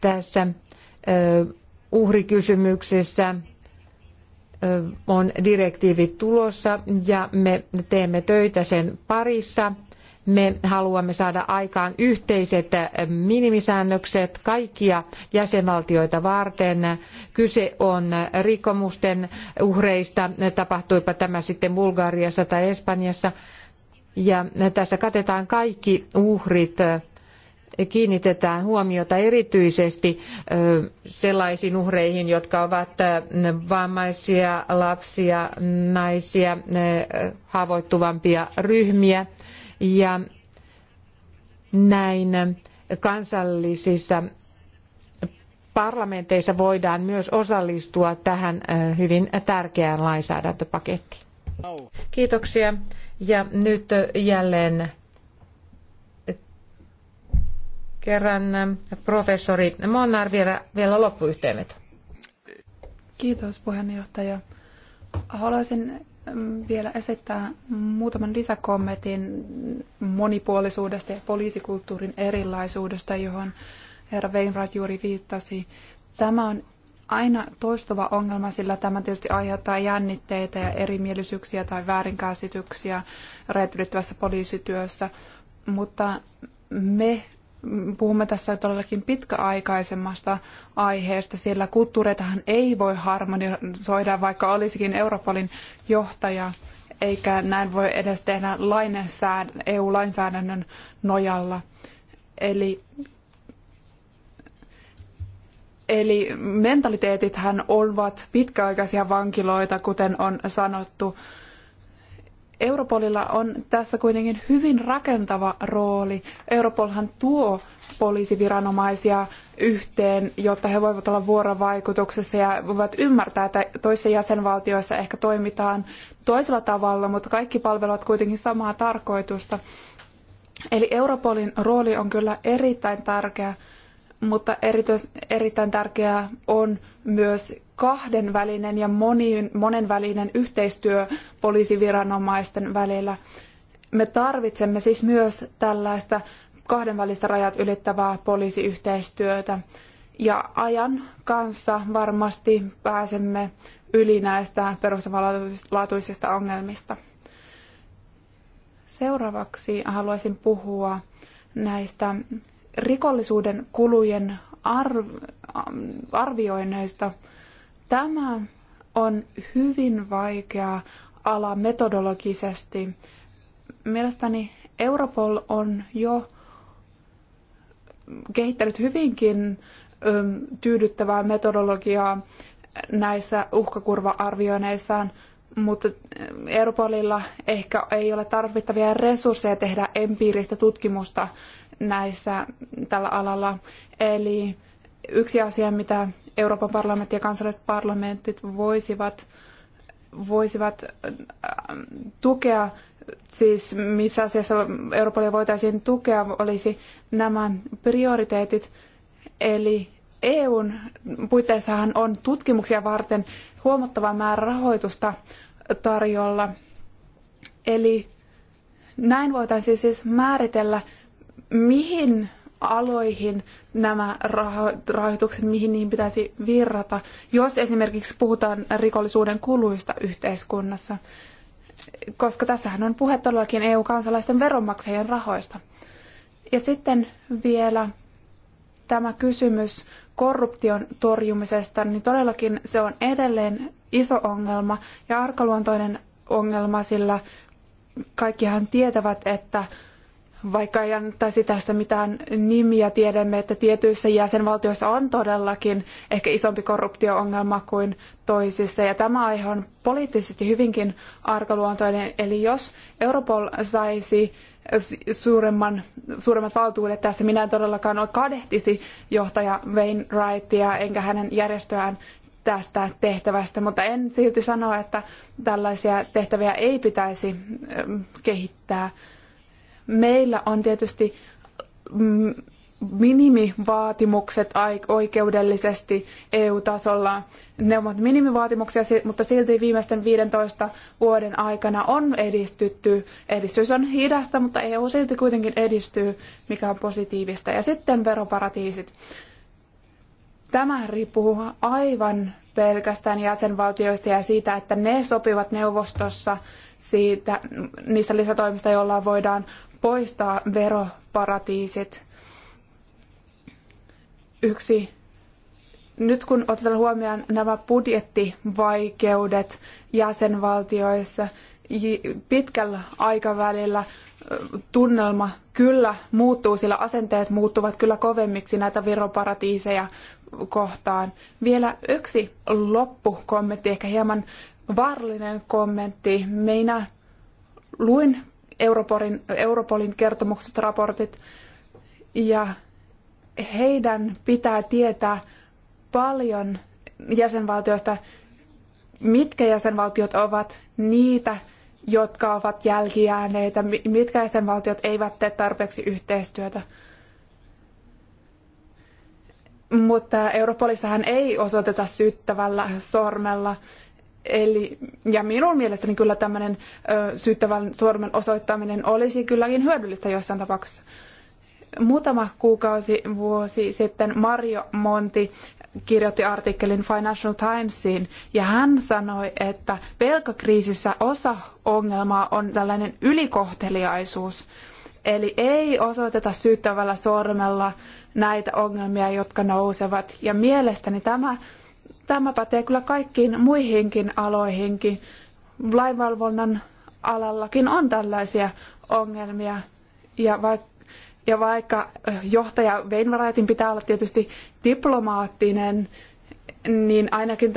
Tässä uhrikysymyksessä on direktiivi tulossa ja me teemme töitä sen parissa. Me haluamme saada aikaan yhteiset minimisäännökset kaikkia jäsenvaltioita varten. Kyse on rikkomusten uhreista, tapahtuipa tämä sitten Bulgariassa tai Espanjassa. Ja tässä katetaan kaikki uhrit kiinnitetään huomiota erityisesti sellaisiin uhreihin, jotka ovat vammaisia, lapsia, naisia, haavoittuvampia ryhmiä ja näin kansallisissa parlamenteissa voidaan myös osallistua tähän hyvin tärkeään lainsäädäntöpakettiin. Kiitoksia. Ja nyt jälleen kerran professori Monnar vielä, vielä loppuyhteenveto. Kiitos puheenjohtaja. Haluaisin mm, vielä esittää muutaman lisäkommentin monipuolisuudesta ja poliisikulttuurin erilaisuudesta, johon herra Weinrad juuri viittasi. Tämä on aina toistuva ongelma, sillä tämä tietysti aiheuttaa jännitteitä ja erimielisyyksiä tai väärinkäsityksiä rajat ylittävässä poliisityössä, mutta me puhumme tässä todellakin pitkäaikaisemmasta aiheesta, sillä kulttuureitahan ei voi harmonisoida, vaikka olisikin Europolin johtaja, eikä näin voi edes tehdä EU-lainsäädännön nojalla. Eli, eli mentaliteetithän ovat pitkäaikaisia vankiloita, kuten on sanottu Europolilla on tässä kuitenkin hyvin rakentava rooli. Europolhan tuo poliisiviranomaisia yhteen, jotta he voivat olla vuorovaikutuksessa ja voivat ymmärtää, että toisissa jäsenvaltioissa ehkä toimitaan toisella tavalla, mutta kaikki palvelevat kuitenkin samaa tarkoitusta. Eli Europolin rooli on kyllä erittäin tärkeä, mutta erityis, erittäin tärkeää on myös kahdenvälinen ja monenvälinen yhteistyö poliisiviranomaisten välillä. Me tarvitsemme siis myös tällaista kahdenvälistä rajat ylittävää poliisiyhteistyötä. Ja ajan kanssa varmasti pääsemme yli näistä perustavanlaatuisista ongelmista. Seuraavaksi haluaisin puhua näistä rikollisuuden kulujen arvioinneista. Tämä on hyvin vaikea ala metodologisesti. Mielestäni Europol on jo kehittänyt hyvinkin tyydyttävää metodologiaa näissä uhkakurva-arvioineissaan, mutta Europolilla ehkä ei ole tarvittavia resursseja tehdä empiiristä tutkimusta näissä tällä alalla. Eli yksi asia, mitä Euroopan parlamentti ja kansalliset parlamentit voisivat, voisivat ähm, tukea, siis missä asiassa Euroopalle voitaisiin tukea, olisi nämä prioriteetit. Eli EUn puitteissahan on tutkimuksia varten huomattava määrä rahoitusta tarjolla. Eli näin voitaisiin siis määritellä, mihin aloihin nämä rahoitukset, mihin niihin pitäisi virrata, jos esimerkiksi puhutaan rikollisuuden kuluista yhteiskunnassa. Koska tässähän on puhe todellakin EU-kansalaisten veronmaksajien rahoista. Ja sitten vielä tämä kysymys korruption torjumisesta, niin todellakin se on edelleen iso ongelma ja arkaluontoinen ongelma, sillä kaikkihan tietävät, että vaikka ei annettaisi tästä mitään nimiä, tiedämme, että tietyissä jäsenvaltioissa on todellakin ehkä isompi korruptioongelma kuin toisissa. Ja tämä aihe on poliittisesti hyvinkin arkaluontoinen. Eli jos Europol saisi suuremman, suuremmat valtuudet tässä, minä en todellakaan kadehtisi johtaja Wainwrightia enkä hänen järjestöään tästä tehtävästä, mutta en silti sano, että tällaisia tehtäviä ei pitäisi kehittää. Meillä on tietysti mm, minimivaatimukset oikeudellisesti EU-tasolla. Ne ovat minimivaatimuksia, mutta silti viimeisten 15 vuoden aikana on edistytty. Edistys on hidasta, mutta EU silti kuitenkin edistyy, mikä on positiivista. Ja sitten veroparatiisit. Tämä riippuu aivan pelkästään jäsenvaltioista ja siitä, että ne sopivat neuvostossa siitä, niistä lisätoimista, joilla voidaan poistaa veroparatiisit. Yksi nyt kun otetaan huomioon nämä budjettivaikeudet jäsenvaltioissa, pitkällä aikavälillä tunnelma kyllä muuttuu, sillä asenteet muuttuvat kyllä kovemmiksi näitä veroparatiiseja kohtaan. Vielä yksi loppukommentti, ehkä hieman vaarallinen kommentti. Minä luin Europolin, Europolin kertomukset, raportit. Ja heidän pitää tietää paljon jäsenvaltioista, mitkä jäsenvaltiot ovat niitä, jotka ovat jälkijääneitä, mitkä jäsenvaltiot eivät tee tarpeeksi yhteistyötä. Mutta Europolissahan ei osoiteta syyttävällä sormella. Eli, ja minun mielestäni kyllä tämmöinen syyttävän sormen osoittaminen olisi kylläkin hyödyllistä jossain tapauksessa. Muutama kuukausi, vuosi sitten Mario Monti kirjoitti artikkelin Financial Timesiin ja hän sanoi, että velkakriisissä osa ongelmaa on tällainen ylikohteliaisuus. Eli ei osoiteta syyttävällä sormella näitä ongelmia, jotka nousevat. Ja mielestäni tämä Tämä pätee kyllä kaikkiin muihinkin aloihinkin. Lainvalvonnan alallakin on tällaisia ongelmia. Ja, ja vaikka johtaja Wainwrightin pitää olla tietysti diplomaattinen, niin ainakin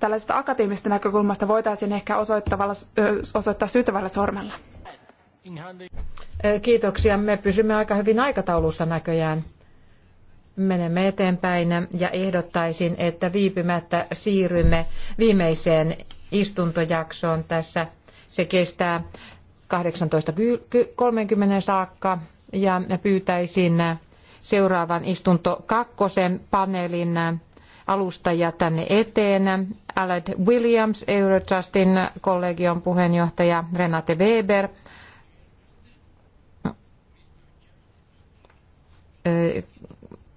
tällaisesta akateemisesta näkökulmasta voitaisiin ehkä osoittaa syytävällä sormella. Kiitoksia. Me pysymme aika hyvin aikataulussa näköjään menemme eteenpäin ja ehdottaisin, että viipymättä siirrymme viimeiseen istuntojaksoon tässä. Se kestää 18.30 saakka ja pyytäisin seuraavan istunto kakkosen paneelin alustajia tänne eteen. Aled Williams, Eurojustin kollegion puheenjohtaja Renate Weber,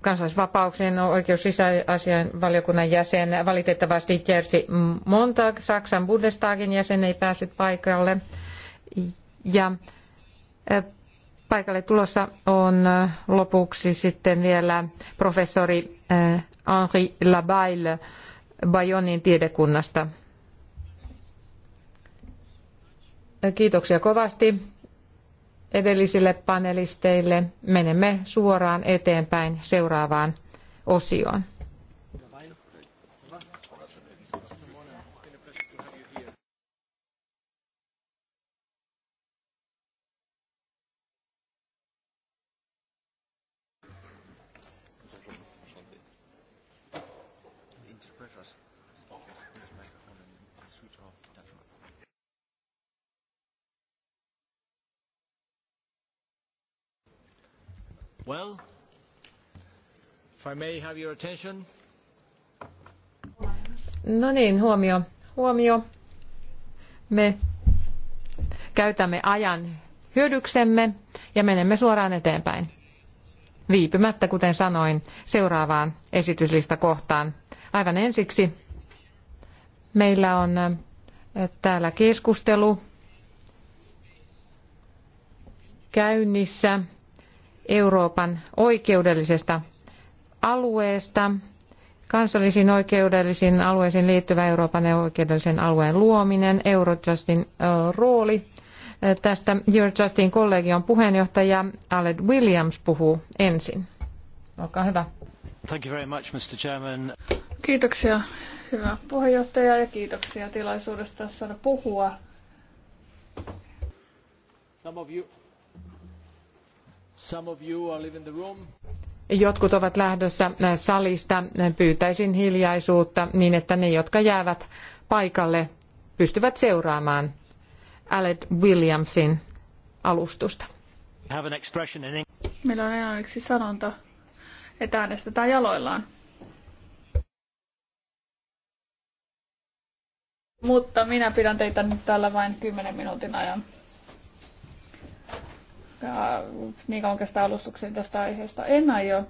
kansalaisvapauksien oikeus sisäasian valiokunnan jäsen. Valitettavasti Jerzy Montag, Saksan Bundestagin jäsen, ei päässyt paikalle. Ja eh, paikalle tulossa on eh, lopuksi sitten vielä professori eh, Henri Labaille Bayonin tiedekunnasta. Kiitoksia kovasti edellisille panelisteille. Menemme suoraan eteenpäin seuraavaan osioon. No niin, huomio. Huomio. Me käytämme ajan hyödyksemme ja menemme suoraan eteenpäin. Viipymättä, kuten sanoin, seuraavaan esityslista kohtaan. Aivan ensiksi meillä on äh, täällä keskustelu käynnissä Euroopan oikeudellisesta alueesta, kansallisiin oikeudellisiin alueisiin liittyvä Euroopan oikeudellisen alueen luominen, Eurojustin rooli. Tästä Eurojustin kollegion puheenjohtaja Aled Williams puhuu ensin. Olkaa hyvä. Thank you very much, Mr. Chairman. Kiitoksia, hyvä puheenjohtaja, ja kiitoksia tilaisuudesta saada puhua. Some of you Jotkut ovat lähdössä äh, salista. Pyytäisin hiljaisuutta niin, että ne, jotka jäävät paikalle, pystyvät seuraamaan Alec Williamsin alustusta. Meillä on englanniksi sanonta, että äänestetään jaloillaan. Mutta minä pidän teitä nyt täällä vain 10 minuutin ajan ja niin kauan kestää alustuksiin tästä aiheesta. En aio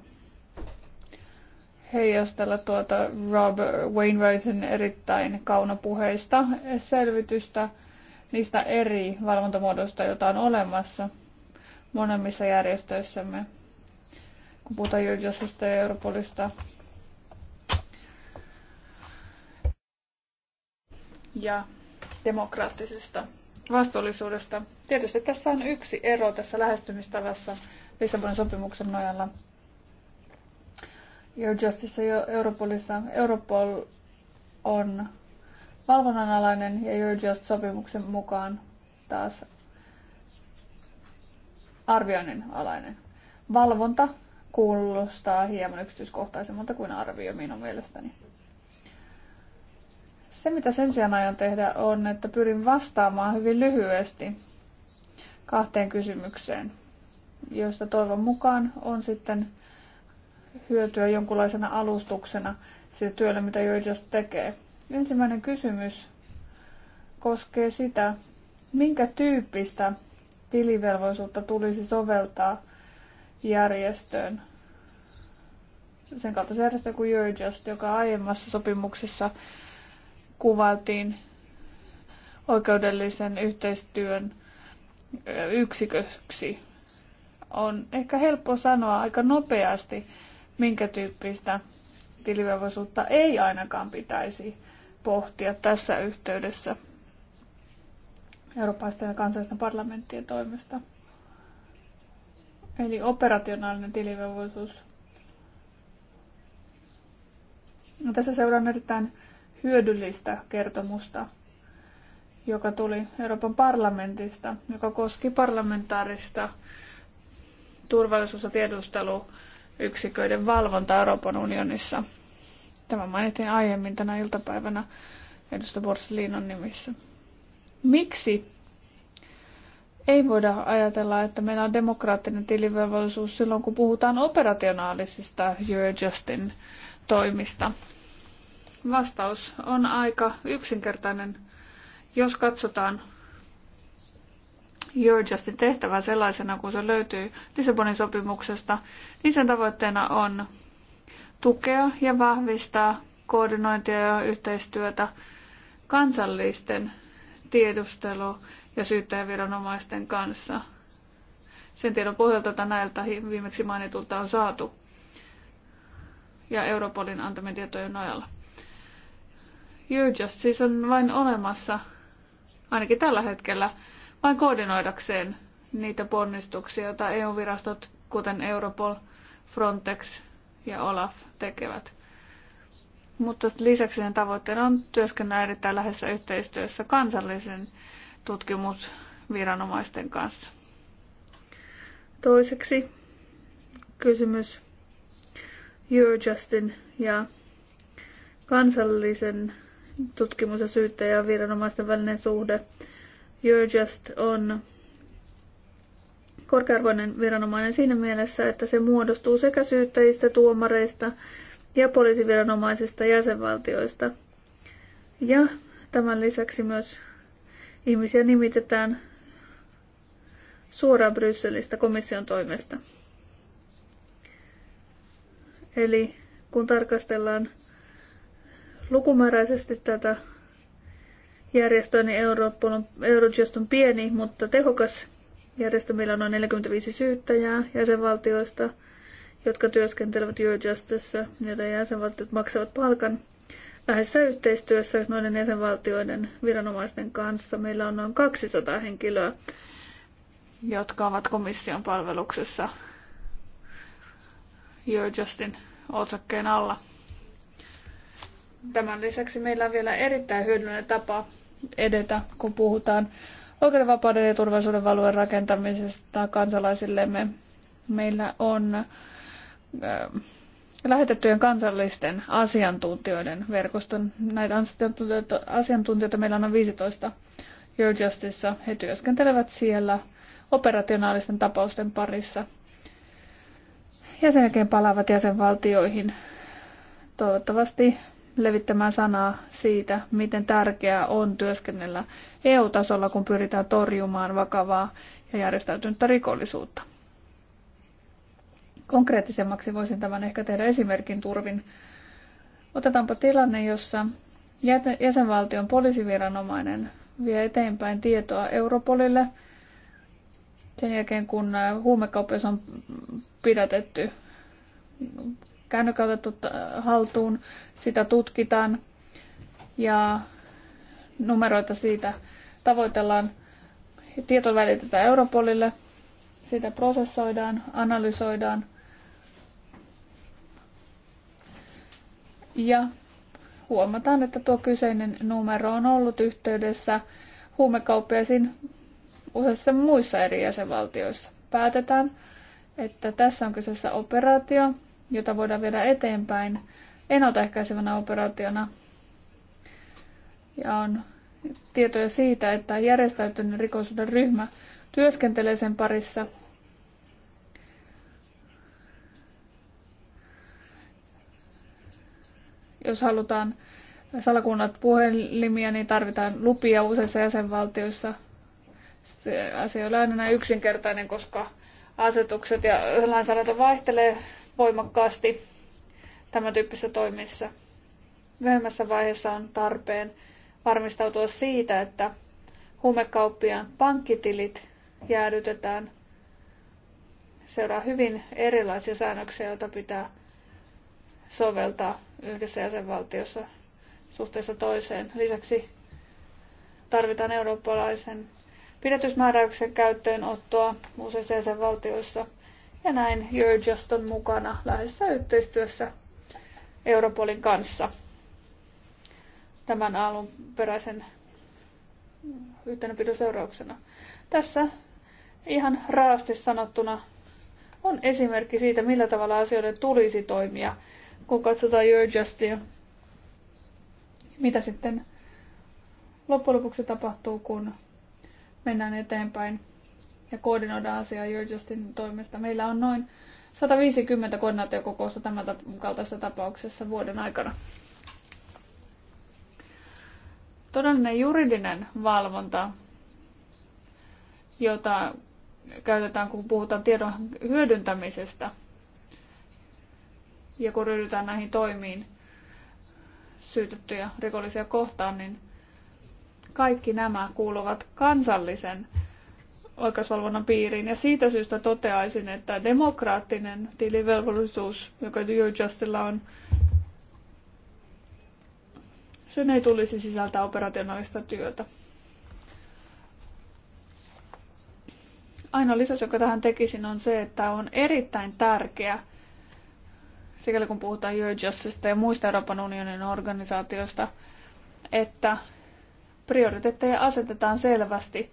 heijastella tuota Rob Wainwrightin erittäin kaunopuheista selvitystä niistä eri valvontamuodoista, joita on olemassa monemmissa järjestöissämme, kun puhutaan Jyrjäsestä ja Europolista. Ja demokraattisesta vastuullisuudesta. Tietysti tässä on yksi ero tässä lähestymistavassa Lissabonin sopimuksen nojalla. Eurojustissa ja Europolissa Europol on valvonnanalainen ja Eurojust-sopimuksen mukaan taas arvioinnin alainen. Valvonta kuulostaa hieman yksityiskohtaisemmalta kuin arvio minun mielestäni. Se, mitä sen sijaan aion tehdä, on, että pyrin vastaamaan hyvin lyhyesti kahteen kysymykseen, joista toivon mukaan on sitten hyötyä jonkunlaisena alustuksena sille työlle, mitä Joidas tekee. Ensimmäinen kysymys koskee sitä, minkä tyyppistä tilivelvollisuutta tulisi soveltaa järjestöön. Sen kaltaisen järjestön kuin Eurojust, joka aiemmassa sopimuksessa kuvailtiin oikeudellisen yhteistyön yksiköksi. On ehkä helppo sanoa aika nopeasti, minkä tyyppistä tilivelvollisuutta ei ainakaan pitäisi pohtia tässä yhteydessä Euroopan ja kansallisten parlamenttien toimesta. Eli operationaalinen tilivelvollisuus. No, tässä seuraan erittäin hyödyllistä kertomusta, joka tuli Euroopan parlamentista, joka koski parlamentaarista turvallisuus- ja tiedusteluyksiköiden valvontaa Euroopan unionissa. Tämä mainittiin aiemmin tänä iltapäivänä edustaja Borsellinon nimissä. Miksi ei voida ajatella, että meillä on demokraattinen tilivelvollisuus silloin, kun puhutaan operationaalisista Eurojustin toimista? Vastaus on aika yksinkertainen. Jos katsotaan Eurojustin tehtävää sellaisena, kun se löytyy Lissabonin sopimuksesta, niin sen tavoitteena on tukea ja vahvistaa koordinointia ja yhteistyötä kansallisten tiedustelu- ja syyttäjäviranomaisten kanssa. Sen tiedon pohjalta, jota näiltä viimeksi mainitulta on saatu ja Europolin antamien tietojen nojalla. Eurojust siis on vain olemassa, ainakin tällä hetkellä, vain koordinoidakseen niitä ponnistuksia, joita EU-virastot, kuten Europol, Frontex ja Olaf tekevät. Mutta lisäksi sen tavoitteena on työskennellä erittäin lähessä yhteistyössä kansallisen tutkimusviranomaisten kanssa. Toiseksi kysymys Eurojustin ja kansallisen tutkimus- ja syyttäjä viranomaisten välinen suhde. Eurojust on korkearvoinen viranomainen siinä mielessä, että se muodostuu sekä syyttäjistä, tuomareista ja poliisiviranomaisista jäsenvaltioista. Ja tämän lisäksi myös ihmisiä nimitetään suoraan Brysselistä komission toimesta. Eli kun tarkastellaan lukumääräisesti tätä järjestöä, niin Eurojust on pieni, mutta tehokas järjestö. Meillä on noin 45 syyttäjää jäsenvaltioista, jotka työskentelevät Eurojustissa, joita jäsenvaltiot maksavat palkan lähessä yhteistyössä noiden jäsenvaltioiden viranomaisten kanssa. Meillä on noin 200 henkilöä, jotka ovat komission palveluksessa Eurojustin otsakkeen alla. Tämän lisäksi meillä on vielä erittäin hyödyllinen tapa edetä, kun puhutaan oikeudenvapauden ja turvallisuuden valueen rakentamisesta kansalaisillemme. Meillä on äh, lähetettyjen kansallisten asiantuntijoiden verkoston. Näitä asiantuntijoita, asiantuntijoita meillä on 15 Your Justice, He työskentelevät siellä operationaalisten tapausten parissa. Ja sen jälkeen palaavat jäsenvaltioihin. Toivottavasti levittämään sanaa siitä, miten tärkeää on työskennellä EU-tasolla, kun pyritään torjumaan vakavaa ja järjestäytynyttä rikollisuutta. Konkreettisemmaksi voisin tämän ehkä tehdä esimerkin turvin. Otetaanpa tilanne, jossa jäsenvaltion poliisiviranomainen vie eteenpäin tietoa Europolille sen jälkeen, kun huumekauppias on pidätetty kännykkä äh, haltuun, sitä tutkitaan ja numeroita siitä tavoitellaan. Tieto välitetään Europolille, sitä prosessoidaan, analysoidaan ja huomataan, että tuo kyseinen numero on ollut yhteydessä huumekauppiaisiin useissa muissa eri jäsenvaltioissa. Päätetään, että tässä on kyseessä operaatio, jota voidaan viedä eteenpäin ennaltaehkäisevänä operaationa. Ja on tietoja siitä, että järjestäytynyt rikollisuuden ryhmä työskentelee sen parissa. Jos halutaan salakunnat puhelimia, niin tarvitaan lupia useissa jäsenvaltioissa. Se asia on aina näin yksinkertainen, koska asetukset ja lainsäädäntö vaihtelee voimakkaasti tämän tyyppisissä toimissa. Myöhemmässä vaiheessa on tarpeen varmistautua siitä, että huumekauppiaan pankkitilit jäädytetään. Seuraa hyvin erilaisia säännöksiä, joita pitää soveltaa yhdessä jäsenvaltiossa suhteessa toiseen. Lisäksi tarvitaan eurooppalaisen pidetysmääräyksen käyttöönottoa useissa jäsenvaltioissa. Ja näin Jörgjast on mukana läheisessä yhteistyössä Europolin kanssa tämän alunperäisen yhteydenpidon seurauksena. Tässä ihan raasti sanottuna on esimerkki siitä, millä tavalla asioiden tulisi toimia, kun katsotaan Your Mitä sitten loppujen lopuksi tapahtuu, kun mennään eteenpäin ja koordinoida asiaa Your Justin toimesta. Meillä on noin 150 koordinaatiokokousta tämän kaltaisessa tapauksessa vuoden aikana. Todellinen juridinen valvonta, jota käytetään, kun puhutaan tiedon hyödyntämisestä ja kun ryhdytään näihin toimiin syytettyjä rikollisia kohtaan, niin kaikki nämä kuuluvat kansallisen oikeusvalvonnan piiriin. Ja siitä syystä toteaisin, että demokraattinen tilivelvollisuus, joka Eurojustilla on, sen ei tulisi sisältää operationaalista työtä. Ainoa lisäys, joka tähän tekisin, on se, että on erittäin tärkeä, sikäli kun puhutaan Eurojustista ja muista Euroopan unionin organisaatioista, että prioriteetteja asetetaan selvästi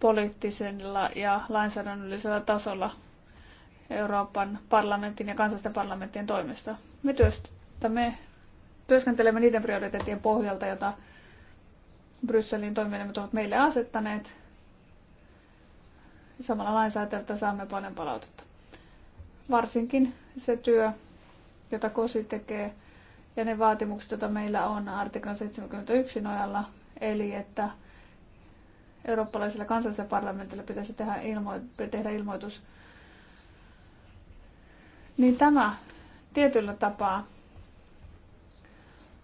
poliittisella ja lainsäädännöllisellä tasolla Euroopan parlamentin ja kansallisten parlamenttien toimesta. Me työstämme, työskentelemme niiden prioriteettien pohjalta, joita Brysselin toimielimet ovat meille asettaneet. Samalla lainsäätäjältä saamme paljon palautetta. Varsinkin se työ, jota KOSI tekee, ja ne vaatimukset, joita meillä on artiklan 71 nojalla, eli että eurooppalaisella kansallisella parlamentilla pitäisi tehdä, ilmo- tehdä ilmoitus, niin tämä tietyllä tapaa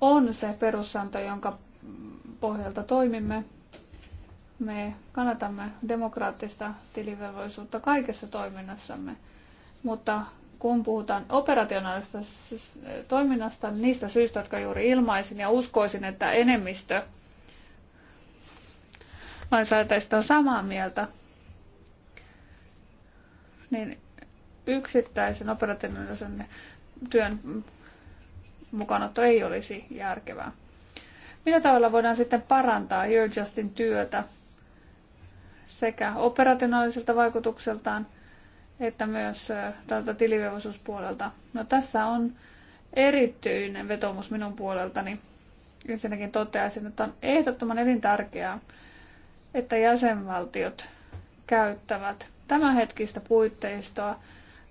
on se perussanto, jonka pohjalta toimimme. Me kannatamme demokraattista tilivelvollisuutta kaikessa toiminnassamme, mutta kun puhutaan operationaalisesta toiminnasta niistä syistä, jotka juuri ilmaisin ja uskoisin, että enemmistö lainsäätäjistä on samaa mieltä, niin yksittäisen operatiivisen työn mukanotto ei olisi järkevää. Millä tavalla voidaan sitten parantaa Justin työtä sekä operationaaliselta vaikutukseltaan että myös tältä tilivelvollisuuspuolelta? No tässä on erityinen vetomus minun puoleltani. Ensinnäkin toteaisin, että on ehdottoman elintärkeää, että jäsenvaltiot käyttävät tämänhetkistä puitteistoa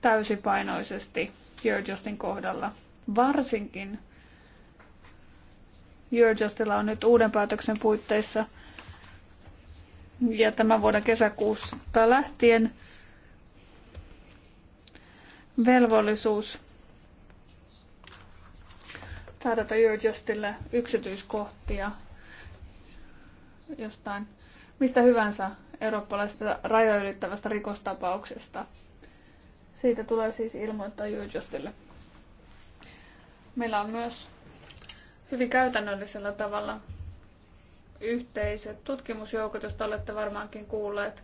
täysipainoisesti Eurojustin kohdalla. Varsinkin Eurojustilla on nyt uuden päätöksen puitteissa ja tämän vuoden kesäkuusta lähtien velvollisuus tarjota Eurojustille yksityiskohtia jostain mistä hyvänsä eurooppalaisesta rajoja ylittävästä rikostapauksesta. Siitä tulee siis ilmoittaa Jujustille. Meillä on myös hyvin käytännöllisellä tavalla yhteiset tutkimusjoukot, joista olette varmaankin kuulleet.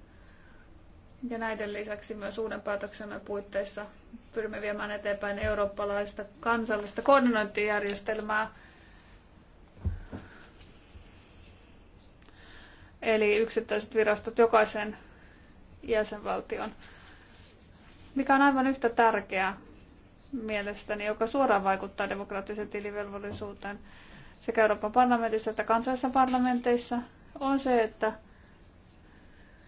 Ja näiden lisäksi myös uuden päätöksemme puitteissa pyrimme viemään eteenpäin eurooppalaista kansallista koordinointijärjestelmää, eli yksittäiset virastot jokaisen jäsenvaltion, mikä on aivan yhtä tärkeää mielestäni, joka suoraan vaikuttaa demokraattiseen tilivelvollisuuteen sekä Euroopan parlamentissa että kansallisissa parlamenteissa, on se, että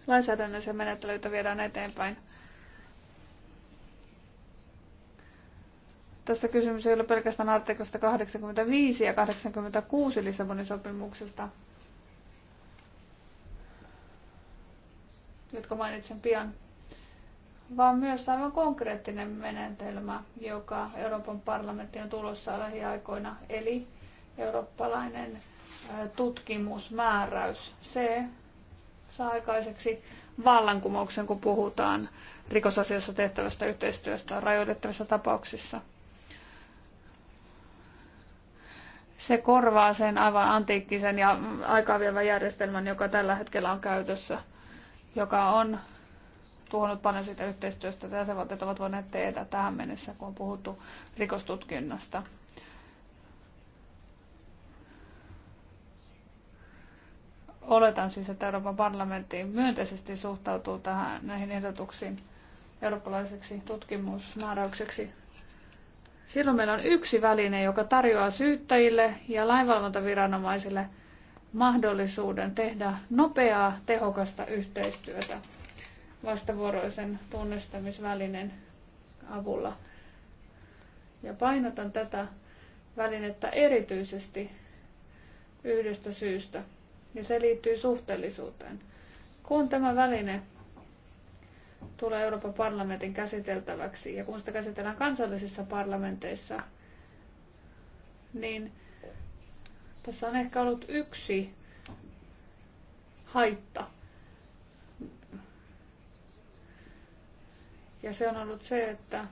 lainsäädännöllisiä menettelyitä viedään eteenpäin. Tässä kysymys ei ole pelkästään artiklasta 85 ja 86 Lissabonin sopimuksesta, jotka mainitsen pian, vaan myös aivan konkreettinen menetelmä, joka Euroopan parlamentti on tulossa lähiaikoina, eli eurooppalainen tutkimusmääräys. Se saa aikaiseksi vallankumouksen, kun puhutaan rikosasioissa tehtävästä yhteistyöstä rajoitettavissa tapauksissa. Se korvaa sen aivan antiikkisen ja aikaa vievän järjestelmän, joka tällä hetkellä on käytössä – joka on tuhonnut paljon siitä yhteistyöstä, että jäsenvaltiot ovat voineet tehdä tähän mennessä, kun on puhuttu rikostutkinnasta. Oletan siis, että Euroopan parlamentti myönteisesti suhtautuu tähän, näihin ehdotuksiin eurooppalaiseksi tutkimusmääräykseksi. Silloin meillä on yksi väline, joka tarjoaa syyttäjille ja lainvalvontaviranomaisille – mahdollisuuden tehdä nopeaa, tehokasta yhteistyötä vastavuoroisen tunnistamisvälinen avulla. Ja painotan tätä välinettä erityisesti yhdestä syystä, ja se liittyy suhteellisuuteen. Kun tämä väline tulee Euroopan parlamentin käsiteltäväksi ja kun sitä käsitellään kansallisissa parlamenteissa, niin tässä on ehkä ollut yksi haitta. Ja se on ollut se, että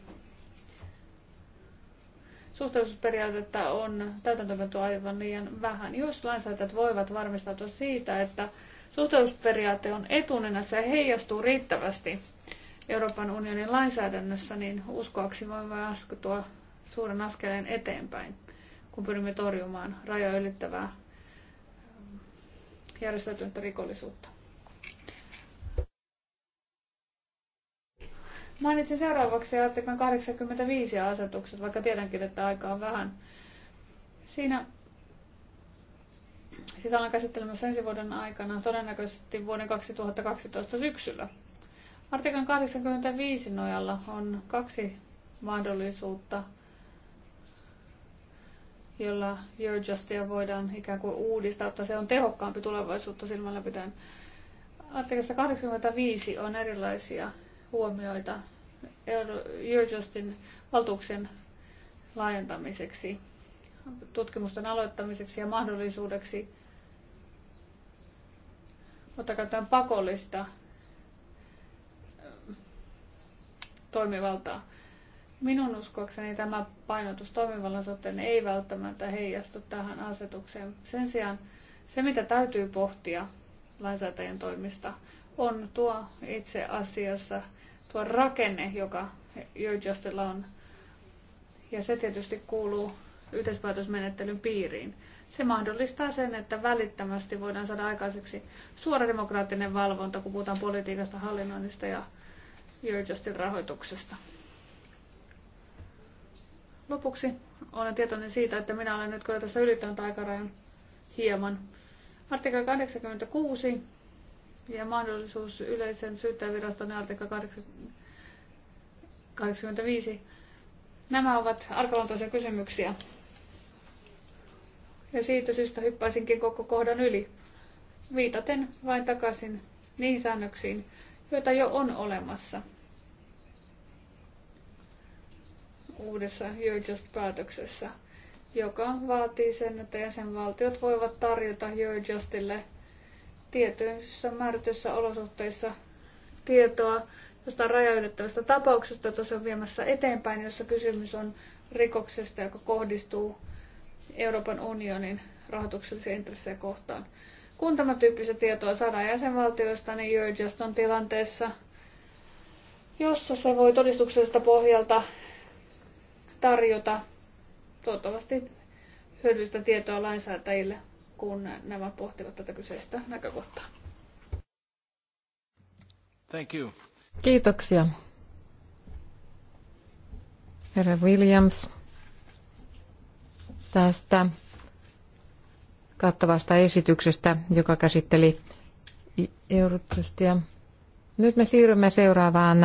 suhteellisuusperiaatetta on täytäntöönpantu aivan liian vähän. Jos lainsäätäjät voivat varmistautua siitä, että suhteellisuusperiaate on etunenässä ja heijastuu riittävästi Euroopan unionin lainsäädännössä, niin uskoaksi voimme askutua suuren askeleen eteenpäin kun pyrimme torjumaan raja ylittävää ähm, järjestäytynyttä rikollisuutta. Mainitsin seuraavaksi artiklan 85 ja asetukset, vaikka tiedänkin, että aika on vähän. Siinä sitä ollaan käsittelemässä ensi vuoden aikana, todennäköisesti vuoden 2012 syksyllä. Artiklan 85 nojalla on kaksi mahdollisuutta jolla Eurojustia voidaan ikään kuin uudistaa, että se on tehokkaampi tulevaisuutta silmällä pitäen. Artikassa 85 on erilaisia huomioita Eurojustin valtuuksien laajentamiseksi, tutkimusten aloittamiseksi ja mahdollisuudeksi ottaa käyttöön pakollista toimivaltaa. Minun uskoakseni tämä painotus toimivallan suhteen ei välttämättä heijastu tähän asetukseen. Sen sijaan se, mitä täytyy pohtia lainsäätäjän toimista, on tuo itse asiassa tuo rakenne, joka Jojustilla on. Ja se tietysti kuuluu yhteispäätösmenettelyn piiriin. Se mahdollistaa sen, että välittömästi voidaan saada aikaiseksi suora demokraattinen valvonta, kun puhutaan politiikasta, hallinnoinnista ja Jojustin rahoituksesta. Lopuksi olen tietoinen siitä, että minä olen nyt kyllä tässä ylittänyt aikarajan hieman. Artikla 86 ja mahdollisuus yleisen syyttäjäviraston artikla 85. Nämä ovat arkaluontoisia kysymyksiä. Ja siitä syystä hyppäisinkin koko kohdan yli, viitaten vain takaisin niihin säännöksiin, joita jo on olemassa. uudessa Eurojust-päätöksessä, joka vaatii sen, että jäsenvaltiot voivat tarjota Eurojustille tietyissä määrityissä olosuhteissa tietoa jostain rajaylittävästä tapauksesta, jota se on viemässä eteenpäin, jossa kysymys on rikoksesta, joka kohdistuu Euroopan unionin rahoituksellisia intressejä kohtaan. Kun tämä tyyppistä tietoa saadaan jäsenvaltioista, niin Eurojust on tilanteessa, jossa se voi todistuksellisesta pohjalta tarjota toivottavasti hyödyllistä tietoa lainsäätäjille, kun nämä pohtivat tätä kyseistä näkökohtaa. Thank you. Kiitoksia. Herra Williams tästä kattavasta esityksestä, joka käsitteli Eurotrustia. Nyt me siirrymme seuraavaan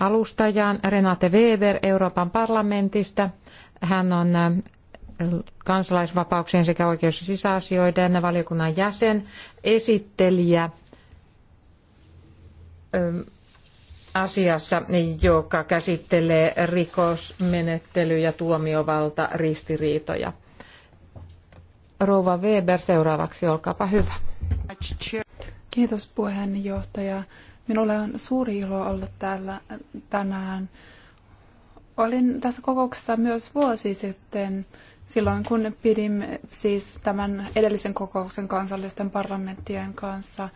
alustajaan Renate Weber Euroopan parlamentista. Hän on äh, kansalaisvapauksien sekä oikeus- ja sisäasioiden valiokunnan jäsen, esittelijä ähm, asiassa, joka käsittelee rikosmenettely- ja tuomiovalta ristiriitoja. Rouva Weber, seuraavaksi olkaapa hyvä. Kiitos puheenjohtaja. Minulla on suuri ilo olla täällä tänään. Olin tässä kokouksessa myös vuosi sitten, silloin kun pidimme siis tämän edellisen kokouksen kansallisten parlamenttien kanssa.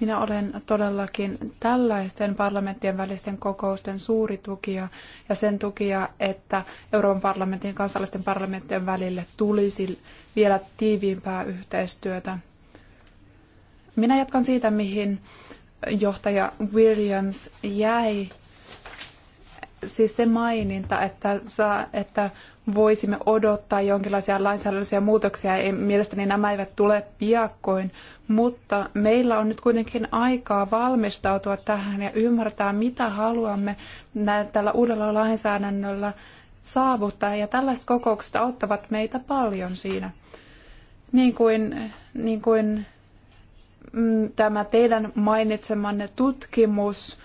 Minä olen todellakin tällaisten parlamenttien välisten kokousten suuri tukija ja sen tukija, että Euroopan parlamentin kansallisten parlamenttien välille tulisi vielä tiiviimpää yhteistyötä. Minä jatkan siitä, mihin johtaja Williams jäi siis se maininta, että, saa, että voisimme odottaa jonkinlaisia lainsäädännöllisiä muutoksia, ei, mielestäni nämä eivät tule piakkoin, mutta meillä on nyt kuitenkin aikaa valmistautua tähän ja ymmärtää, mitä haluamme nä- tällä uudella lainsäädännöllä saavuttaa, ja tällaiset kokoukset auttavat meitä paljon siinä. Niin kuin, niin kuin Mm, tämä teidän mainitsemanne tutkimus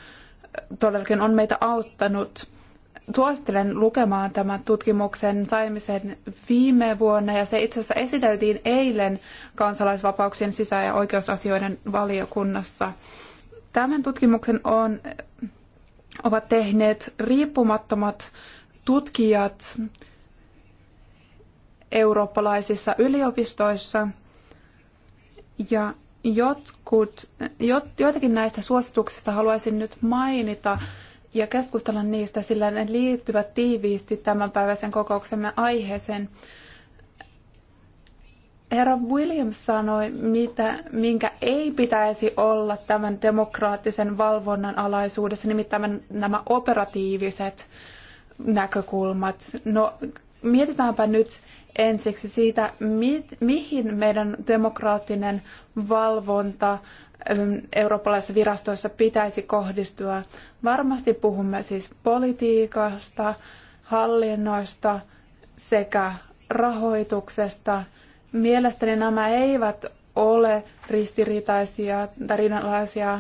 todellakin on meitä auttanut. Suosittelen lukemaan tämän tutkimuksen saimisen viime vuonna ja se itse asiassa esiteltiin eilen kansalaisvapauksien sisä- ja oikeusasioiden valiokunnassa. Tämän tutkimuksen on, ovat tehneet riippumattomat tutkijat eurooppalaisissa yliopistoissa ja jotkut, jot, joitakin näistä suosituksista haluaisin nyt mainita ja keskustella niistä, sillä ne liittyvät tiiviisti tämänpäiväisen kokouksemme aiheeseen. Herra Williams sanoi, mitä, minkä ei pitäisi olla tämän demokraattisen valvonnan alaisuudessa, nimittäin nämä operatiiviset näkökulmat. No, mietitäänpä nyt ensiksi siitä, mi- mihin meidän demokraattinen valvonta eurooppalaisissa virastoissa pitäisi kohdistua. Varmasti puhumme siis politiikasta, hallinnoista sekä rahoituksesta. Mielestäni nämä eivät ole ristiriitaisia tai rinnalaisia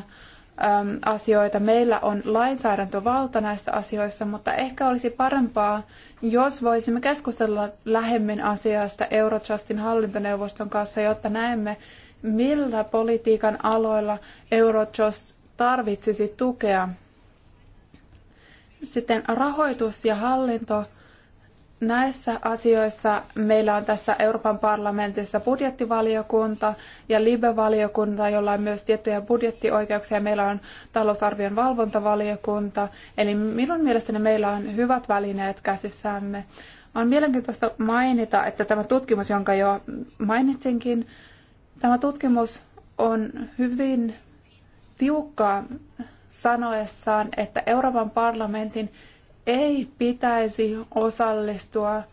asioita. Meillä on lainsäädäntövalta näissä asioissa, mutta ehkä olisi parempaa, jos voisimme keskustella lähemmin asiasta Eurojustin hallintoneuvoston kanssa, jotta näemme, millä politiikan aloilla Eurojust tarvitsisi tukea. Sitten rahoitus ja hallinto Näissä asioissa meillä on tässä Euroopan parlamentissa budjettivaliokunta ja LIBE-valiokunta, jolla on myös tiettyjä budjettioikeuksia. Meillä on talousarvion valvontavaliokunta. Eli minun mielestäni meillä on hyvät välineet käsissämme. On mielenkiintoista mainita, että tämä tutkimus, jonka jo mainitsinkin, tämä tutkimus on hyvin tiukka sanoessaan, että Euroopan parlamentin ei pitäisi osallistua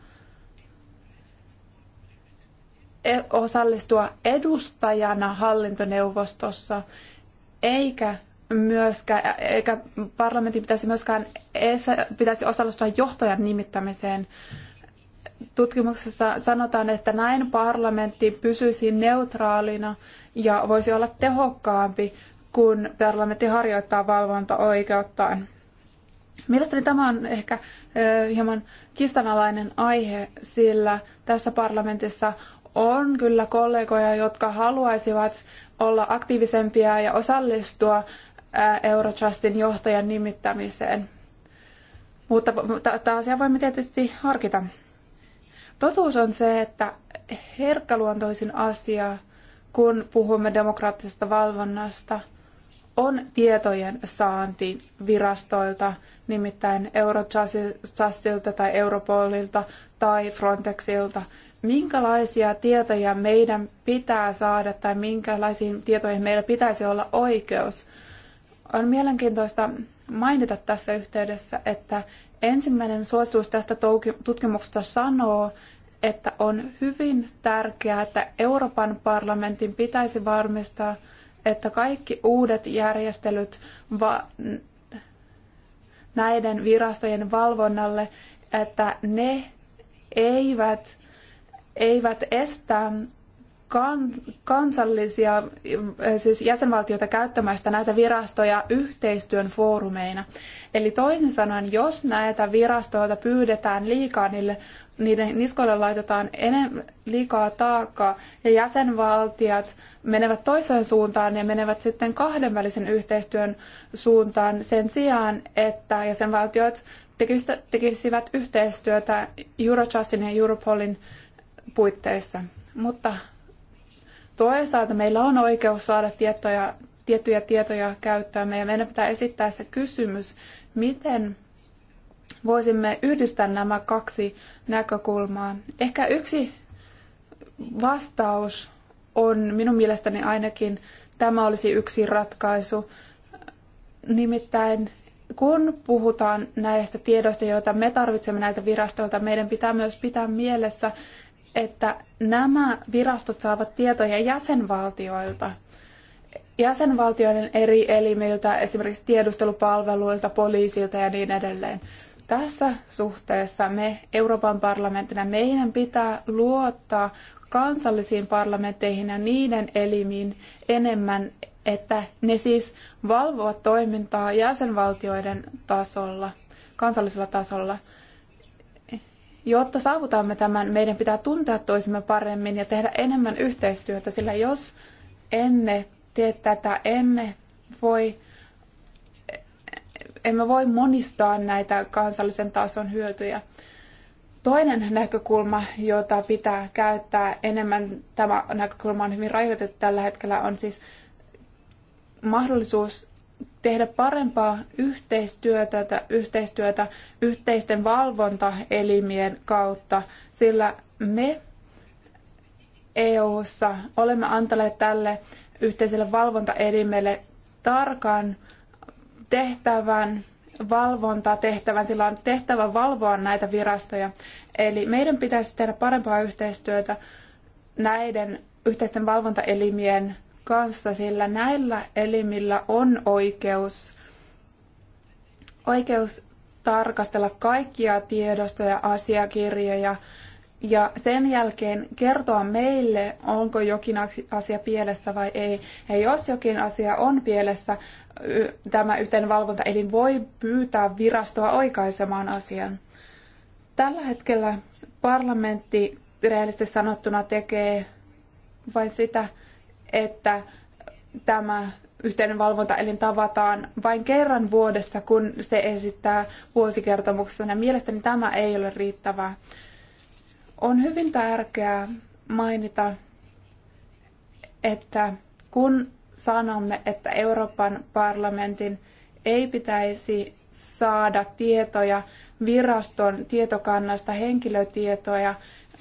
e, osallistua edustajana hallintoneuvostossa, eikä myöskään, eikä parlamentin pitäisi myöskään pitäisi osallistua johtajan nimittämiseen. Tutkimuksessa sanotaan, että näin parlamentti pysyisi neutraalina ja voisi olla tehokkaampi, kun parlamentti harjoittaa valvontaoikeuttaan. Mielestäni tämä on ehkä hieman kistanalainen aihe, sillä tässä parlamentissa on kyllä kollegoja, jotka haluaisivat olla aktiivisempia ja osallistua Eurojustin johtajan nimittämiseen. Mutta tätä asiaa voimme tietysti harkita. Totuus on se, että herkkäluontoisin asia, kun puhumme demokraattisesta valvonnasta – on tietojen saanti virastoilta, nimittäin Eurojustilta tai Europolilta tai Frontexilta. Minkälaisia tietoja meidän pitää saada tai minkälaisiin tietoihin meillä pitäisi olla oikeus? On mielenkiintoista mainita tässä yhteydessä, että ensimmäinen suositus tästä tutkimuksesta sanoo, että on hyvin tärkeää, että Euroopan parlamentin pitäisi varmistaa, että kaikki uudet järjestelyt näiden virastojen valvonnalle, että ne eivät, eivät estä kansallisia siis jäsenvaltioita käyttämästä näitä virastoja yhteistyön foorumeina. Eli toisin sanoen, jos näitä virastoja pyydetään liikaa niille niiden niskoille laitetaan enem, liikaa taakkaa ja jäsenvaltiot menevät toiseen suuntaan ja menevät sitten kahdenvälisen yhteistyön suuntaan sen sijaan, että jäsenvaltiot tekisivät yhteistyötä Eurojustin ja Europolin puitteissa. Mutta toisaalta meillä on oikeus saada tietoja, tiettyjä tietoja käyttöön ja meidän pitää esittää se kysymys, miten voisimme yhdistää nämä kaksi näkökulmaa. Ehkä yksi vastaus on minun mielestäni ainakin tämä olisi yksi ratkaisu. Nimittäin kun puhutaan näistä tiedoista, joita me tarvitsemme näiltä virastoilta, meidän pitää myös pitää mielessä, että nämä virastot saavat tietoja jäsenvaltioilta. Jäsenvaltioiden eri elimiltä, esimerkiksi tiedustelupalveluilta, poliisilta ja niin edelleen. Tässä suhteessa me Euroopan parlamenttina, meidän pitää luottaa kansallisiin parlamentteihin ja niiden elimiin enemmän, että ne siis valvovat toimintaa jäsenvaltioiden tasolla, kansallisella tasolla. Jotta saavutamme tämän, meidän pitää tuntea toisimme paremmin ja tehdä enemmän yhteistyötä, sillä jos emme tee tätä, emme voi emme voi monistaa näitä kansallisen tason hyötyjä. Toinen näkökulma, jota pitää käyttää enemmän, tämä näkökulma on hyvin rajoitettu tällä hetkellä, on siis mahdollisuus tehdä parempaa yhteistyötä, yhteistyötä yhteisten valvontaelimien kautta, sillä me EU:ssa olemme antaneet tälle yhteiselle valvontaelimelle tarkan tehtävän, valvontatehtävän, sillä on tehtävä valvoa näitä virastoja. Eli meidän pitäisi tehdä parempaa yhteistyötä näiden yhteisten valvontaelimien kanssa, sillä näillä elimillä on oikeus, oikeus tarkastella kaikkia tiedostoja, asiakirjoja ja sen jälkeen kertoa meille, onko jokin asia pielessä vai ei. Ja jos jokin asia on pielessä, tämä yhteinen valvontaelin voi pyytää virastoa oikaisemaan asian. Tällä hetkellä parlamentti rehellisesti sanottuna tekee vain sitä, että tämä yhteinen valvontaelin tavataan vain kerran vuodessa, kun se esittää Ja Mielestäni tämä ei ole riittävää. On hyvin tärkeää mainita, että kun sanomme, että Euroopan parlamentin ei pitäisi saada tietoja viraston tietokannasta henkilötietoja,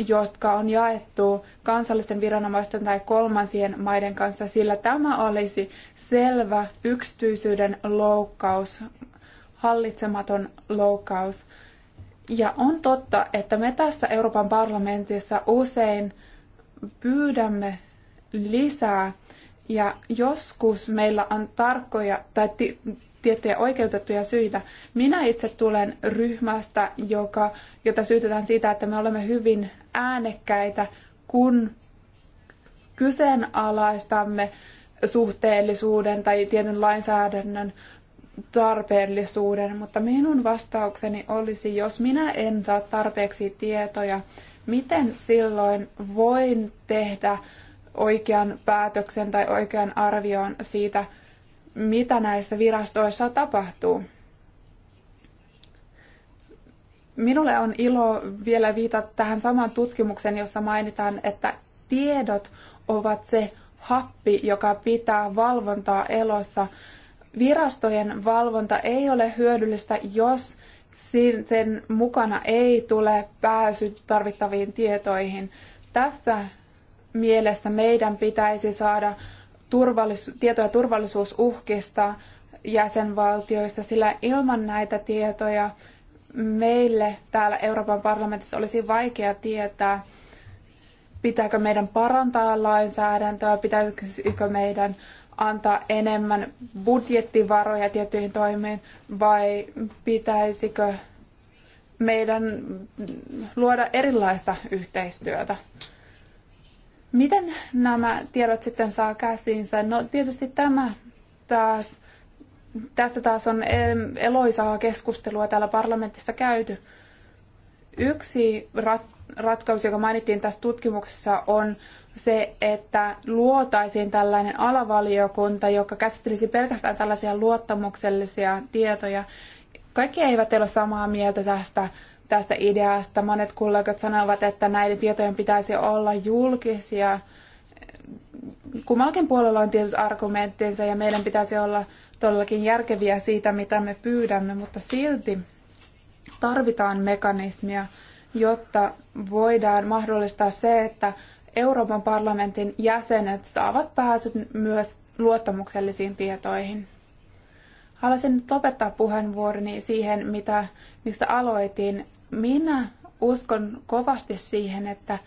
jotka on jaettu kansallisten viranomaisten tai kolmansien maiden kanssa, sillä tämä olisi selvä yksityisyyden loukkaus, hallitsematon loukkaus. Ja on totta, että me tässä Euroopan parlamentissa usein pyydämme lisää ja joskus meillä on tarkkoja tai tiettyjä oikeutettuja syitä. Minä itse tulen ryhmästä, joka, jota syytetään siitä, että me olemme hyvin äänekkäitä, kun kyseenalaistamme suhteellisuuden tai tietyn lainsäädännön tarpeellisuuden, mutta minun vastaukseni olisi, jos minä en saa tarpeeksi tietoja, miten silloin voin tehdä oikean päätöksen tai oikean arvion siitä, mitä näissä virastoissa tapahtuu. Minulle on ilo vielä viitata tähän samaan tutkimukseen, jossa mainitaan, että tiedot ovat se happi, joka pitää valvontaa elossa. Virastojen valvonta ei ole hyödyllistä, jos sen mukana ei tule pääsy tarvittaviin tietoihin. Tässä mielestä meidän pitäisi saada turvallis- tietoja turvallisuusuhkista jäsenvaltioissa, sillä ilman näitä tietoja meille täällä Euroopan parlamentissa olisi vaikea tietää, pitääkö meidän parantaa lainsäädäntöä, pitäisikö meidän antaa enemmän budjettivaroja tiettyihin toimiin vai pitäisikö meidän luoda erilaista yhteistyötä. Miten nämä tiedot sitten saa käsiinsä? No tietysti tämä taas, tästä taas on eloisaa keskustelua täällä parlamentissa käyty. Yksi rat- ratkaisu, joka mainittiin tässä tutkimuksessa, on se, että luotaisiin tällainen alavaliokunta, joka käsittelisi pelkästään tällaisia luottamuksellisia tietoja. Kaikki eivät ole samaa mieltä tästä tästä ideasta. Monet kollegat sanovat, että näiden tietojen pitäisi olla julkisia. Kummallakin puolella on tietyt argumenttinsa ja meidän pitäisi olla todellakin järkeviä siitä, mitä me pyydämme, mutta silti tarvitaan mekanismia, jotta voidaan mahdollistaa se, että Euroopan parlamentin jäsenet saavat pääsyt myös luottamuksellisiin tietoihin. Haluaisin nyt lopettaa puheenvuoroni siihen, mitä, mistä aloitin, minä uskon kovasti siihen, että,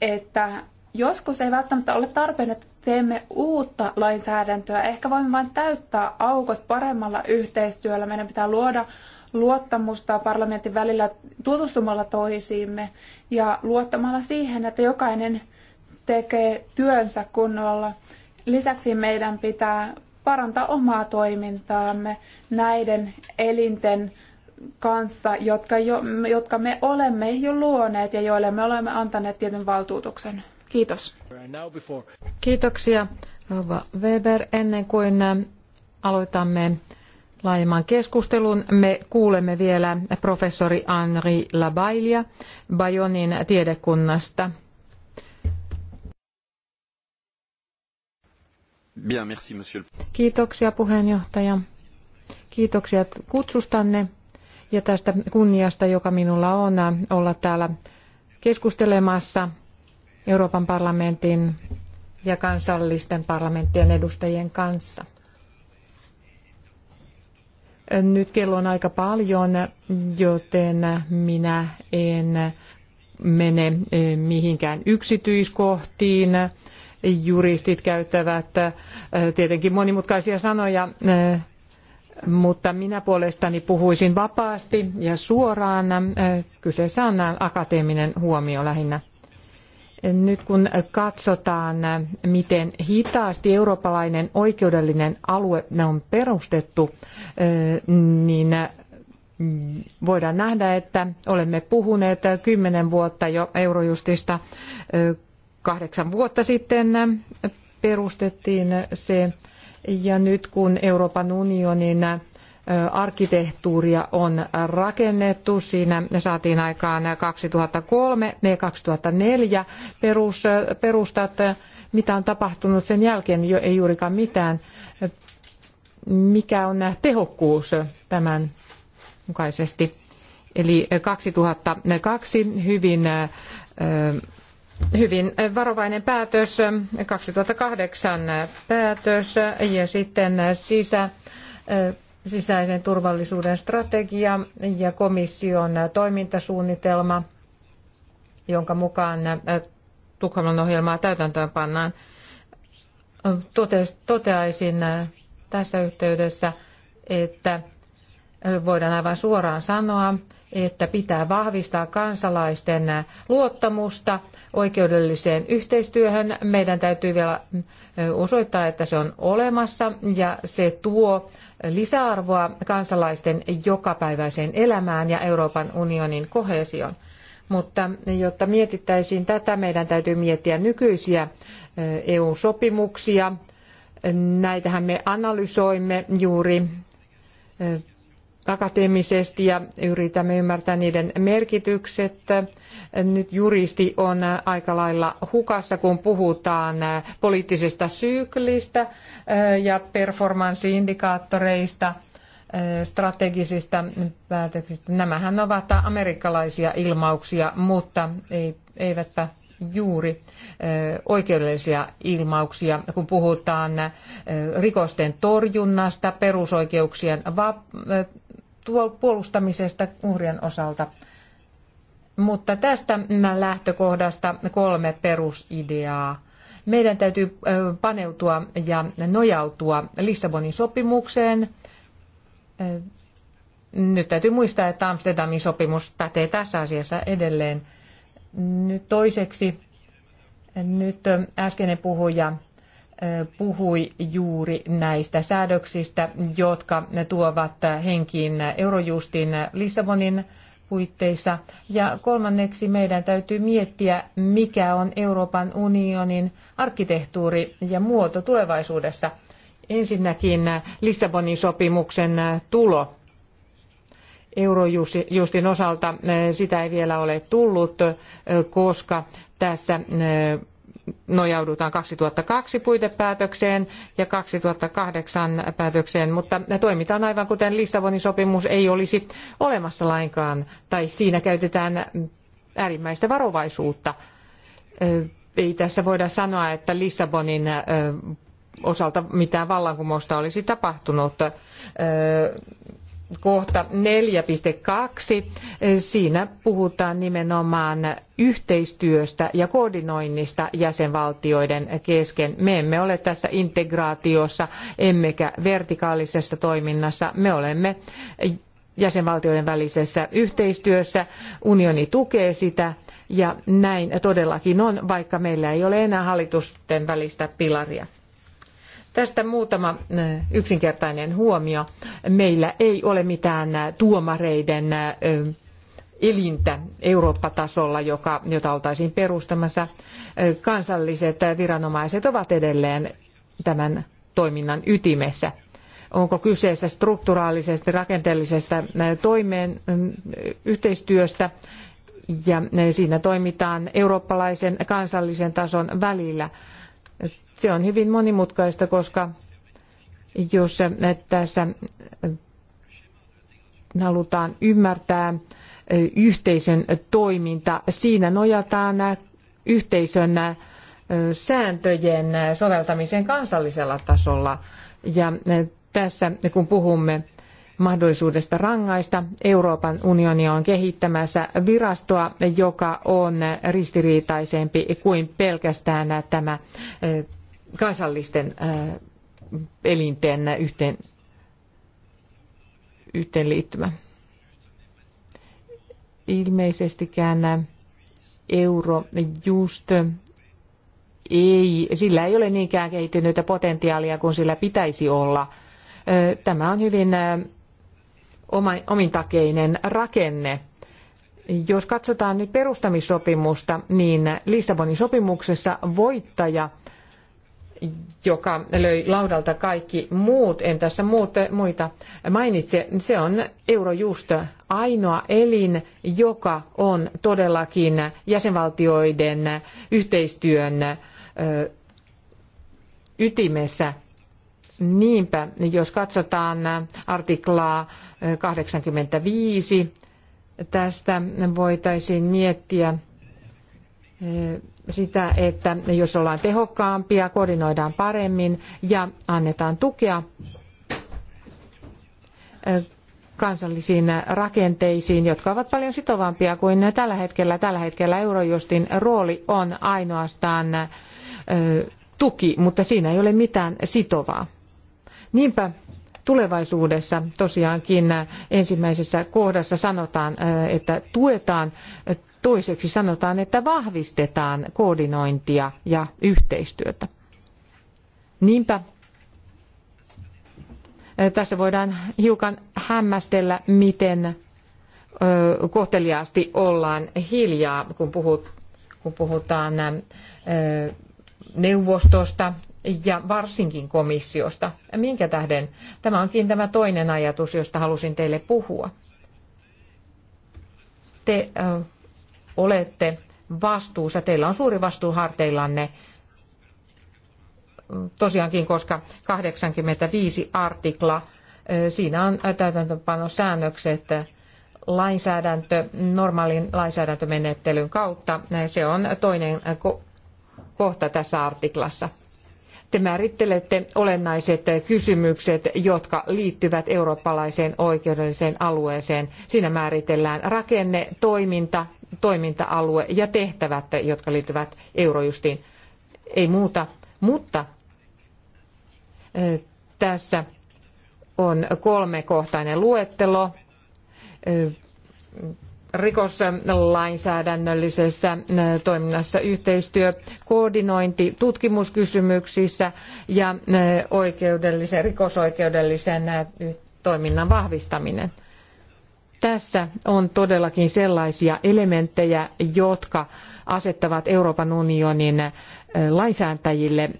että joskus ei välttämättä ole tarpeen, että teemme uutta lainsäädäntöä. Ehkä voimme vain täyttää aukot paremmalla yhteistyöllä. Meidän pitää luoda luottamusta parlamentin välillä tutustumalla toisiimme ja luottamalla siihen, että jokainen tekee työnsä kunnolla. Lisäksi meidän pitää parantaa omaa toimintaamme näiden elinten kanssa, jotka, jo, jotka me olemme jo luoneet ja joille me olemme antaneet tietyn valtuutuksen. Kiitos. Kiitoksia, Rova Weber. Ennen kuin äh, aloitamme laajemman keskustelun, me kuulemme vielä professori Henri Labailia Bajonin tiedekunnasta. Bien, merci, Kiitoksia puheenjohtaja. Kiitoksia kutsustanne ja tästä kunniasta, joka minulla on olla täällä keskustelemassa Euroopan parlamentin ja kansallisten parlamenttien edustajien kanssa. Nyt kello on aika paljon, joten minä en mene eh, mihinkään yksityiskohtiin. Juristit käyttävät eh, tietenkin monimutkaisia sanoja eh, mutta minä puolestani puhuisin vapaasti ja suoraan. Kyseessä on akateeminen huomio lähinnä. Nyt kun katsotaan, miten hitaasti eurooppalainen oikeudellinen alue on perustettu, niin voidaan nähdä, että olemme puhuneet kymmenen vuotta jo Eurojustista. Kahdeksan vuotta sitten perustettiin se ja nyt kun Euroopan unionin arkkitehtuuria on rakennettu. Siinä saatiin aikaan 2003 ja 2004 perus, perustat. Mitä on tapahtunut sen jälkeen? Ei juurikaan mitään. Mikä on tehokkuus tämän mukaisesti? Eli 2002 hyvin hyvin varovainen päätös, 2008 päätös ja sitten sisä, sisäisen turvallisuuden strategia ja komission toimintasuunnitelma, jonka mukaan Tukholman ohjelmaa täytäntöön pannaan. Toteaisin tässä yhteydessä, että voidaan aivan suoraan sanoa, että pitää vahvistaa kansalaisten luottamusta oikeudelliseen yhteistyöhön. Meidän täytyy vielä osoittaa, että se on olemassa ja se tuo lisäarvoa kansalaisten jokapäiväiseen elämään ja Euroopan unionin kohesioon. Mutta jotta mietittäisiin tätä, meidän täytyy miettiä nykyisiä EU-sopimuksia. Näitähän me analysoimme juuri akateemisesti ja yritämme ymmärtää niiden merkitykset. Nyt juristi on aika lailla hukassa, kun puhutaan poliittisesta syklistä ja performanssiindikaattoreista, strategisista päätöksistä. Nämähän ovat amerikkalaisia ilmauksia, mutta ei, eivätpä juuri oikeudellisia ilmauksia, kun puhutaan rikosten torjunnasta, perusoikeuksien puolustamisesta uhrien osalta. Mutta tästä lähtökohdasta kolme perusideaa. Meidän täytyy paneutua ja nojautua Lissabonin sopimukseen. Nyt täytyy muistaa, että Amsterdamin sopimus pätee tässä asiassa edelleen. Nyt toiseksi, nyt äskeinen puhuja puhui juuri näistä säädöksistä, jotka tuovat henkiin Eurojustin Lissabonin puitteissa. Ja kolmanneksi meidän täytyy miettiä, mikä on Euroopan unionin arkkitehtuuri ja muoto tulevaisuudessa. Ensinnäkin Lissabonin sopimuksen tulo Eurojustin osalta sitä ei vielä ole tullut, koska tässä nojaudutaan 2002 puitepäätökseen ja 2008 päätökseen, mutta toimitaan aivan kuten Lissabonin sopimus ei olisi olemassa lainkaan, tai siinä käytetään äärimmäistä varovaisuutta. Ei tässä voida sanoa, että Lissabonin osalta mitään vallankumousta olisi tapahtunut kohta 4.2. Siinä puhutaan nimenomaan yhteistyöstä ja koordinoinnista jäsenvaltioiden kesken. Me emme ole tässä integraatiossa emmekä vertikaalisessa toiminnassa. Me olemme jäsenvaltioiden välisessä yhteistyössä. Unioni tukee sitä ja näin todellakin on, vaikka meillä ei ole enää hallitusten välistä pilaria. Tästä muutama yksinkertainen huomio. Meillä ei ole mitään tuomareiden elintä Eurooppa-tasolla, joka, jota oltaisiin perustamassa. Kansalliset viranomaiset ovat edelleen tämän toiminnan ytimessä. Onko kyseessä strukturaalisesta, rakenteellisesta toimeen yhteistyöstä ja siinä toimitaan eurooppalaisen kansallisen tason välillä se on hyvin monimutkaista, koska jos tässä halutaan ymmärtää yhteisön toiminta, siinä nojataan yhteisön sääntöjen soveltamiseen kansallisella tasolla. Ja tässä kun puhumme mahdollisuudesta rangaista. Euroopan unioni on kehittämässä virastoa, joka on ristiriitaisempi kuin pelkästään tämä eh, kansallisten eh, elinten yhteen, yhteenliittymä. Ilmeisestikään Eurojust ei, sillä ei ole niinkään kehittynyttä potentiaalia kuin sillä pitäisi olla. Eh, tämä on hyvin omintakeinen rakenne. Jos katsotaan nyt perustamissopimusta, niin Lissabonin sopimuksessa voittaja, joka löi laudalta kaikki muut, en tässä muut, muita mainitse, se on Eurojust ainoa elin, joka on todellakin jäsenvaltioiden yhteistyön ytimessä Niinpä, jos katsotaan artiklaa 85, tästä voitaisiin miettiä eh, sitä, että jos ollaan tehokkaampia, koordinoidaan paremmin ja annetaan tukea eh, kansallisiin rakenteisiin, jotka ovat paljon sitovampia kuin tällä hetkellä. Tällä hetkellä Eurojustin rooli on ainoastaan eh, tuki, mutta siinä ei ole mitään sitovaa. Niinpä tulevaisuudessa tosiaankin ensimmäisessä kohdassa sanotaan, että tuetaan, toiseksi sanotaan, että vahvistetaan koordinointia ja yhteistyötä. Niinpä tässä voidaan hiukan hämmästellä, miten kohteliaasti ollaan hiljaa, kun, puhutaan neuvostosta ja varsinkin komissiosta. Minkä tähden? Tämä onkin tämä toinen ajatus, josta halusin teille puhua. Te olette vastuussa, teillä on suuri vastuu harteillanne tosiaankin, koska 85 artikla, siinä on täytäntöpanosäännökset lainsäädäntö, normaalin lainsäädäntömenettelyn kautta. Se on toinen kohta tässä artiklassa. Te määrittelette olennaiset kysymykset, jotka liittyvät eurooppalaiseen oikeudelliseen alueeseen. Siinä määritellään rakenne, toiminta, toiminta-alue ja tehtävät, jotka liittyvät eurojustiin. Ei muuta, mutta tässä on kolmekohtainen luettelo rikoslainsäädännöllisessä toiminnassa yhteistyö, koordinointi tutkimuskysymyksissä ja oikeudellisen, rikosoikeudellisen toiminnan vahvistaminen. Tässä on todellakin sellaisia elementtejä, jotka asettavat Euroopan unionin lainsäätäjille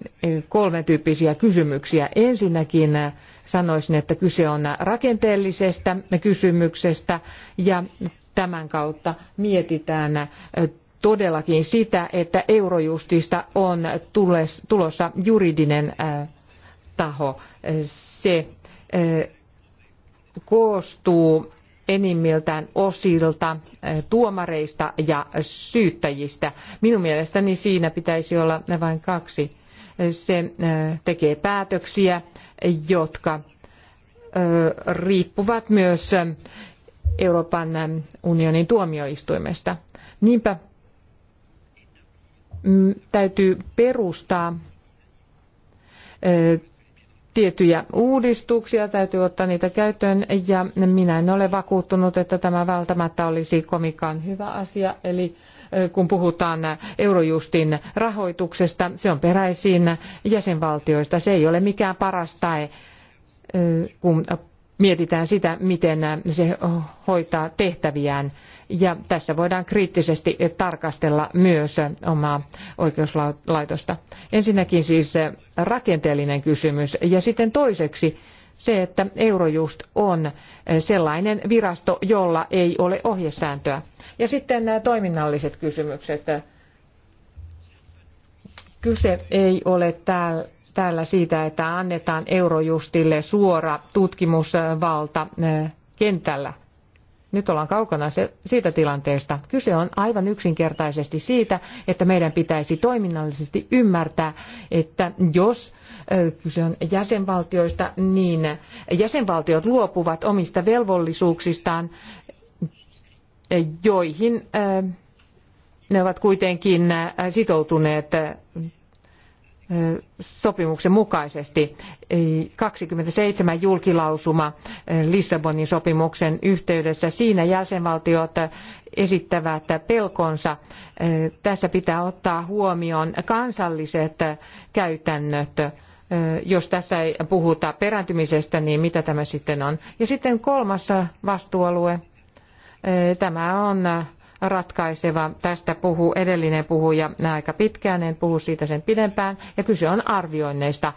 kolme tyyppisiä kysymyksiä. Ensinnäkin sanoisin, että kyse on rakenteellisesta kysymyksestä ja tämän kautta mietitään todellakin sitä, että Eurojustista on tulossa juridinen taho. Se koostuu enimmiltään osilta tuomareista ja syyttäjistä. Minun mielestäni siinä pitäisi olla vain kaksi. Se tekee päätöksiä, jotka riippuvat myös Euroopan unionin tuomioistuimesta. Niinpä täytyy perustaa tiettyjä uudistuksia, täytyy ottaa niitä käyttöön ja minä en ole vakuuttunut, että tämä välttämättä olisi komikaan hyvä asia. Eli kun puhutaan Eurojustin rahoituksesta, se on peräisin jäsenvaltioista. Se ei ole mikään paras tae, kun mietitään sitä, miten se hoitaa tehtäviään. Ja tässä voidaan kriittisesti tarkastella myös omaa oikeuslaitosta. Ensinnäkin siis rakenteellinen kysymys ja sitten toiseksi se, että Eurojust on sellainen virasto, jolla ei ole ohjesääntöä. Ja sitten nämä toiminnalliset kysymykset. Kyse ei ole täällä täällä siitä, että annetaan Eurojustille suora tutkimusvalta eh, kentällä. Nyt ollaan kaukana siitä tilanteesta. Kyse on aivan yksinkertaisesti siitä, että meidän pitäisi toiminnallisesti ymmärtää, että jos eh, kyse on jäsenvaltioista, niin jäsenvaltiot luopuvat omista velvollisuuksistaan, eh, joihin ne ovat kuitenkin sitoutuneet sopimuksen mukaisesti 27 julkilausuma Lissabonin sopimuksen yhteydessä. Siinä jäsenvaltiot esittävät pelkonsa. Tässä pitää ottaa huomioon kansalliset käytännöt. Jos tässä ei puhuta perääntymisestä, niin mitä tämä sitten on? Ja sitten kolmas vastuualue. Tämä on ratkaiseva. Tästä puhuu edellinen puhuja aika pitkään, en puhu siitä sen pidempään. Ja kyse on arvioinneista.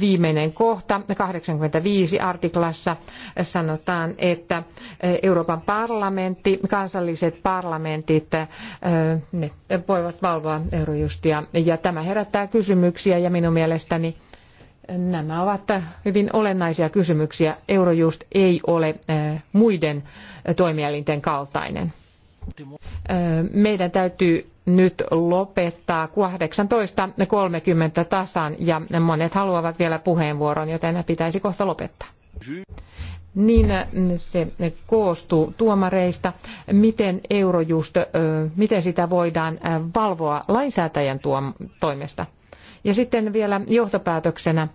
Viimeinen kohta, 85 artiklassa sanotaan, että Euroopan parlamentti, kansalliset parlamentit, äh, ne voivat valvoa eurojustia. Ja tämä herättää kysymyksiä ja minun mielestäni Nämä ovat hyvin olennaisia kysymyksiä. Eurojust ei ole äh, muiden äh, toimielinten kaltainen. Meidän täytyy nyt lopettaa 18.30 tasan ja monet haluavat vielä puheenvuoron, joten pitäisi kohta lopettaa. Niin se koostuu tuomareista. Miten Eurojust, miten sitä voidaan valvoa lainsäätäjän tuom- toimesta? Ja sitten vielä johtopäätöksenä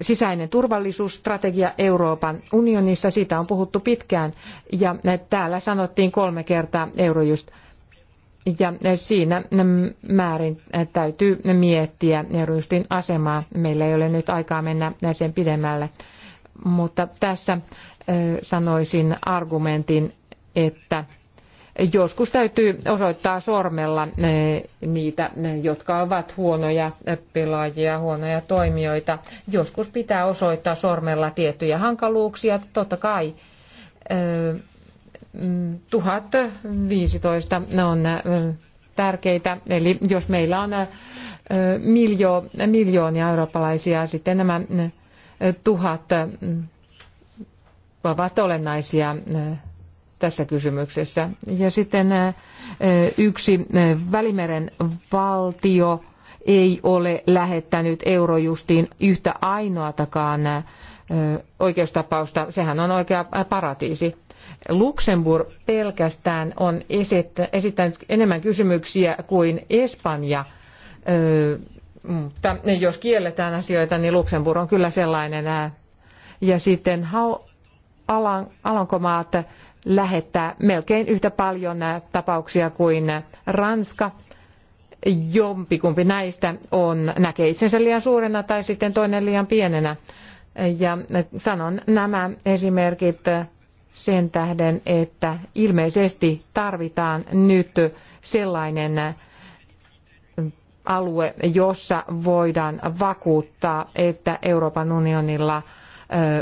sisäinen turvallisuusstrategia Euroopan unionissa. Siitä on puhuttu pitkään ja täällä sanottiin kolme kertaa Eurojust. Ja siinä määrin täytyy miettiä Eurojustin asemaa. Meillä ei ole nyt aikaa mennä sen pidemmälle, mutta tässä sanoisin argumentin, että Joskus täytyy osoittaa sormella eh, niitä, eh, jotka ovat huonoja pelaajia, huonoja toimijoita. Joskus pitää osoittaa sormella tiettyjä hankaluuksia, totta kai. 1015 eh, on tärkeitä, eli jos meillä on miljoonia eurooppalaisia, sitten nämä tuhat ovat olennaisia tässä kysymyksessä. Ja sitten yksi Välimeren valtio ei ole lähettänyt Eurojustiin yhtä ainoatakaan oikeustapausta. Sehän on oikea paratiisi. Luxemburg pelkästään on esittänyt enemmän kysymyksiä kuin Espanja. Mutta jos kielletään asioita, niin Luxemburg on kyllä sellainen. Ja sitten Alankomaat lähettää melkein yhtä paljon tapauksia kuin Ranska. Jompikumpi näistä on, näkee itsensä liian suurena tai sitten toinen liian pienenä. Ja sanon nämä esimerkit sen tähden, että ilmeisesti tarvitaan nyt sellainen alue, jossa voidaan vakuuttaa, että Euroopan unionilla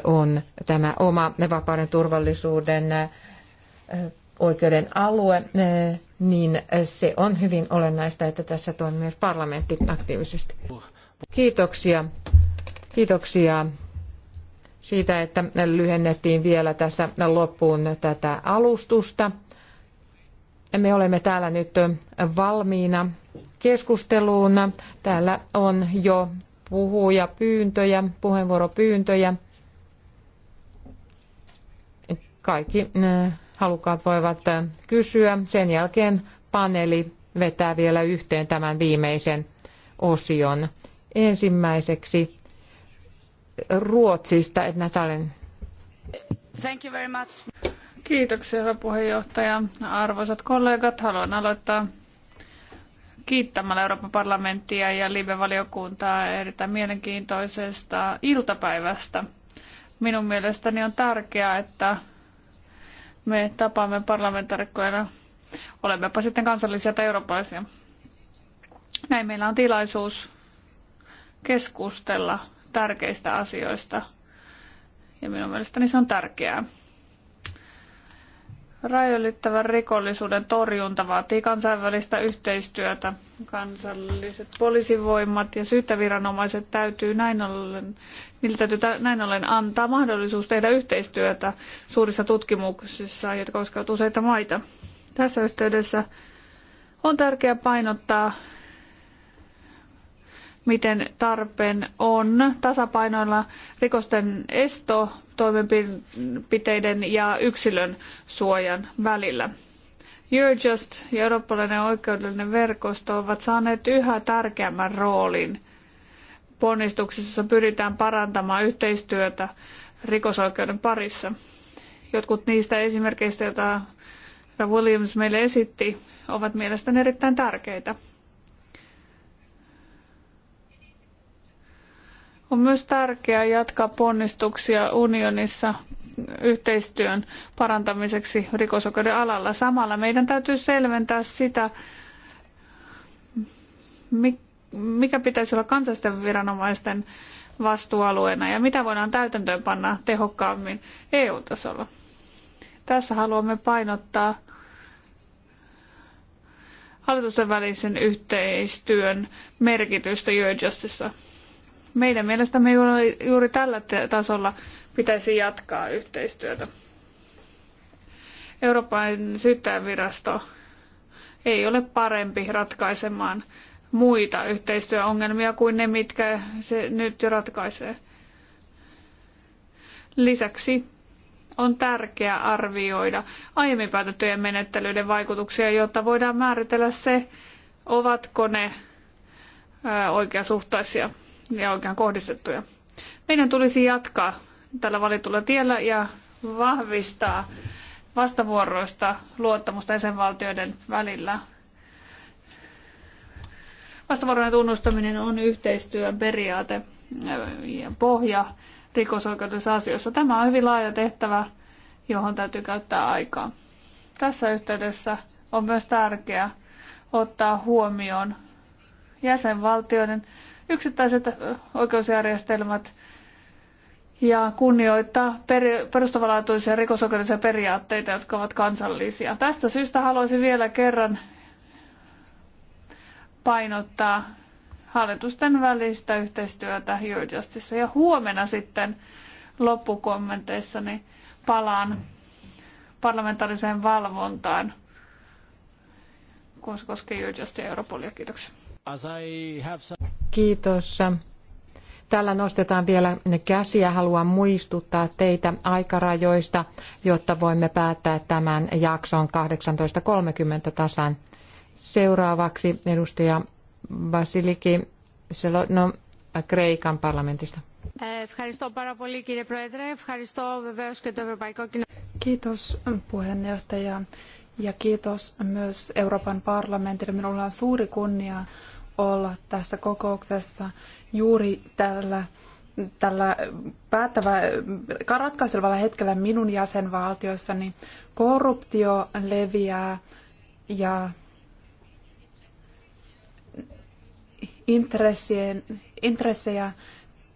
on tämä oma vapauden turvallisuuden oikeuden alue, niin se on hyvin olennaista, että tässä toimii myös parlamentti aktiivisesti. Kiitoksia. Kiitoksia siitä, että lyhennettiin vielä tässä loppuun tätä alustusta. Me olemme täällä nyt valmiina keskusteluun. Täällä on jo puhuja pyyntöjä, puheenvuoropyyntöjä. Kaikki eh, halukkaat voivat eh, kysyä. Sen jälkeen paneeli vetää vielä yhteen tämän viimeisen osion. Ensimmäiseksi Ruotsista, että Natalin. Thank you very much. Kiitoksia, hyvä puheenjohtaja. Arvoisat kollegat, haluan aloittaa kiittämällä Euroopan parlamenttia ja live-valiokuntaa erittäin mielenkiintoisesta iltapäivästä. Minun mielestäni on tärkeää, että me tapaamme parlamentaarikkoina, olemmepa sitten kansallisia tai eurooppalaisia. Näin meillä on tilaisuus keskustella tärkeistä asioista ja minun mielestäni se on tärkeää. Rajoittavan rikollisuuden torjunta vaatii kansainvälistä yhteistyötä. Kansalliset poliisivoimat ja syyttäviranomaiset täytyy näin ollen, niiltä täytyy näin ollen antaa mahdollisuus tehdä yhteistyötä suurissa tutkimuksissa, jotka koskevat useita maita. Tässä yhteydessä on tärkeää painottaa miten tarpeen on tasapainoilla rikosten esto toimenpiteiden ja yksilön suojan välillä. Eurojust ja eurooppalainen oikeudellinen verkosto ovat saaneet yhä tärkeämmän roolin. Ponnistuksissa pyritään parantamaan yhteistyötä rikosoikeuden parissa. Jotkut niistä esimerkkeistä, joita Williams meille esitti, ovat mielestäni erittäin tärkeitä. On myös tärkeää jatkaa ponnistuksia unionissa yhteistyön parantamiseksi rikosoikeuden alalla. Samalla meidän täytyy selventää sitä, mikä pitäisi olla kansallisten viranomaisten vastuualueena ja mitä voidaan täytäntöönpanna tehokkaammin EU-tasolla. Tässä haluamme painottaa hallitusten välisen yhteistyön merkitystä Eurojustissa. Meidän mielestämme juuri tällä tasolla pitäisi jatkaa yhteistyötä. Euroopan syyttäjänvirasto ei ole parempi ratkaisemaan muita yhteistyöongelmia kuin ne, mitkä se nyt jo ratkaisee. Lisäksi on tärkeää arvioida aiemmin päätettyjen menettelyiden vaikutuksia, jotta voidaan määritellä se, ovatko ne oikeasuhtaisia ja oikein kohdistettuja. Meidän tulisi jatkaa tällä valitulla tiellä ja vahvistaa vastavuoroista luottamusta jäsenvaltioiden välillä. Vastavuoroinen tunnustaminen on yhteistyön periaate ja pohja rikosoikeudellisissa asioissa. Tämä on hyvin laaja tehtävä, johon täytyy käyttää aikaa. Tässä yhteydessä on myös tärkeää ottaa huomioon jäsenvaltioiden yksittäiset oikeusjärjestelmät ja kunnioittaa perustavanlaatuisia rikosoikeudellisia periaatteita, jotka ovat kansallisia. Tästä syystä haluaisin vielä kerran painottaa hallitusten välistä yhteistyötä Eurojustissa. Ja huomenna sitten loppukommenteissani palaan parlamentaariseen valvontaan, kun se koskee Eurojustia ja Europolia. Kiitoksia. Kiitos. Täällä nostetaan vielä käsiä. Haluan muistuttaa teitä aikarajoista, jotta voimme päättää tämän jakson 18.30 tasan. Seuraavaksi edustaja Vasiliki Selotno Kreikan parlamentista. Kiitos puheenjohtaja ja kiitos myös Euroopan parlamentille. Minulla on suuri kunnia olla tässä kokouksessa juuri tällä, tällä päättävä, ratkaisevalla hetkellä minun jäsenvaltiossani. Korruptio leviää ja intressejä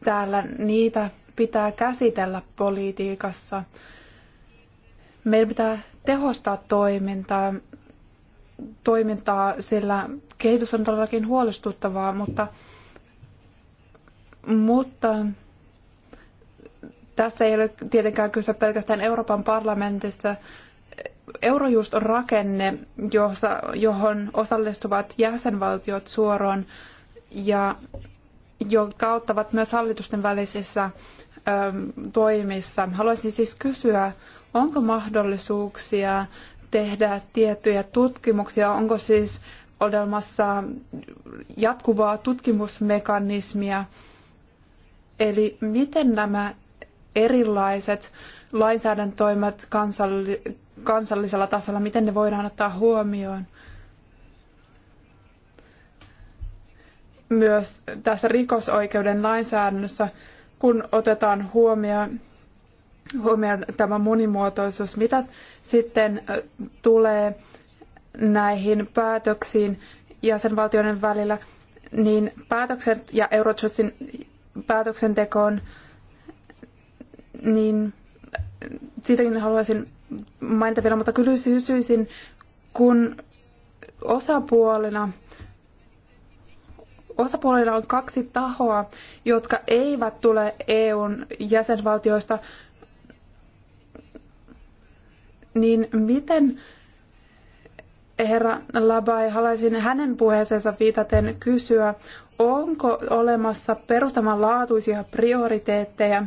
täällä, niitä pitää käsitellä politiikassa. Meidän pitää tehostaa toimintaa, toimintaa sillä kehitys on todellakin huolestuttavaa, mutta, mutta tässä ei ole tietenkään kyse pelkästään Euroopan parlamentissa Eurojust on rakenne, jossa, johon osallistuvat jäsenvaltiot suoraan ja jotka auttavat myös hallitusten välisissä ähm, toimissa. Haluaisin siis kysyä, onko mahdollisuuksia tehdä tiettyjä tutkimuksia, onko siis olemassa jatkuvaa tutkimusmekanismia. Eli miten nämä erilaiset lainsäädäntöimet kansalli- kansallisella tasolla, miten ne voidaan ottaa huomioon? Myös tässä rikosoikeuden lainsäädännössä, kun otetaan huomioon, huomioon tämä monimuotoisuus, mitä sitten tulee näihin päätöksiin jäsenvaltioiden välillä, niin päätökset ja Eurojustin päätöksentekoon, niin siitäkin haluaisin mainita vielä, mutta kyllä kysyisin, kun osapuolina osapuolina on kaksi tahoa, jotka eivät tule EUn jäsenvaltioista, niin miten herra Labai, haluaisin hänen puheeseensa viitaten kysyä, onko olemassa perustavanlaatuisia prioriteetteja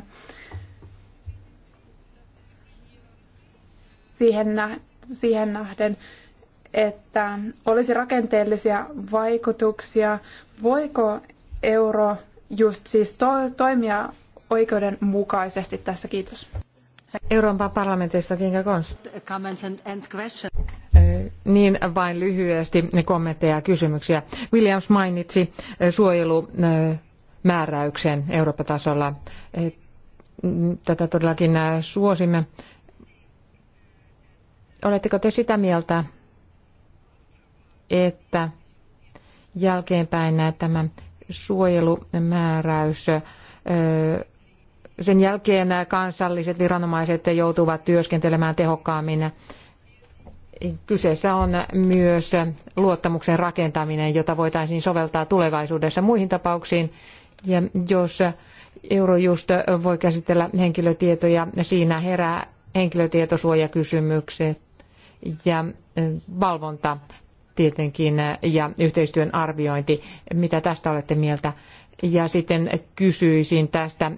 siihen, nä- siihen nähden, että olisi rakenteellisia vaikutuksia. Voiko euro just siis to- toimia oikeudenmukaisesti tässä? Kiitos. Euroopan parlamentissa Kinga Kons. Niin vain lyhyesti kommentteja ja kysymyksiä. Williams mainitsi eh, suojelumääräyksen eh, Euroopan tasolla. Eh, mm, tätä todellakin suosimme. Oletteko te sitä mieltä, että jälkeenpäin tämä suojelumääräys sen jälkeen kansalliset viranomaiset joutuvat työskentelemään tehokkaammin Kyseessä on myös luottamuksen rakentaminen, jota voitaisiin soveltaa tulevaisuudessa muihin tapauksiin. Ja jos Eurojust voi käsitellä henkilötietoja, siinä herää henkilötietosuojakysymykset ja valvonta tietenkin ja yhteistyön arviointi. Mitä tästä olette mieltä? Ja sitten kysyisin tästä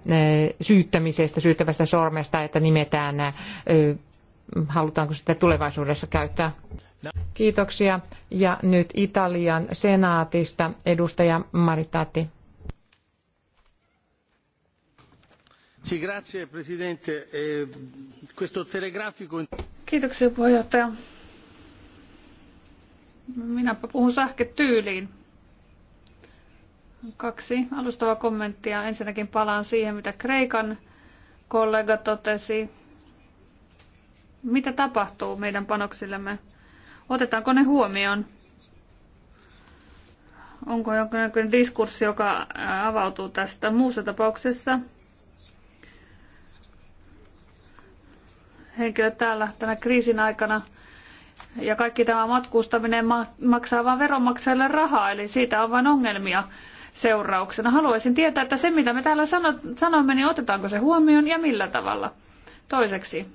syyttämisestä, syyttävästä sormesta, että nimetään halutaanko sitä tulevaisuudessa käyttää. Kiitoksia. Ja nyt Italian senaatista edustaja Maritati. Grazie, Presidente. Eh, questo telegrafico... Kiitoksia puheenjohtaja. Minäpä puhun sähkötyyliin. Kaksi alustavaa kommenttia. Ensinnäkin palaan siihen, mitä Kreikan kollega totesi mitä tapahtuu meidän panoksillemme? Otetaanko ne huomioon? Onko jonkinlainen diskurssi, joka avautuu tästä? Muussa tapauksessa henkilöt täällä tänä kriisin aikana ja kaikki tämä matkustaminen maksaa vain veronmaksajille rahaa, eli siitä on vain ongelmia seurauksena. Haluaisin tietää, että se mitä me täällä sanomme, niin otetaanko se huomioon ja millä tavalla. Toiseksi,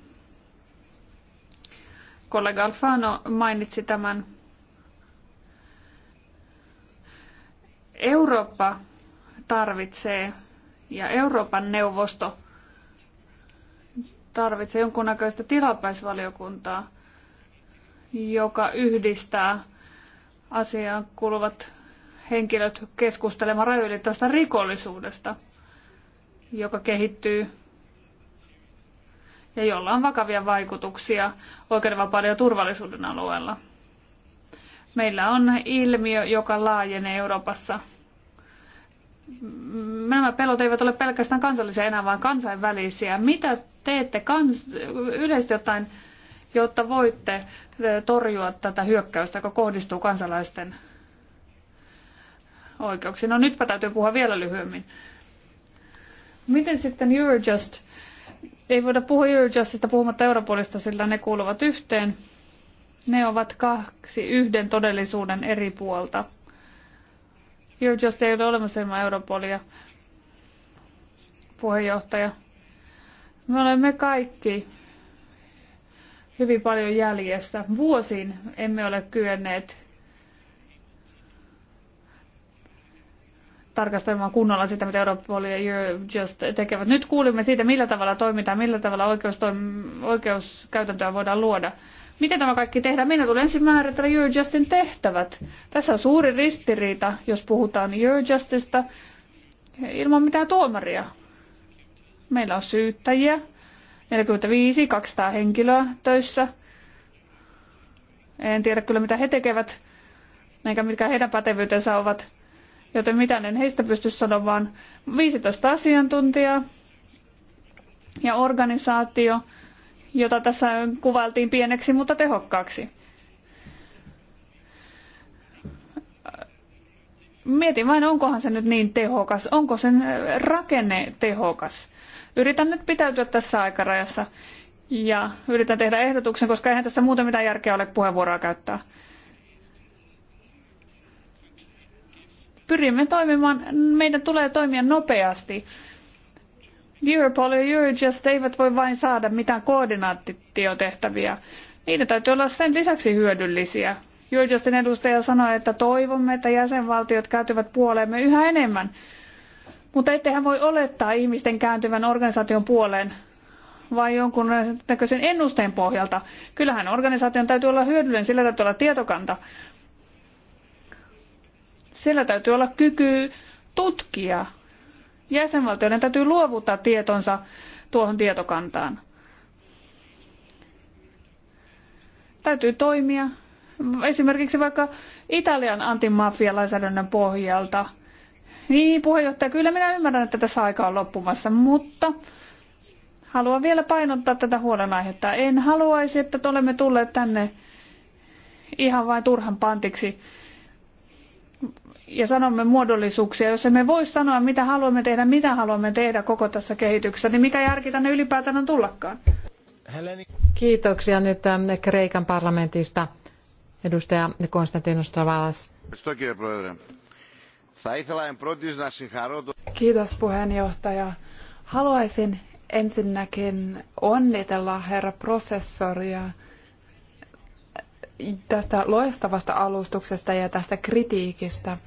kollega Alfano mainitsi tämän. Eurooppa tarvitsee ja Euroopan neuvosto tarvitsee jonkunnäköistä tilapäisvaliokuntaa, joka yhdistää asiaan kuuluvat henkilöt keskustelemaan rajoitettavasta rikollisuudesta, joka kehittyy ja jolla on vakavia vaikutuksia oikeudenvapauden ja turvallisuuden alueella. Meillä on ilmiö, joka laajenee Euroopassa. Nämä pelot eivät ole pelkästään kansallisia enää, vaan kansainvälisiä. Mitä teette kans- yleisesti jotain, jotta voitte torjua tätä hyökkäystä, joka kohdistuu kansalaisten oikeuksiin? No nytpä täytyy puhua vielä lyhyemmin. Miten sitten Eurojust ei voida puhua Eurojustista puhumatta Europolista, sillä ne kuuluvat yhteen. Ne ovat kaksi yhden todellisuuden eri puolta. Eurojust ei ole olemassa ilman Europolia, puheenjohtaja. Me olemme kaikki hyvin paljon jäljessä. Vuosiin emme ole kyenneet tarkastelemaan kunnolla sitä, mitä Europol ja Eurojust tekevät. Nyt kuulimme siitä, millä tavalla toimitaan, millä tavalla oikeustoim- oikeuskäytäntöä voidaan luoda. Miten tämä kaikki tehdään? Minä tulen ensin määritellä Eurojustin tehtävät. Tässä on suuri ristiriita, jos puhutaan Eurojustista ilman mitään tuomaria. Meillä on syyttäjiä, 45, 200 henkilöä töissä. En tiedä kyllä, mitä he tekevät, eikä mitkä heidän pätevyytensä ovat joten mitään en heistä pysty vaan 15 asiantuntijaa ja organisaatio, jota tässä kuvailtiin pieneksi, mutta tehokkaaksi. Mietin vain, onkohan se nyt niin tehokas, onko sen rakenne tehokas. Yritän nyt pitäytyä tässä aikarajassa ja yritän tehdä ehdotuksen, koska eihän tässä muuta mitään järkeä ole puheenvuoroa käyttää. pyrimme toimimaan, meidän tulee toimia nopeasti. Europol ja Eurojust eivät voi vain saada mitään koordinaattiotehtäviä. Niiden täytyy olla sen lisäksi hyödyllisiä. Eurojustin edustaja sanoi, että toivomme, että jäsenvaltiot käytyvät puoleemme yhä enemmän. Mutta ettehän voi olettaa ihmisten kääntyvän organisaation puoleen vai jonkun näköisen ennusteen pohjalta. Kyllähän organisaation täytyy olla hyödyllinen, sillä täytyy olla tietokanta. Siellä täytyy olla kyky tutkia. Jäsenvaltioiden täytyy luovuttaa tietonsa tuohon tietokantaan. Täytyy toimia esimerkiksi vaikka Italian antimafialainsäädännön pohjalta. Niin, puheenjohtaja, kyllä minä ymmärrän, että tässä aika on loppumassa, mutta haluan vielä painottaa tätä huolenaihetta. En haluaisi, että olemme tulleet tänne ihan vain turhan pantiksi ja sanomme muodollisuuksia, jos emme voi sanoa, mitä haluamme tehdä, mitä haluamme tehdä koko tässä kehityksessä, niin mikä järki tänne ylipäätään on tullakaan? Kiitoksia nyt ähm, Kreikan parlamentista. Edustaja Konstantinos Travalas. Kiitos puheenjohtaja. Haluaisin ensinnäkin onnitella herra professoria tästä loistavasta alustuksesta ja tästä kritiikistä.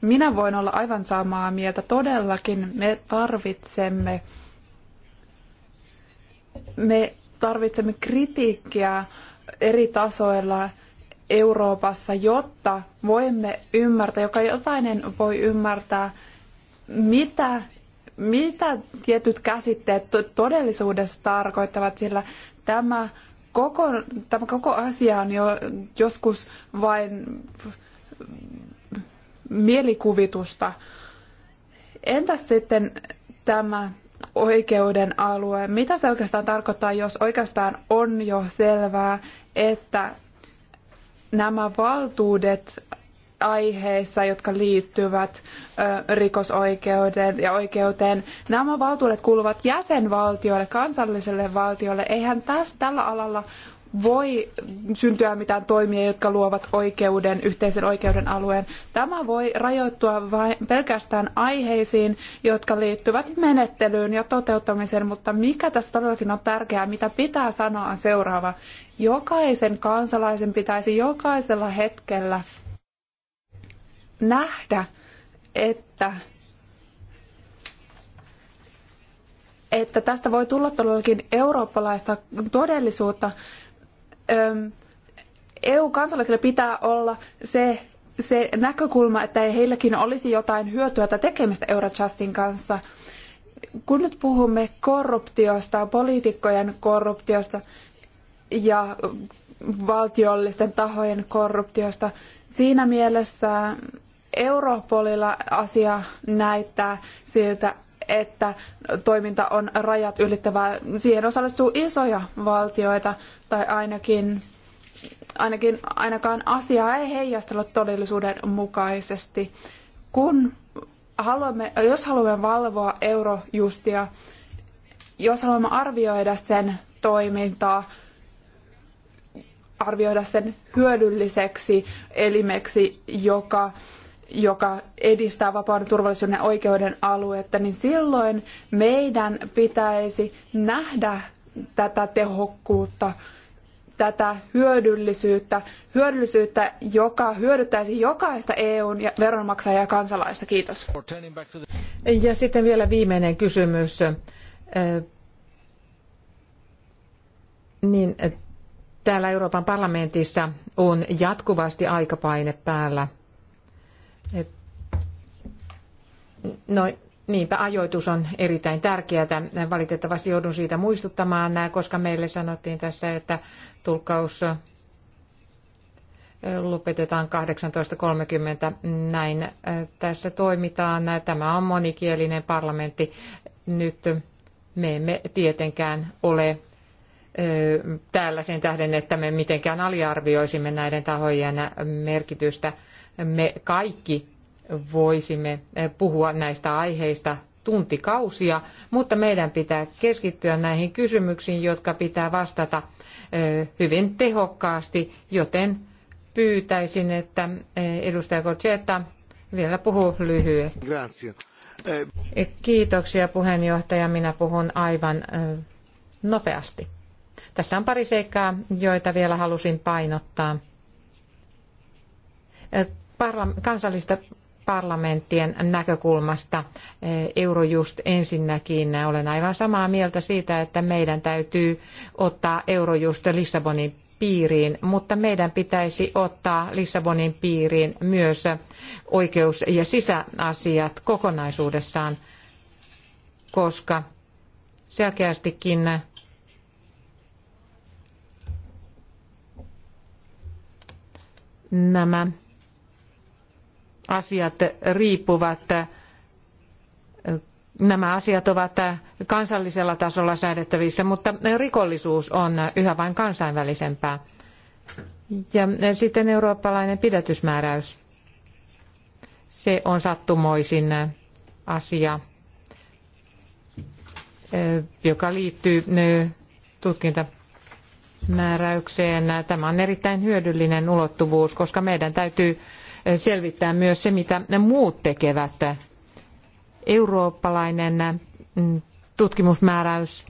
Minä voin olla aivan samaa mieltä. Todellakin me tarvitsemme, me tarvitsemme kritiikkiä eri tasoilla Euroopassa, jotta voimme ymmärtää, joka jokainen voi ymmärtää, mitä, mitä tietyt käsitteet todellisuudessa tarkoittavat, sillä tämä koko, tämä koko asia on jo joskus vain mielikuvitusta. Entäs sitten tämä oikeuden alue? Mitä se oikeastaan tarkoittaa, jos oikeastaan on jo selvää, että nämä valtuudet aiheissa, jotka liittyvät rikosoikeuteen ja oikeuteen. Nämä valtuudet kuuluvat jäsenvaltioille, kansalliselle valtiolle. Eihän tässä tällä alalla voi syntyä mitään toimia, jotka luovat oikeuden, yhteisen oikeuden alueen. Tämä voi rajoittua vain pelkästään aiheisiin, jotka liittyvät menettelyyn ja toteuttamiseen, mutta mikä tässä todellakin on tärkeää, mitä pitää sanoa on seuraava. Jokaisen kansalaisen pitäisi jokaisella hetkellä nähdä, että, että tästä voi tulla todellakin eurooppalaista todellisuutta. EU-kansalaisille pitää olla se, se näkökulma, että heilläkin olisi jotain hyötyä tai tekemistä Eurojustin kanssa. Kun nyt puhumme korruptiosta, poliitikkojen korruptiosta ja valtiollisten tahojen korruptiosta, siinä mielessä Europolilla asia näyttää siltä, että toiminta on rajat ylittävää. Siihen osallistuu isoja valtioita tai ainakin, ainakin ainakaan asiaa ei heijastella todellisuuden mukaisesti. Kun haluamme, jos haluamme valvoa eurojustia, jos haluamme arvioida sen toimintaa, arvioida sen hyödylliseksi elimeksi, joka joka edistää vapauden, turvallisuuden ja oikeuden aluetta, niin silloin meidän pitäisi nähdä tätä tehokkuutta, tätä hyödyllisyyttä, hyödyllisyyttä, joka hyödyttäisi jokaista EUn ja veronmaksajaa ja kansalaista. Kiitos. Ja sitten vielä viimeinen kysymys. Niin, täällä Euroopan parlamentissa on jatkuvasti aikapaine päällä No, niinpä ajoitus on erittäin tärkeää. Valitettavasti joudun siitä muistuttamaan, koska meille sanottiin tässä, että tulkkaus lopetetaan 18.30. Näin tässä toimitaan. Tämä on monikielinen parlamentti. Nyt me emme tietenkään ole täällä sen tähden, että me mitenkään aliarvioisimme näiden tahojen merkitystä me kaikki voisimme puhua näistä aiheista tuntikausia, mutta meidän pitää keskittyä näihin kysymyksiin, jotka pitää vastata hyvin tehokkaasti, joten pyytäisin, että edustaja Kocetta vielä puhuu lyhyesti. Grazie. E, kiitoksia puheenjohtaja. Minä puhun aivan nopeasti. Tässä on pari seikkaa, joita vielä halusin painottaa parla- kansallista parlamenttien näkökulmasta. Eurojust ensinnäkin olen aivan samaa mieltä siitä, että meidän täytyy ottaa Eurojust Lissabonin piiriin, mutta meidän pitäisi ottaa Lissabonin piiriin myös oikeus- ja sisäasiat kokonaisuudessaan, koska selkeästikin nämä asiat riippuvat. Nämä asiat ovat kansallisella tasolla säädettävissä, mutta rikollisuus on yhä vain kansainvälisempää. Ja sitten eurooppalainen pidätysmääräys. Se on sattumoisin asia, joka liittyy tutkinta määräykseen. Tämä on erittäin hyödyllinen ulottuvuus, koska meidän täytyy selvittää myös se, mitä muut tekevät. Eurooppalainen mm, tutkimusmääräys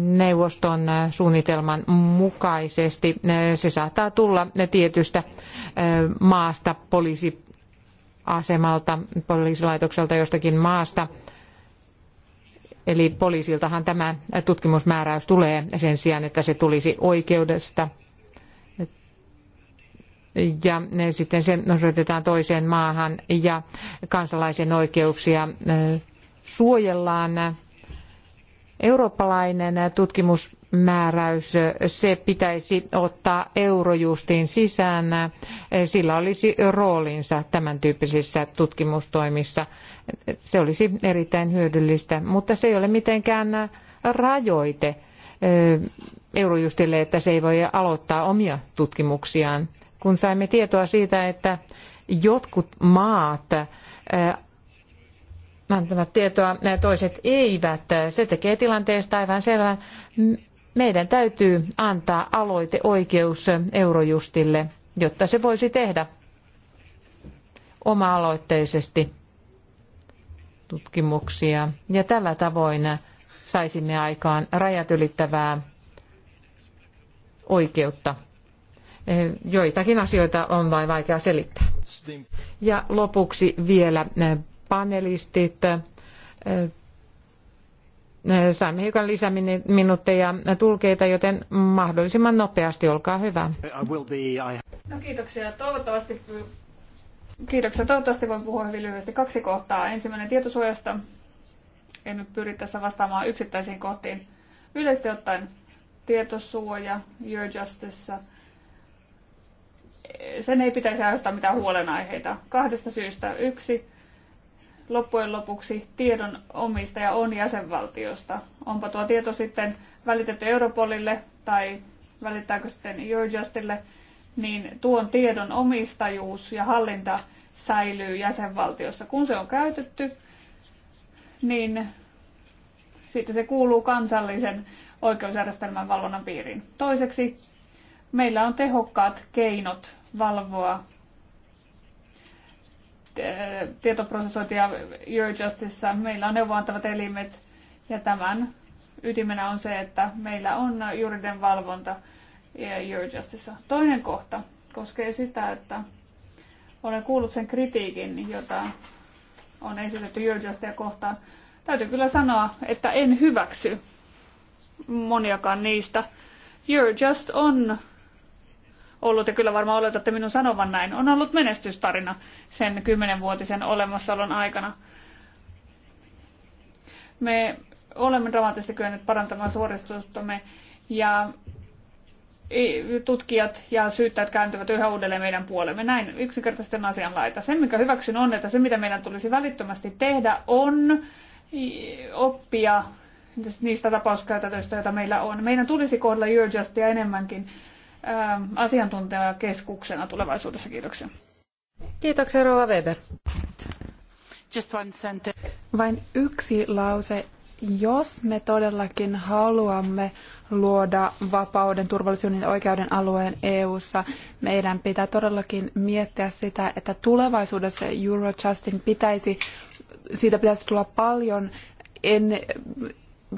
neuvoston suunnitelman mukaisesti. Se saattaa tulla tietystä maasta, poliisiasemalta, poliisilaitokselta jostakin maasta Eli poliisiltahan tämä tutkimusmääräys tulee sen sijaan, että se tulisi oikeudesta. Ja sitten se osoitetaan toiseen maahan ja kansalaisen oikeuksia eh, suojellaan. Eurooppalainen tutkimus määräys, se pitäisi ottaa Eurojustin sisään. Sillä olisi roolinsa tämän tyyppisissä tutkimustoimissa. Se olisi erittäin hyödyllistä, mutta se ei ole mitenkään rajoite eh, Eurojustille, että se ei voi aloittaa omia tutkimuksiaan. Kun saimme tietoa siitä, että jotkut maat eh, antavat tietoa, eh, toiset eivät. Se tekee tilanteesta aivan selvän meidän täytyy antaa aloiteoikeus Eurojustille, jotta se voisi tehdä oma-aloitteisesti tutkimuksia. Ja tällä tavoin saisimme aikaan rajat ylittävää oikeutta. Joitakin asioita on vain vaikea selittää. Ja lopuksi vielä panelistit. Saimme hiukan lisäminuutteja tulkeita, joten mahdollisimman nopeasti, olkaa hyvä. No, kiitoksia. Toivottavasti, kiitoksia. Toivottavasti voin puhua hyvin lyhyesti. Kaksi kohtaa. Ensimmäinen tietosuojasta. En nyt pyri tässä vastaamaan yksittäisiin kohtiin. Yleisesti ottaen tietosuoja, Your Justice, sen ei pitäisi aiheuttaa mitään huolenaiheita. Kahdesta syystä. Yksi, loppujen lopuksi tiedon omistaja on jäsenvaltiosta. Onpa tuo tieto sitten välitetty Europolille tai välittääkö sitten Eurojustille, niin tuon tiedon omistajuus ja hallinta säilyy jäsenvaltiossa. Kun se on käytetty, niin sitten se kuuluu kansallisen oikeusjärjestelmän valvonnan piiriin. Toiseksi meillä on tehokkaat keinot valvoa Eh, tietoprosessointia Eurojustissa. Meillä on neuvontavat elimet ja tämän ytimenä on se, että meillä on juridinen valvonta Eurojustissa. Toinen kohta koskee sitä, että olen kuullut sen kritiikin, jota on esitetty Eurojustia kohtaan. Täytyy kyllä sanoa, että en hyväksy moniakaan niistä. Eurojust on ollut, ja kyllä varmaan oletatte minun sanovan näin, on ollut menestystarina sen kymmenenvuotisen olemassaolon aikana. Me olemme dramaattisesti kyenneet parantamaan suoristustamme, ja tutkijat ja syyttäjät kääntyvät yhä uudelleen meidän puolemme. Näin yksinkertaisesti on asianlaita. Se, mikä hyväksyn on, että se, mitä meidän tulisi välittömästi tehdä, on oppia niistä tapauskäytäntöistä, joita meillä on. Meidän tulisi kohdella Eurojustia enemmänkin asiantuntijakeskuksena tulevaisuudessa. Kiitoksia. Kiitoksia, Rova Weber. Just one sentence. Vain yksi lause. Jos me todellakin haluamme luoda vapauden, turvallisuuden ja oikeuden alueen EU:ssa, meidän pitää todellakin miettiä sitä, että tulevaisuudessa Eurojustin pitäisi, siitä pitäisi tulla paljon en,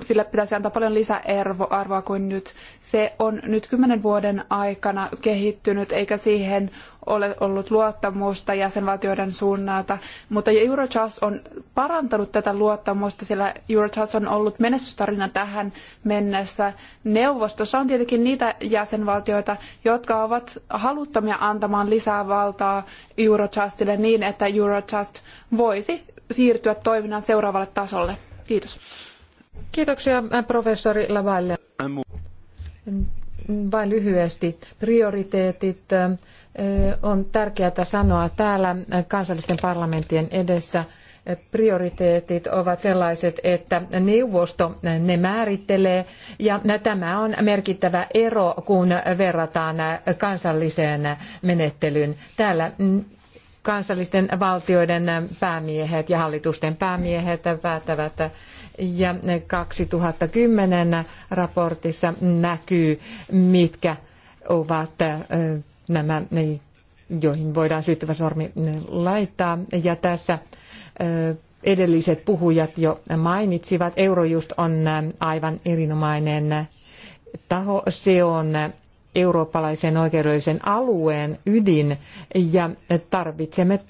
sille pitäisi antaa paljon lisäarvoa kuin nyt. Se on nyt kymmenen vuoden aikana kehittynyt, eikä siihen ole ollut luottamusta jäsenvaltioiden suunnalta. Mutta Eurojust on parantanut tätä luottamusta, sillä Eurojust on ollut menestystarina tähän mennessä. Neuvostossa on tietenkin niitä jäsenvaltioita, jotka ovat haluttomia antamaan lisää valtaa Eurojustille niin, että Eurojust voisi siirtyä toiminnan seuraavalle tasolle. Kiitos. Kiitoksia professori Lavalle. Vain lyhyesti. Prioriteetit on tärkeää sanoa täällä kansallisten parlamenttien edessä. Prioriteetit ovat sellaiset, että neuvosto ne määrittelee ja tämä on merkittävä ero, kun verrataan kansalliseen menettelyyn. Täällä kansallisten valtioiden päämiehet ja hallitusten päämiehet päättävät ja 2010 raportissa näkyy, mitkä ovat nämä, joihin voidaan syyttävä sormi laittaa. Ja tässä edelliset puhujat jo mainitsivat, Eurojust on aivan erinomainen taho. Se on eurooppalaisen oikeudellisen alueen ydin ja tarvitsemme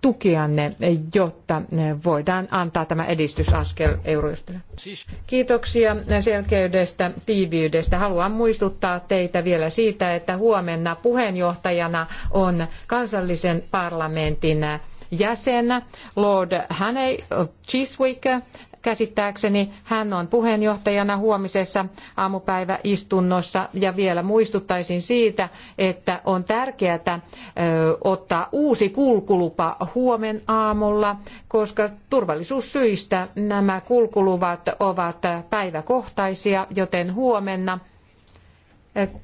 tukianne, jotta voidaan antaa tämä edistysaskel eurojustille. Kiitoksia selkeydestä, tiiviydestä. Haluan muistuttaa teitä vielä siitä, että huomenna puheenjohtajana on kansallisen parlamentin jäsen Lord Haney Chiswick käsittääkseni hän on puheenjohtajana huomisessa aamupäiväistunnossa ja vielä muistuttaisin siitä, että on tärkeää ottaa uusi kulkulupa huomen aamulla, koska turvallisuussyistä nämä kulkuluvat ovat päiväkohtaisia, joten huomenna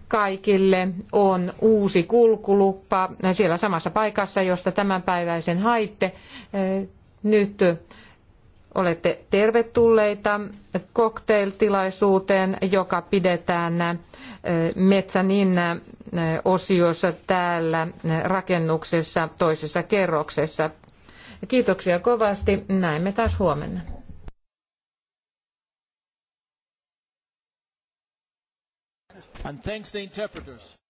kaikille on uusi kulkulupa siellä samassa paikassa, josta tämänpäiväisen haitte. Nyt Olette tervetulleita cocktailtilaisuuteen, joka pidetään äh, Metsänin äh, osiossa täällä äh, rakennuksessa toisessa kerroksessa. Kiitoksia kovasti. Näemme taas huomenna. and thanks to interpreters.